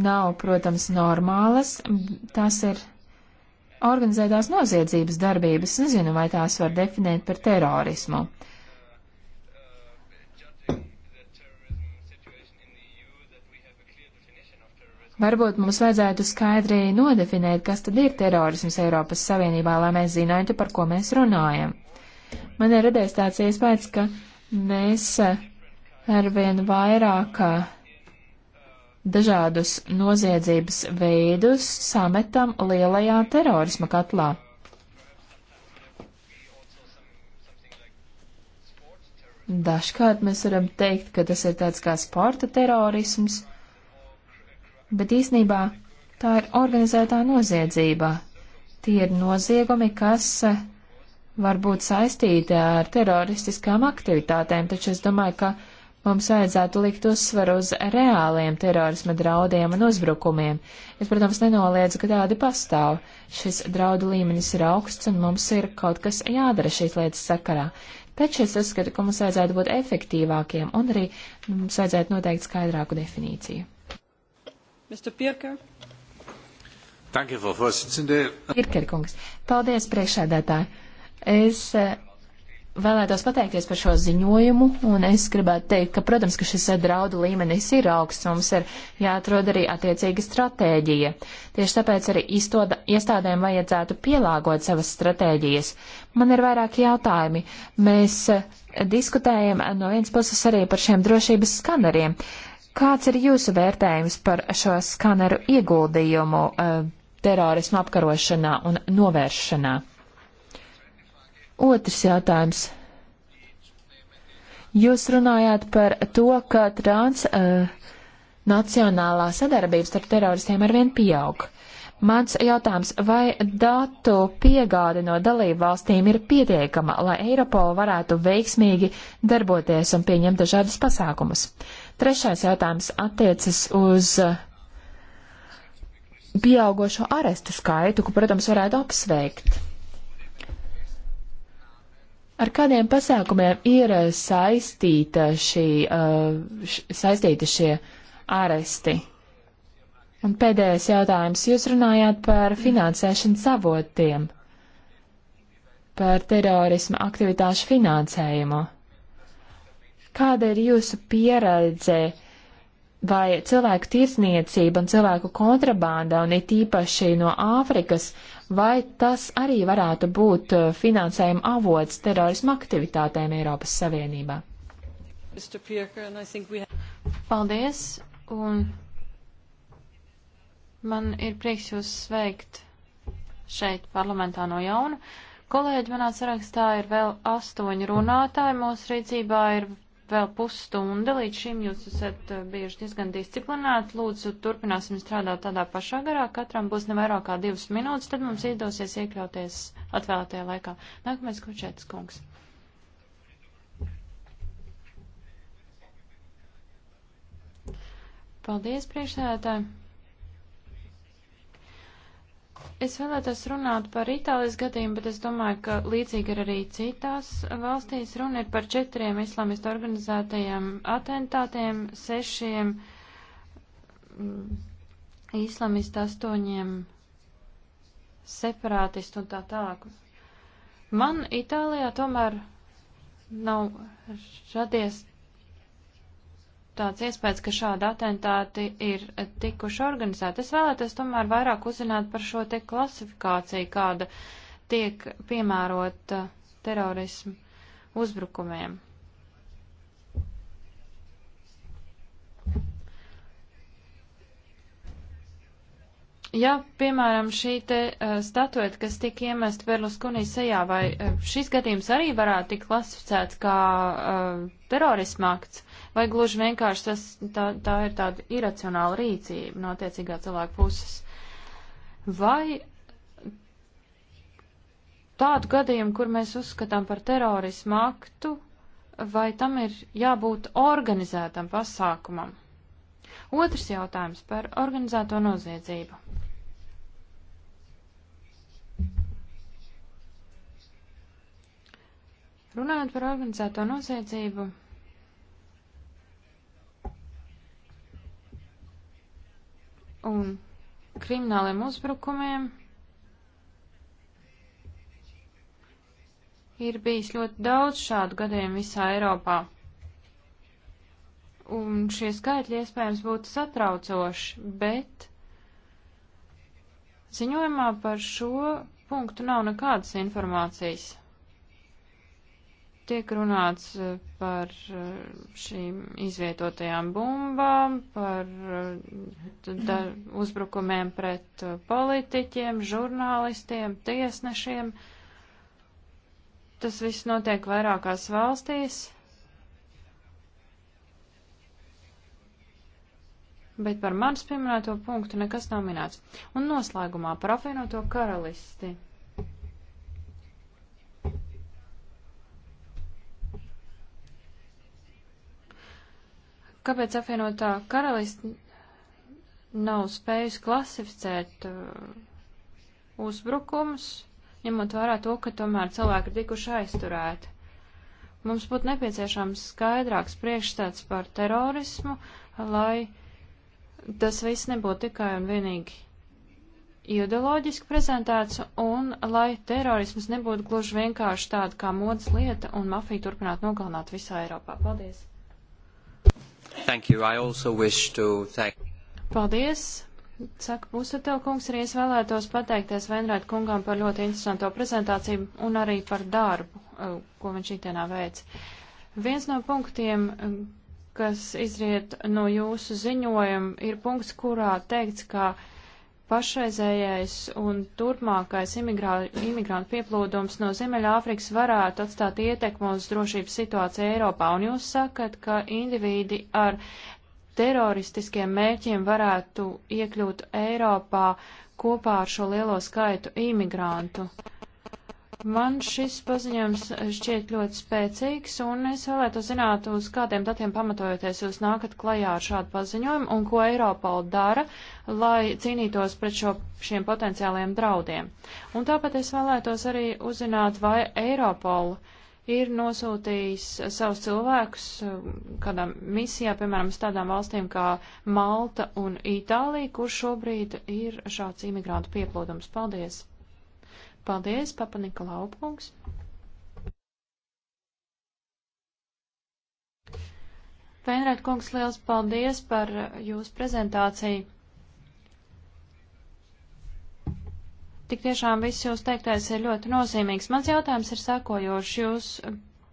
nav, protams, normālas. Tās ir organizētās noziedzības darbības. Nezinu, vai tās var definēt par terorismu. Varbūt mums vajadzētu skaidri nodefinēt, kas tad ir terorisms Eiropas Savienībā, lai mēs zinātu, par ko mēs runājam. Man ir radies tāds iespējas, ka mēs eh, arvien vairāk eh, dažādus noziedzības veidus sametam lielajā terorisma katlā. Dažkārt mēs varam teikt, ka tas ir tāds kā sporta terorisms, bet īsnībā tā ir organizētā noziedzība. Tie ir noziegumi, kas eh, var būt saistīti ar teroristiskām aktivitātēm, taču es domāju, ka Mums vajadzētu likt uzsvaru uz reāliem terorisma draudiem un uzbrukumiem. Es, protams, nenoliedzu, ka tādi pastāv. Šis draudu līmenis ir augsts un mums ir kaut kas jādara šīs lietas sakarā. Taču es uzskatu, ka mums vajadzētu būt efektīvākiem un arī mums vajadzētu noteikt skaidrāku definīciju. Pirker kungs, paldies priekšādātāji. Es eh, vēlētos pateikties par šo ziņojumu, un es gribētu teikt, ka, protams, ka šis draudu līmenis ir augsts, un mums ir jāatrod arī attiecīga stratēģija. Tieši tāpēc arī iztoda, iestādēm vajadzētu pielāgot savas stratēģijas. Man ir vairāki jautājumi. Mēs eh, diskutējam eh, no vienas puses arī par šiem drošības skaneriem. Kāds ir jūsu vērtējums par šo skaneru ieguldījumu? Uh, terorismu apkarošanā un novēršanā. Otrs jautājums. Jūs runājāt par to, ka trans uh, nacionālā sadarbība starp teroristiem arvien pieaug. Mans jautājums, vai datu piegāde no dalību valstīm ir pietiekama, lai Eiropola varētu veiksmīgi darboties un pieņemt dažādas pasākumus? Trešais jautājums attiecas uz eh, pieaugošo arestu skaitu, ko, protams, varētu apsveikt. Ar kādiem pasākumiem ir eh, saistīta šī, eh, š, saistīta šie āresti? Un pēdējais jautājums. Jūs runājāt par finansēšanas avotiem, par terorisma aktivitāšu finansējumu. Kāda ir jūsu pieredze? Vai cilvēku tirsniecība un cilvēku kontrabanda, un it īpaši no Āfrikas, Vai tas arī varētu būt uh, finansējuma avots terorisma aktivitātēm Eiropas Savienībā? Paldies, un man ir prieks jūs sveikt šeit parlamentā no jauna. Kolēģi, manā sarakstā ir vēl astoņi runātāji, mūsu rīcībā ir vēl pusstunda. Līdz šim jūs esat eh, bijuši diezgan disciplinēti. Lūdzu, turpināsim strādāt tādā pašā garā. Katram būs ne vairāk kā divas minūtes, tad mums izdosies iekļauties atvēlētajā laikā. Nākamais kučētas kungs. Paldies, priekšsēdētāji! Es vēlētos runāt par Itālijas gadījumu, bet es domāju, ka līdzīgi ir arī citās valstīs. Runa ir par četriem islamistu organizētajiem atentātiem, sešiem mm, islamistu astoņiem separātistu un tā tālāk. Man Itālijā tomēr nav radies tāds iespējas, ka šādi atentāti ir tikuši organizēti. Es vēlētos tomēr vairāk uzzināt par šo te klasifikāciju, kāda tiek piemērot uh, terorismu uzbrukumiem. Ja, piemēram, šī te uh, statueta, kas tika iemest Berluskonī sejā, vai uh, šis gadījums arī varētu tikt klasificēts kā uh, terorisma akts? vai gluži vienkārši tas, tā, tā ir tāda iracionāla rīcība no attiecīgā cilvēka puses. Vai tādu gadījumu, kur mēs uzskatām par terorismu aktu, vai tam ir jābūt organizētam pasākumam? Otrs jautājums par organizēto noziedzību. Runājot par organizēto noziedzību, un krimināliem uzbrukumiem ir bijis ļoti daudz šādu gadījumu visā Eiropā. Un šie skaitļi iespējams būtu satraucoši, bet ziņojumā par šo punktu nav nekādas informācijas tiek runāts eh, par eh, šīm izvietotajām bumbām, par eh, da, uzbrukumiem pret politiķiem, žurnālistiem, tiesnešiem. Tas viss notiek vairākās valstīs. Bet par manis pieminēto punktu nekas nav minēts. Un noslēgumā par apvienoto karalisti. kāpēc apvienotā karalista nav spējusi klasificēt uh, uzbrukums, ņemot vērā to, ka tomēr cilvēki ir tikuši aizturēti. Mums būtu nepieciešams skaidrāks priekšstats par terorismu, lai tas viss nebūtu tikai un vienīgi ideoloģiski prezentēts, un lai terorisms nebūtu gluži vienkārši tāda kā modas lieta un mafija turpinātu nogalināt visā Eiropā. Paldies! Thank you. I also wish to thank. Paldies. Saka Pusatev kungs, arī es vēlētos pateikties Venrēt kungam par ļoti interesanto prezentāciju un arī par darbu, eh, ko viņš šitienā veic. Viens no punktiem, eh, kas izriet no jūsu ziņojuma, ir punkts, kurā teikts, ka uh, pašreizējais un turpmākais imigrā, imigrantu pieplūdums no Ziemeļāfrikas varētu atstāt ietekmu uz drošības situāciju Eiropā. Un jūs sakat, ka individi ar teroristiskiem mērķiem varētu iekļūt Eiropā kopā ar šo lielo skaitu imigrantu. Man šis paziņojums šķiet ļoti spēcīgs, un es vēlētu zināt, uz kādiem datiem pamatojoties jūs nākat klajā ar šādu paziņojumu, un ko Eiropola dara, lai cīnītos pret šo, šiem potenciāliem draudiem. Un tāpat es vēlētos arī uzzināt, vai Eiropola ir nosūtījis savus cilvēkus um, kādā misijā, piemēram, uz tādām valstīm kā Malta un Itālija, kur šobrīd ir šāds imigrantu pieplūdums. Paldies! Paldies, Papa Nikolau kungs. Veinrēt kungs, liels paldies par jūsu prezentāciju. Tik tiešām viss jūs teiktais ir ļoti nozīmīgs. Mans jautājums ir sekojošs. Jūs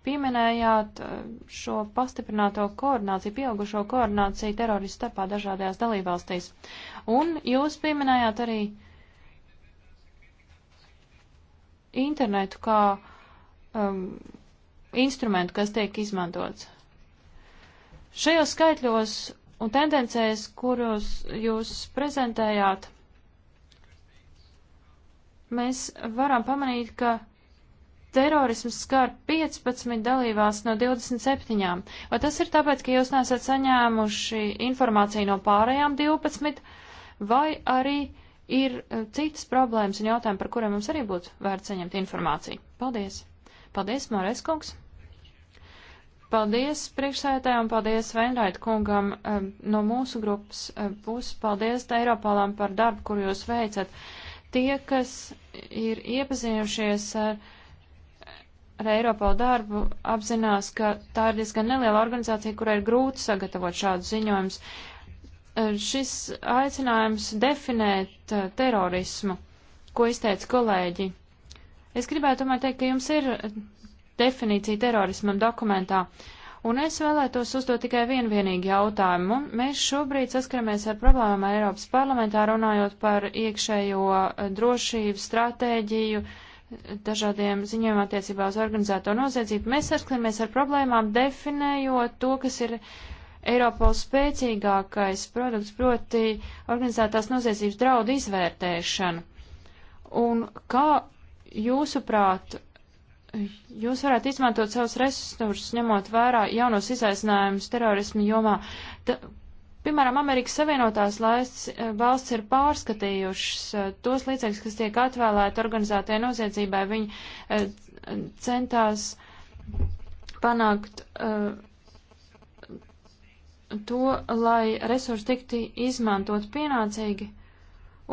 pieminējāt eh, šo pastiprināto koordināciju, pieaugušo koordināciju teroristu starpā dažādajās dalībvalstīs. Un jūs pieminējāt arī uh, internetu kā um, instrumentu, kas tiek izmantots. Šajos skaitļos un tendencēs, kuros jūs prezentējāt, mēs varam pamanīt, ka terorisms skar 15 dalībās no 27. Vai tas ir tāpēc, ka jūs nesat saņēmuši informāciju no pārējām 12, vai arī uh, ir eh, citas problēmas un jautājumi, par kuriem mums arī būtu vērts saņemt informāciju. Paldies! Paldies, Mārēs kungs! Paldies priekšsētājiem un paldies Veinraita kungam eh, no mūsu grupas eh, puses. Paldies Eiropālām par darbu, kur jūs veicat. Tie, kas ir iepazinušies ar, ar Eiropālu darbu, apzinās, ka tā ir diezgan neliela organizācija, kurai ir grūti sagatavot šādus ziņojumus. Eh, šis aicinājums definēt eh, terorismu, ko izteica kolēģi. Es gribētu tomēr teikt, ka jums ir definīcija terorismam dokumentā, un es vēlētos uzdot tikai vienu vienīgu jautājumu. Mēs šobrīd saskaramies ar problēmām Eiropas parlamentā, runājot par iekšējo eh, drošību, stratēģiju, dažādiem ziņojumiem attiecībā uz organizēto noziedzību. Mēs saskaramies ar problēmām, definējot to, kas ir Eiropols spēcīgākais produkts, proti organizētās noziedzības draudu izvērtēšana. Un kā jūsuprāt, jūs varētu izmantot savus resursus, ņemot vērā jaunos izaicinājumus terorismu jomā? Ta, piemēram, Amerikas Savienotās laists, eh, valsts ir pārskatījušas eh, tos līdzekļus, kas tiek atvēlēti organizētajai noziedzībai. Viņi eh, centās panākt uh, to, lai resursi tiktu izmantot pienācīgi.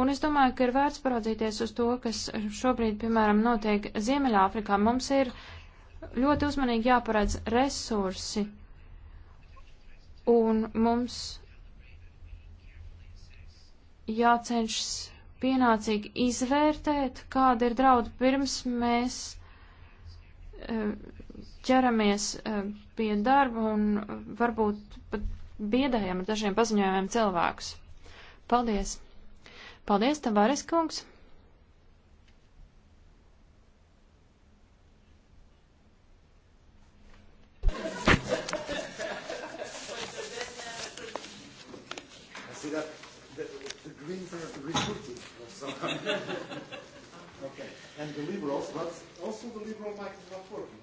Un es domāju, ka ir vērts paraudzīties uz to, kas šobrīd, piemēram, notiek Ziemeļāfrikā. Mums ir ļoti uzmanīgi jāparedz resursi, un mums jācenšas pienācīgi izvērtēt, kāda ir drauda pirms mēs eh, ķeramies eh, pie darba un eh, varbūt pat biedējam ar dažiem paziņojumiem cilvēkus. Paldies! Paldies, Tavares kungs! Greens are recruiting or something. okay. And the liberals, but also the liberal mic is not working.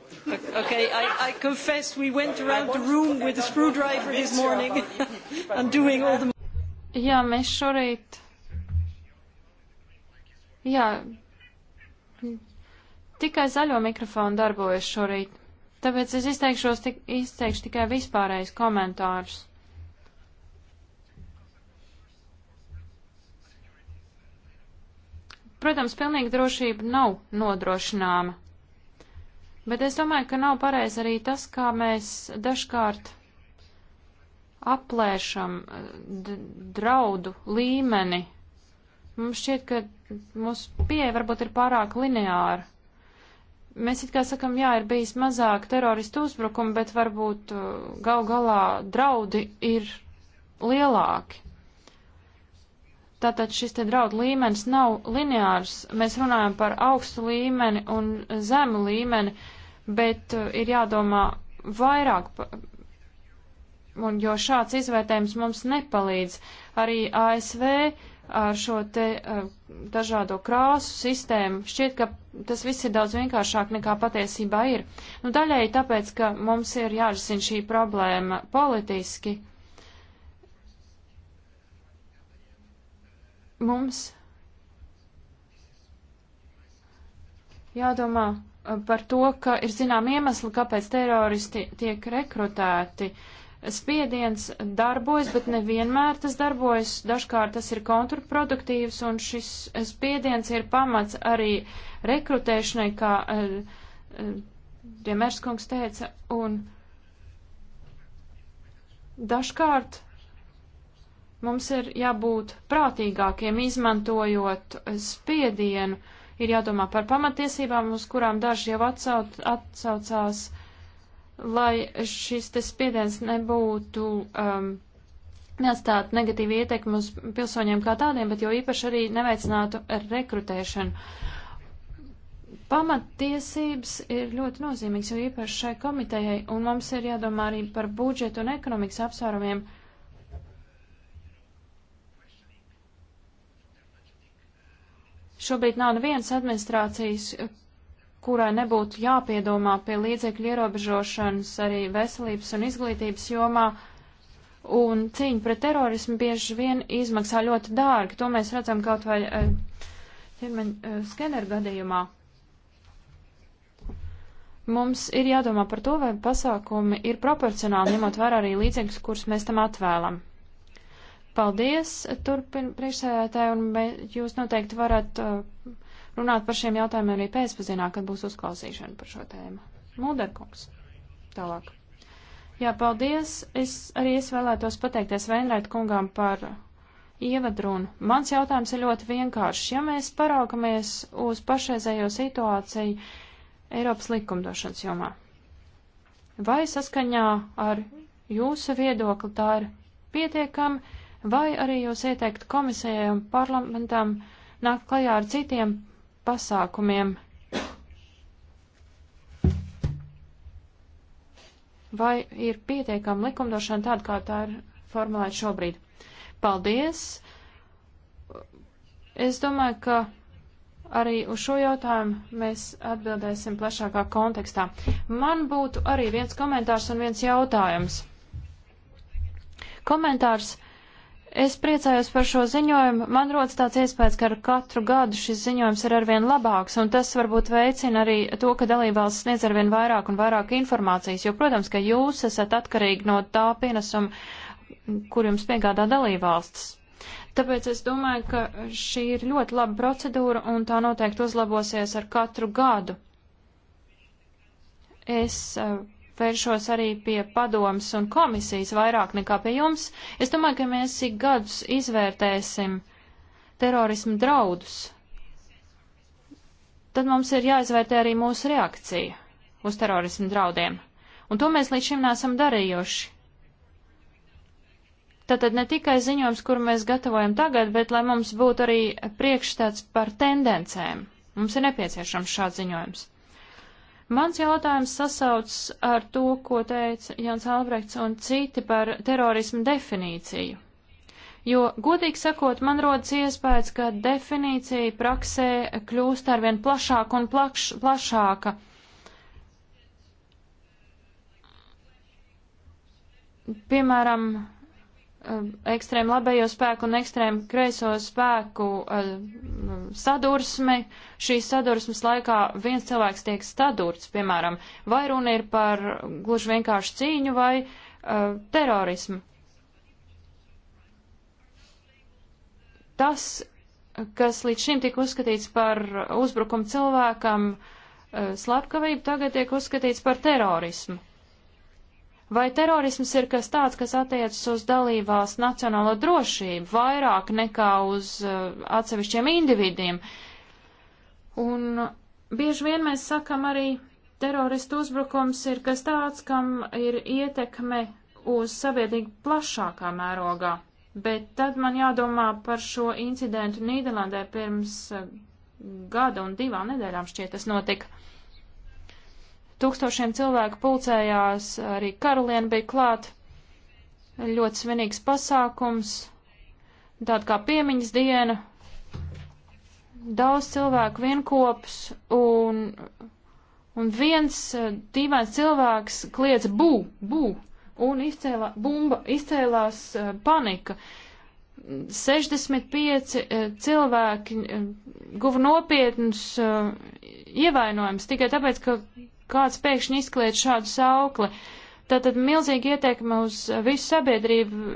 Okay, I, I confess we went around the room with a screwdriver this morning and doing all the... Jā, mēs šorīt... Jā, tikai zaļo mikrofonu darbojas šorīt, tāpēc es izteikšos, tik, izteikšu tikai vispārējais komentārus. Protams, pilnīga drošība nav nodrošināma. Bet es domāju, ka nav pareizi arī tas, kā mēs dažkārt aplēšam eh, draudu līmeni. Mums šķiet, ka mūsu pieeja varbūt ir pārāk lineāra. Mēs it kā sakam, jā, ir bijis mazāk teroristu uzbrukumu, bet varbūt eh, gal galā draudi ir lielāki. Tātad šis te draud līmenis nav lineārs. Mēs runājam par augstu līmeni un zemu līmeni, bet uh, ir jādomā vairāk, un jo šāds izvērtējums mums nepalīdz. Arī ASV ar šo te uh, dažādo krāsu sistēmu šķiet, ka tas viss ir daudz vienkāršāk nekā patiesībā ir. Nu, daļēji tāpēc, ka mums ir jārisina šī problēma politiski mums jādomā uh, par to, ka ir zinām iemesli, kāpēc teroristi tiek rekrutēti. Spiediens darbojas, bet nevienmēr tas darbojas. Dažkārt tas ir kontraproduktīvs, un šis spiediens ir pamats arī rekrutēšanai, kā uh, uh, Diemērskungs teica, un dažkārt Mums ir jābūt prātīgākiem, izmantojot spiedienu, ir jādomā par pamatiesībām, uz kurām daži jau atsauc, atsaucās, lai šis te spiediens nebūtu. Um, neatstāt negatīvu ietekmi uz pilsoņiem kā tādiem, bet jo īpaši arī neveicinātu ar rekrutēšanu. Pamattiesības ir ļoti nozīmīgs, jo īpaši šai komitejai, un mums ir jādomā arī par budžetu un ekonomikas apsvērumiem. Uh, Šobrīd nav nevienas administrācijas, kurai nebūtu jāpiedomā pie līdzekļu ierobežošanas arī veselības un izglītības jomā, un cīņa pret terorismu bieži vien izmaksā ļoti dārgi. To mēs redzam kaut vai ķermeņa eh, eh, skeneru gadījumā. Mums ir jādomā par to, vai pasākumi ir proporcionāli, ņemot vērā arī līdzekļus, kurus mēs tam atvēlam. Paldies, turpin priekšsēdētāji, un jūs noteikti varat uh, runāt par šiem jautājumiem arī pēcpazienā, kad būs uzklausīšana par šo tēmu. Mūderkungs. Tālāk. Jā, paldies. Es arī es vēlētos pateikties Veinrēt kungām par ievadrunu. Mans jautājums ir ļoti vienkāršs. Ja mēs paraugamies uz pašreizējo situāciju Eiropas likumdošanas jomā, vai saskaņā ar jūsu viedokli tā ir pietiekami vai arī jūs ieteiktu komisijai un parlamentam nākt klajā ar citiem pasākumiem? Vai ir pietiekama likumdošana tāda, kā tā ir formulēta šobrīd? Paldies! Es domāju, ka arī uz šo jautājumu mēs atbildēsim plašākā kontekstā. Man būtu arī viens komentārs un viens jautājums. Komentārs Es priecājos par šo ziņojumu. Man rodas tāds iespējas, ka ar katru gadu šis ziņojums ir arvien labāks, un tas varbūt veicina arī to, ka dalībvalsts sniedz arvien vairāk un vairāk informācijas, jo, protams, ka jūs esat atkarīgi no tā pienesuma, kur jums piegādā dalībvalsts. Tāpēc es domāju, ka šī ir ļoti laba procedūra, un tā noteikti uzlabosies ar katru gadu. Es uh, vēršos arī pie padomas un komisijas vairāk nekā pie jums. Es domāju, ka mēs ik gadus izvērtēsim terorismu draudus. Tad mums ir jāizvērtē arī mūsu reakcija uz terorismu draudiem. Un to mēs līdz šim nesam darījuši. Tātad ne tikai ziņojums, kuru mēs gatavojam tagad, bet lai mums būtu arī priekšstats par tendencēm. Mums ir nepieciešams šāds ziņojums. Mans jautājums sasauc ar to, ko teica Jans Albrechts un citi par terorismu definīciju. Jo, godīgi sakot, man rodas iespējas, ka definīcija praksē kļūst arvien plašāka un plakš, plašāka. Piemēram, Um, ekstrēmu labējo spēku un ekstrēmu kreiso spēku uh, sadursmi. Šīs sadursmes laikā viens cilvēks tiek stadurts, piemēram, vai runa ir par gluži vienkārši cīņu vai uh, terorismu. Tas, kas līdz šim tika uzskatīts par uzbrukumu cilvēkam, uh, slepkavību, tagad tiek uzskatīts par terorismu. Vai terorisms ir kas tāds, kas attiecas uz dalībās nacionālo drošību vairāk nekā uz uh, atsevišķiem individiem? Un bieži vien mēs sakam arī, teroristu uzbrukums ir kas tāds, kam ir ietekme uz sabiedrību plašākā mērogā. Bet tad man jādomā par šo incidentu Nīderlandē pirms eh, gada un divām nedēļām šķiet tas notika. Tūkstošiem cilvēku pulcējās, arī karalieni bija klāt. Ļoti svinīgs pasākums, tāda kā piemiņas diena. Daudz cilvēku vienkopus un, un viens eh, dīvains cilvēks kliedz bū, bū, un izcēlā, bumba, izcēlās eh, panika. 65 eh, cilvēki guva nopietnus ievainojums tikai tāpēc, ka kāds pēkšņi izkliedz šādu saukli. Tātad milzīgi ieteikumi uz visu sabiedrību.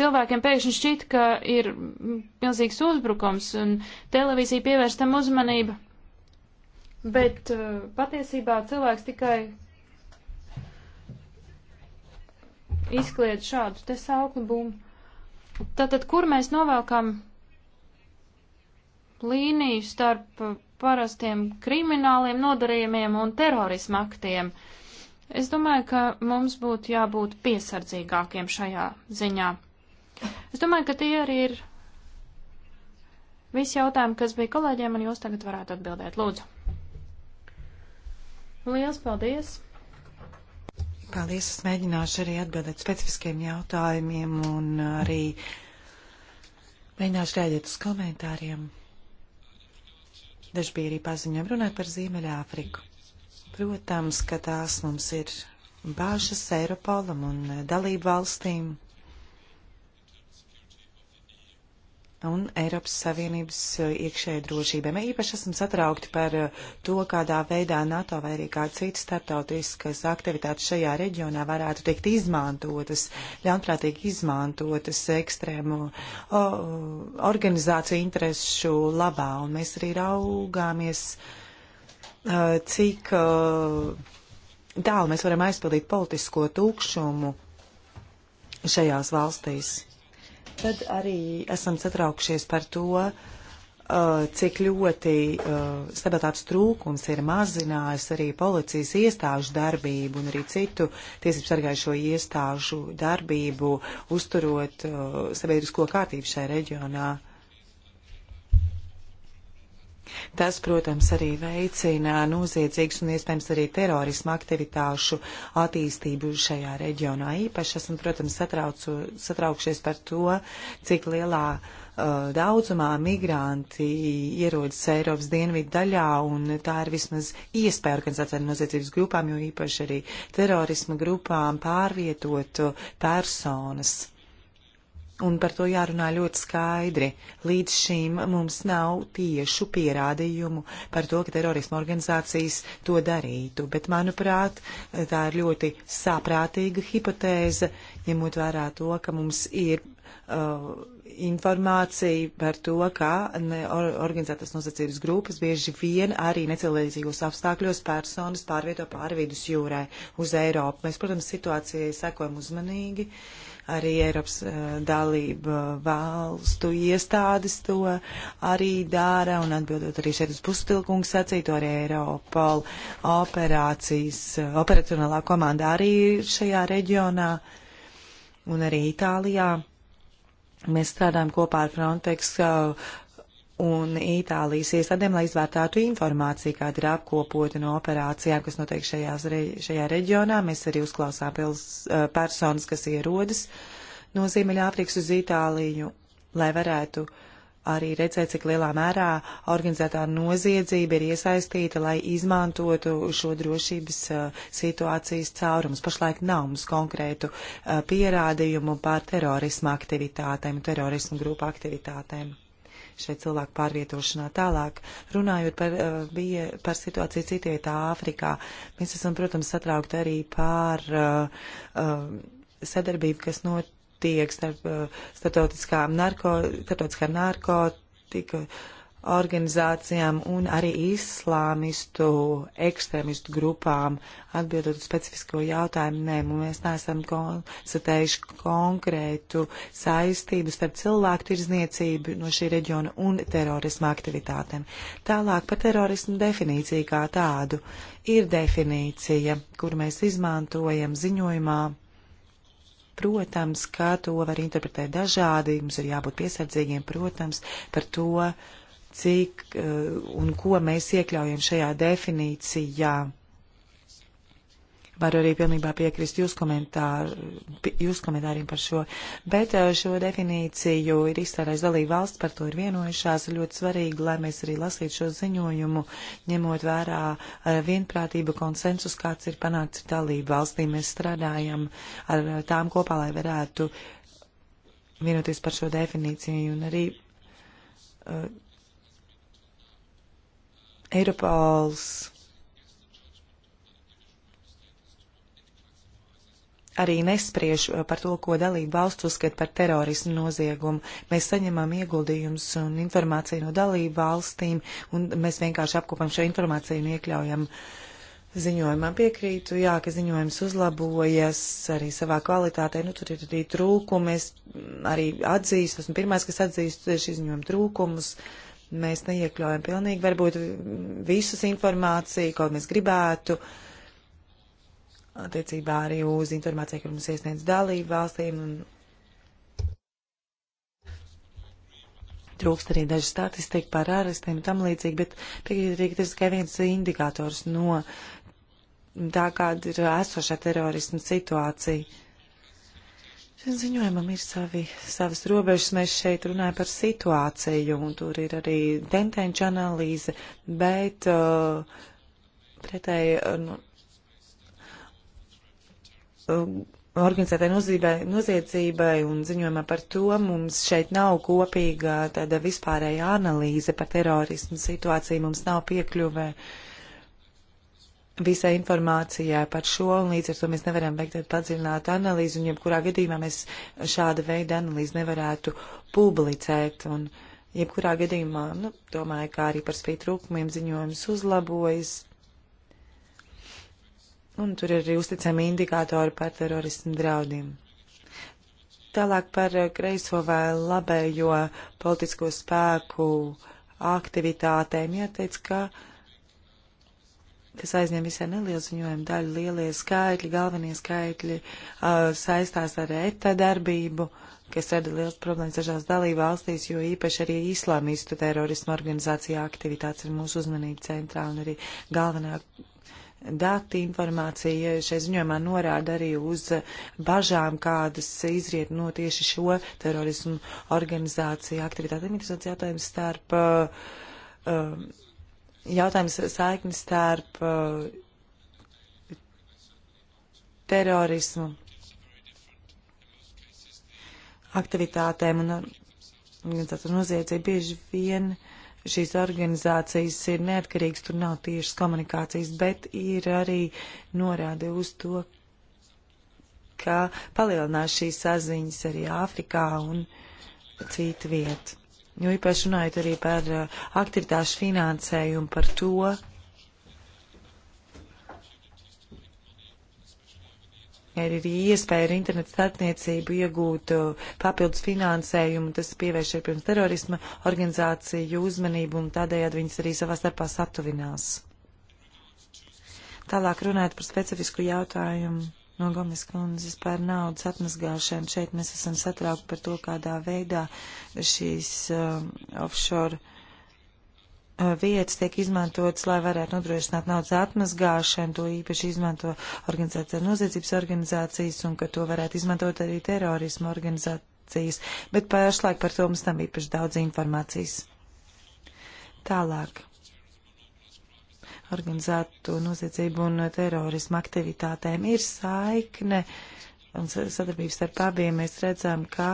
Cilvēkiem pēkšņi šķiet, ka ir milzīgs uzbrukums un televīzija pievērstam uzmanību. Bet uh, patiesībā cilvēks tikai izkliedz šādu te saukli bumbu. Tātad, kur mēs novelkam līniju starp parastiem krimināliem nodarījumiem un terorisma aktiem. Es domāju, ka mums būtu jābūt piesardzīgākiem šajā ziņā. Es domāju, ka tie arī ir visi jautājumi, kas bija kolēģiem, un jūs tagad varētu atbildēt. Lūdzu. Lielas paldies! Paldies! Es mēģināšu arī atbildēt specifiskiem jautājumiem un arī mēģināšu rēģēt uz komentāriem. Daži bija arī paziņojumi runāt par Ziemeļāfriku. Protams, ka tās mums ir bāžas Eiropolam un eh, dalību valstīm un Eiropas Savienības eh, iekšējai drošībai. Mēs īpaši esam satraukti par eh, to, kādā veidā NATO vai arī kā citas starptautiskas aktivitātes šajā reģionā varētu tikt izmantotas, ļaunprātīgi izmantotas ekstrēmu o, organizāciju interesu labā. Un mēs arī raugāmies, eh, cik tālu mēs varam aizpildīt politisko tūkšumu šajās valstīs. Tad arī esam satraukšies par to, uh, cik ļoti uh, stabilitātes trūkums ir mazinājis arī policijas iestāžu darbību un arī citu tiesību sargājušo iestāžu darbību, uzturot uh, sabiedrisko kārtību šajā reģionā. Tas, protams, arī veicina noziedzīgas un iespējams arī terorisma aktivitāšu attīstību šajā reģionā. Īpaši esam, protams, satraucu, satraukšies par to, cik lielā uh, daudzumā migranti ierodas Eiropas dienvidu daļā, un tā ir vismaz iespēja organizētām noziedzības grupām, jo īpaši arī terorisma grupām pārvietot personas un par to jārunā ļoti skaidri. Līdz šim mums nav tiešu pierādījumu par to, ka terorisma organizācijas to darītu, bet, manuprāt, tā ir ļoti saprātīga hipotēze, ņemot vērā to, ka mums ir uh, informācija par to, ka or organizētas nozacības grupas bieži vien arī necilvēcīgos apstākļos personas pārvieto pārvidus jūrai uz Eiropu. Mēs, protams, situācijai sekojam uzmanīgi. Uh, arī Eiropas uh, dalība valstu iestādes to arī dara, un atbildot arī šeit uz pustilkungu sacīto, arī Eiropol operācijas, uh, operacionālā komanda arī ir šajā reģionā, un arī Itālijā. Mēs strādājam kopā ar Frontex uh, un Itālijas iestādēm, lai izvērtātu informāciju, kāda ir apkopota no operācijām, kas notiek šajās, re, šajā reģionā. Mēs arī uzklausām pils, eh, personas, kas ierodas no Ziemeļāfrikas uz Itāliju, lai varētu arī redzēt, cik lielā mērā organizētā noziedzība ir iesaistīta, lai izmantotu šo drošības uh, situācijas caurums. Pašlaik nav mums konkrētu uh, pierādījumu par terorismu aktivitātēm, terorismu grupu aktivitātēm šeit cilvēku pārvietošanā. Tālāk, runājot par, eh, bija par situāciju citietā Āfrikā, mēs esam, protams, satraukti arī par uh, uh, sadarbību, kas notiek starp uh, starptautiskām narko, starptautiskām narkotiku. Uh, organizācijām un arī islāmistu ekstrēmistu grupām. Atbildot uz specifisko jautājumu, nē, mēs neesam konstatējuši konkrētu saistību starp cilvēku tirzniecību no šī reģiona un terorisma aktivitātēm. Tālāk par terorismu definīciju kā tādu ir definīcija, kur mēs izmantojam ziņojumā Protams, kā to var interpretēt dažādi, mums ir jābūt piesardzīgiem, protams, par to, cik eh, un ko mēs iekļaujam šajā definīcijā. Varu arī pilnībā piekrist jūs, komentār, jūs komentāriem par šo, bet eh, šo definīciju ir izstrādājis dalība valsts, par to ir vienojušās. Ļoti svarīgi, lai mēs arī lasītu šo ziņojumu, ņemot vērā eh, vienprātība konsensus, kāds ir panācis dalība valstī. Mēs strādājam ar tām kopā, lai varētu vienoties par šo definīciju un arī. Uh, Eiropāls arī nespriež uh, par to, ko dalība valsts uzskata par terorismu noziegumu. Mēs saņemam ieguldījumus un informāciju no dalību valstīm, un mēs vienkārši apkopam šo informāciju un iekļaujam ziņojumā. Piekrītu, jā, ka ziņojums uzlabojas arī savā kvalitātē, nu tur ir arī trūkumi, es arī atzīstu, esmu pirmais, kas atzīstu šī ziņojuma trūkumus. Uh, Mēs neiekļaujam pilnīgi varbūt visus informāciju, ko mēs gribētu, attiecībā arī uz informāciju, kur mums iesniedz dalību valstīm. Trūkst arī daži statistika par ārestiem un tam līdzīgi, bet piekrīt arī, ka tas tikai viens indikators no tā, kāda ir esošā terorisma situācija Šim ziņojumam ir savi, savas robežas. Mēs šeit runājam par situāciju, un tur ir arī tendenci analīze, bet uh, pretēji uh, nu, uh, organizētai noziedzībai un ziņojumā par to mums šeit nav kopīga tāda vispārēja analīze par terorismu situāciju, mums nav piekļuvē uh, visai informācijai par šo, un līdz ar to mēs nevaram veikt tādu padziļinātu analīzi, un jebkurā gadījumā mēs šāda veida analīzi nevarētu publicēt. Un, jebkurā gadījumā, nu, domāju, kā arī par spīti trūkumiem ziņojums uzlabojas. Un tur ir arī uzticami indikātori par terorismu draudiem. Tālāk par kreiso vai labējo politisko spēku aktivitātēm jāteic, ka kas aizņem visai nelielu ziņojumu daļu, lielie skaitļi, galvenie skaitļi uh, saistās ar ETA darbību, kas rada liels problēmas dažās dalību valstīs, jo īpaši arī islamistu terorismu organizācija aktivitātes ir mūsu uzmanība centrā un arī galvenā dati informācija šai ziņojumā norāda arī uz bažām, kādas izriet no tieši šo terorismu organizāciju aktivitāti. Interesants jautājums starp uh, uh, jautājums saiknis starp uh, terorismu aktivitātēm un organizētas noziedzību. Bieži vien šīs organizācijas ir neatkarīgas, tur nav tiešas komunikācijas, bet ir arī norāde uz to, ka palielinās šīs saziņas arī Āfrikā un citu vietu jo īpaši runājot arī par uh, aktivitāšu finansējumu, par to, ir arī iespēja ar internetu starpniecību iegūt uh, papildus finansējumu. Tas pievērš arī pirms terorisma organizāciju uzmanību un tādējādi viņas arī savā starpā satuvinās. Tālāk runājot par specifisku jautājumu no Gomes kundzes par naudas atmazgāšanu. Šeit mēs esam satraukti par to, kādā veidā šīs uh, offshore uh, vietas tiek izmantotas, lai varētu nodrošināt naudas atmazgāšanu, to īpaši izmanto organizācija noziedzības organizācijas un ka to varētu izmantot arī terorismu organizācijas, bet pašlaik par to mums nav īpaši daudz informācijas. Tālāk organizēto noziedzību un terorismu aktivitātēm ir saikne un sadarbības starp abiem. Mēs redzam, ka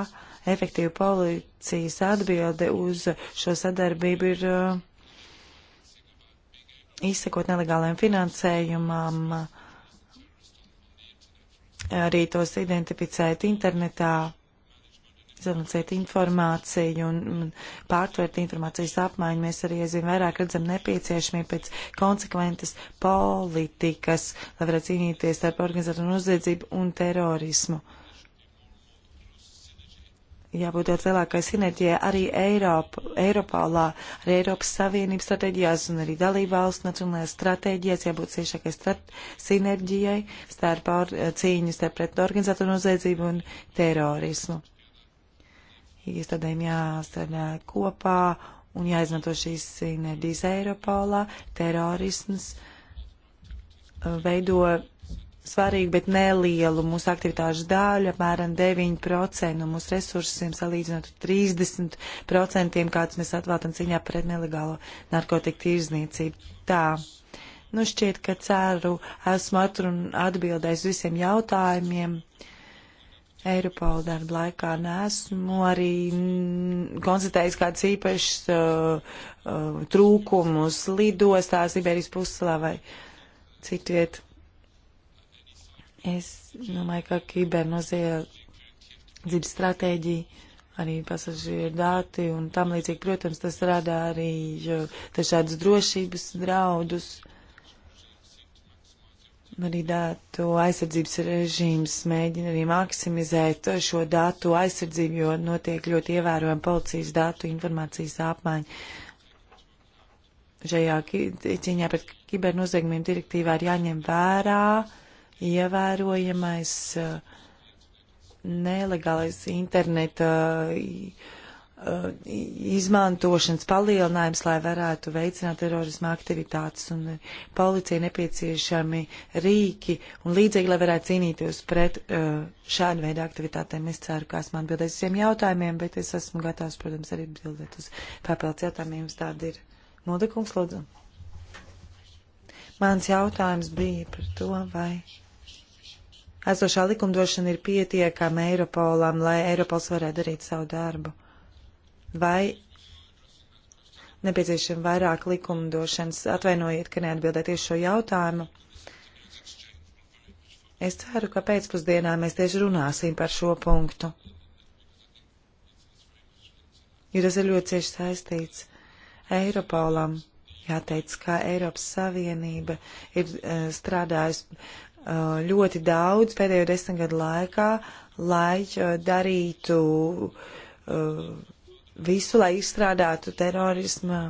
efektīva policijas atbilde uz šo sadarbību ir uh, izsekot nelegālajiem finansējumam, uh, arī tos identificēt internetā, analizēt informāciju un pārtvērt informācijas apmaiņu. Mēs arī aizvien vairāk redzam nepieciešamību pēc konsekventas politikas, lai varētu cīnīties ar organizētu noziedzību un terorismu. Jābūt daudz lielākai sinerģijai arī Eiropa, Eiropolā, arī Eiropas Savienības stratēģijās un arī dalībvalstu nacionālajās stratēģijās jābūt ciešākai strat sinerģijai starp cīņu starp pret organizētu noziedzību un terorismu iestādēm jāstrādā kopā un jāizmanto šīs sinerģijas Eiropolā. Terorisms uh, veido svarīgu, bet nelielu mūsu aktivitāšu daļu, apmēram 9% no mūsu resursiem, salīdzinot 30%, kādus mēs atvēltam cīņā pret nelegālo narkotiku tirzniecību. Tā. Nu, šķiet, ka ceru, esmu atrun atbildējis visiem jautājumiem. Uh, Eiropola darba laikā nesmu arī konstatējis kāds īpašs uh, uh, trūkumus lidostās Iberijas puslā vai citviet. Es domāju, ka kibernoziedzība stratēģija arī pasažieru dati un tam līdzīgi, protams, tas rada arī uh, dažādas drošības draudus. Uh, Arī datu aizsardzības režīms mēģina arī maksimizēt šo datu aizsardzību, jo notiek ļoti ievērojama policijas datu informācijas apmaiņa. Šajā cīņā pret kibernoziegumiem direktīvā ir jāņem vērā ievērojamais uh, nelegālais interneta. Uh, Uh, izmantošanas palielinājums, lai varētu veicināt terorismu aktivitātes, un policija nepieciešami rīki un līdzīgi, lai varētu cīnīties pret uh, šādu veidu aktivitātēm. Es ceru, ka esmu atbildējis visiem jautājumiem, bet es esmu gatavs, protams, arī atbildēt uz papildus jautājumiem, jums tādi ir. Nodekums, lūdzu. Mans jautājums bija par to, vai esošā likumdošana ir pietiekama Eiropolam, lai Eiropols varētu darīt savu darbu vai nepieciešama vairāk likumdošanas. Atvainojiet, ka neatbildēju tieši šo jautājumu. Es ceru, ka pēcpusdienā mēs tieši runāsim par šo punktu, jo tas ir ļoti cieši saistīts Eiropolam. Jāteic, ka Eiropas Savienība ir uh, strādājusi uh, ļoti daudz pēdējo desmit gadu laikā, lai uh, darītu uh, visu, lai izstrādātu terorisma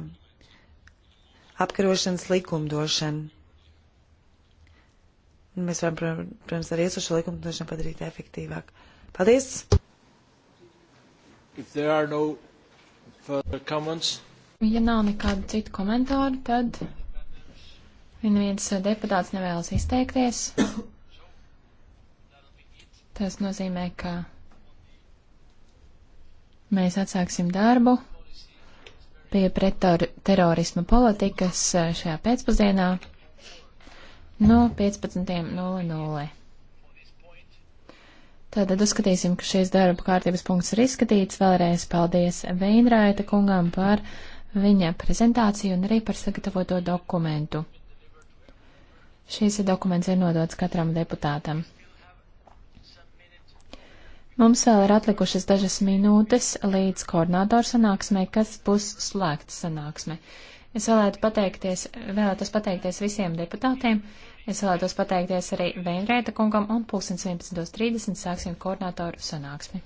apkarošanas likumdošanu. Mēs varam, protams, arī esošo likumdošanu padarīt efektīvāk. Paldies! No ja nav nekādu citu komentāru, tad neviens deputāts nevēlas izteikties. Tas nozīmē, ka Mēs atsāksim darbu pie pretterorisma politikas e, šajā pēcpusdienā no 15.00. Tātad uzskatīsim, ka šīs darba kārtības punkts ir izskatīts. Vēlreiz paldies Veinraita kungam par viņa prezentāciju un arī par sagatavoto dokumentu. Šīs dokuments ir nodots katram deputātam. Mums vēl ir atlikušas dažas minūtes līdz koordinātoru sanāksmē, kas būs slēgta sanāksme. Es vēlētu pateikties, vēlētos pateikties visiem deputātiem, es vēlētos pateikties arī Veinrēta kungam un 11.30 sāksim koordinātoru sanāksmi.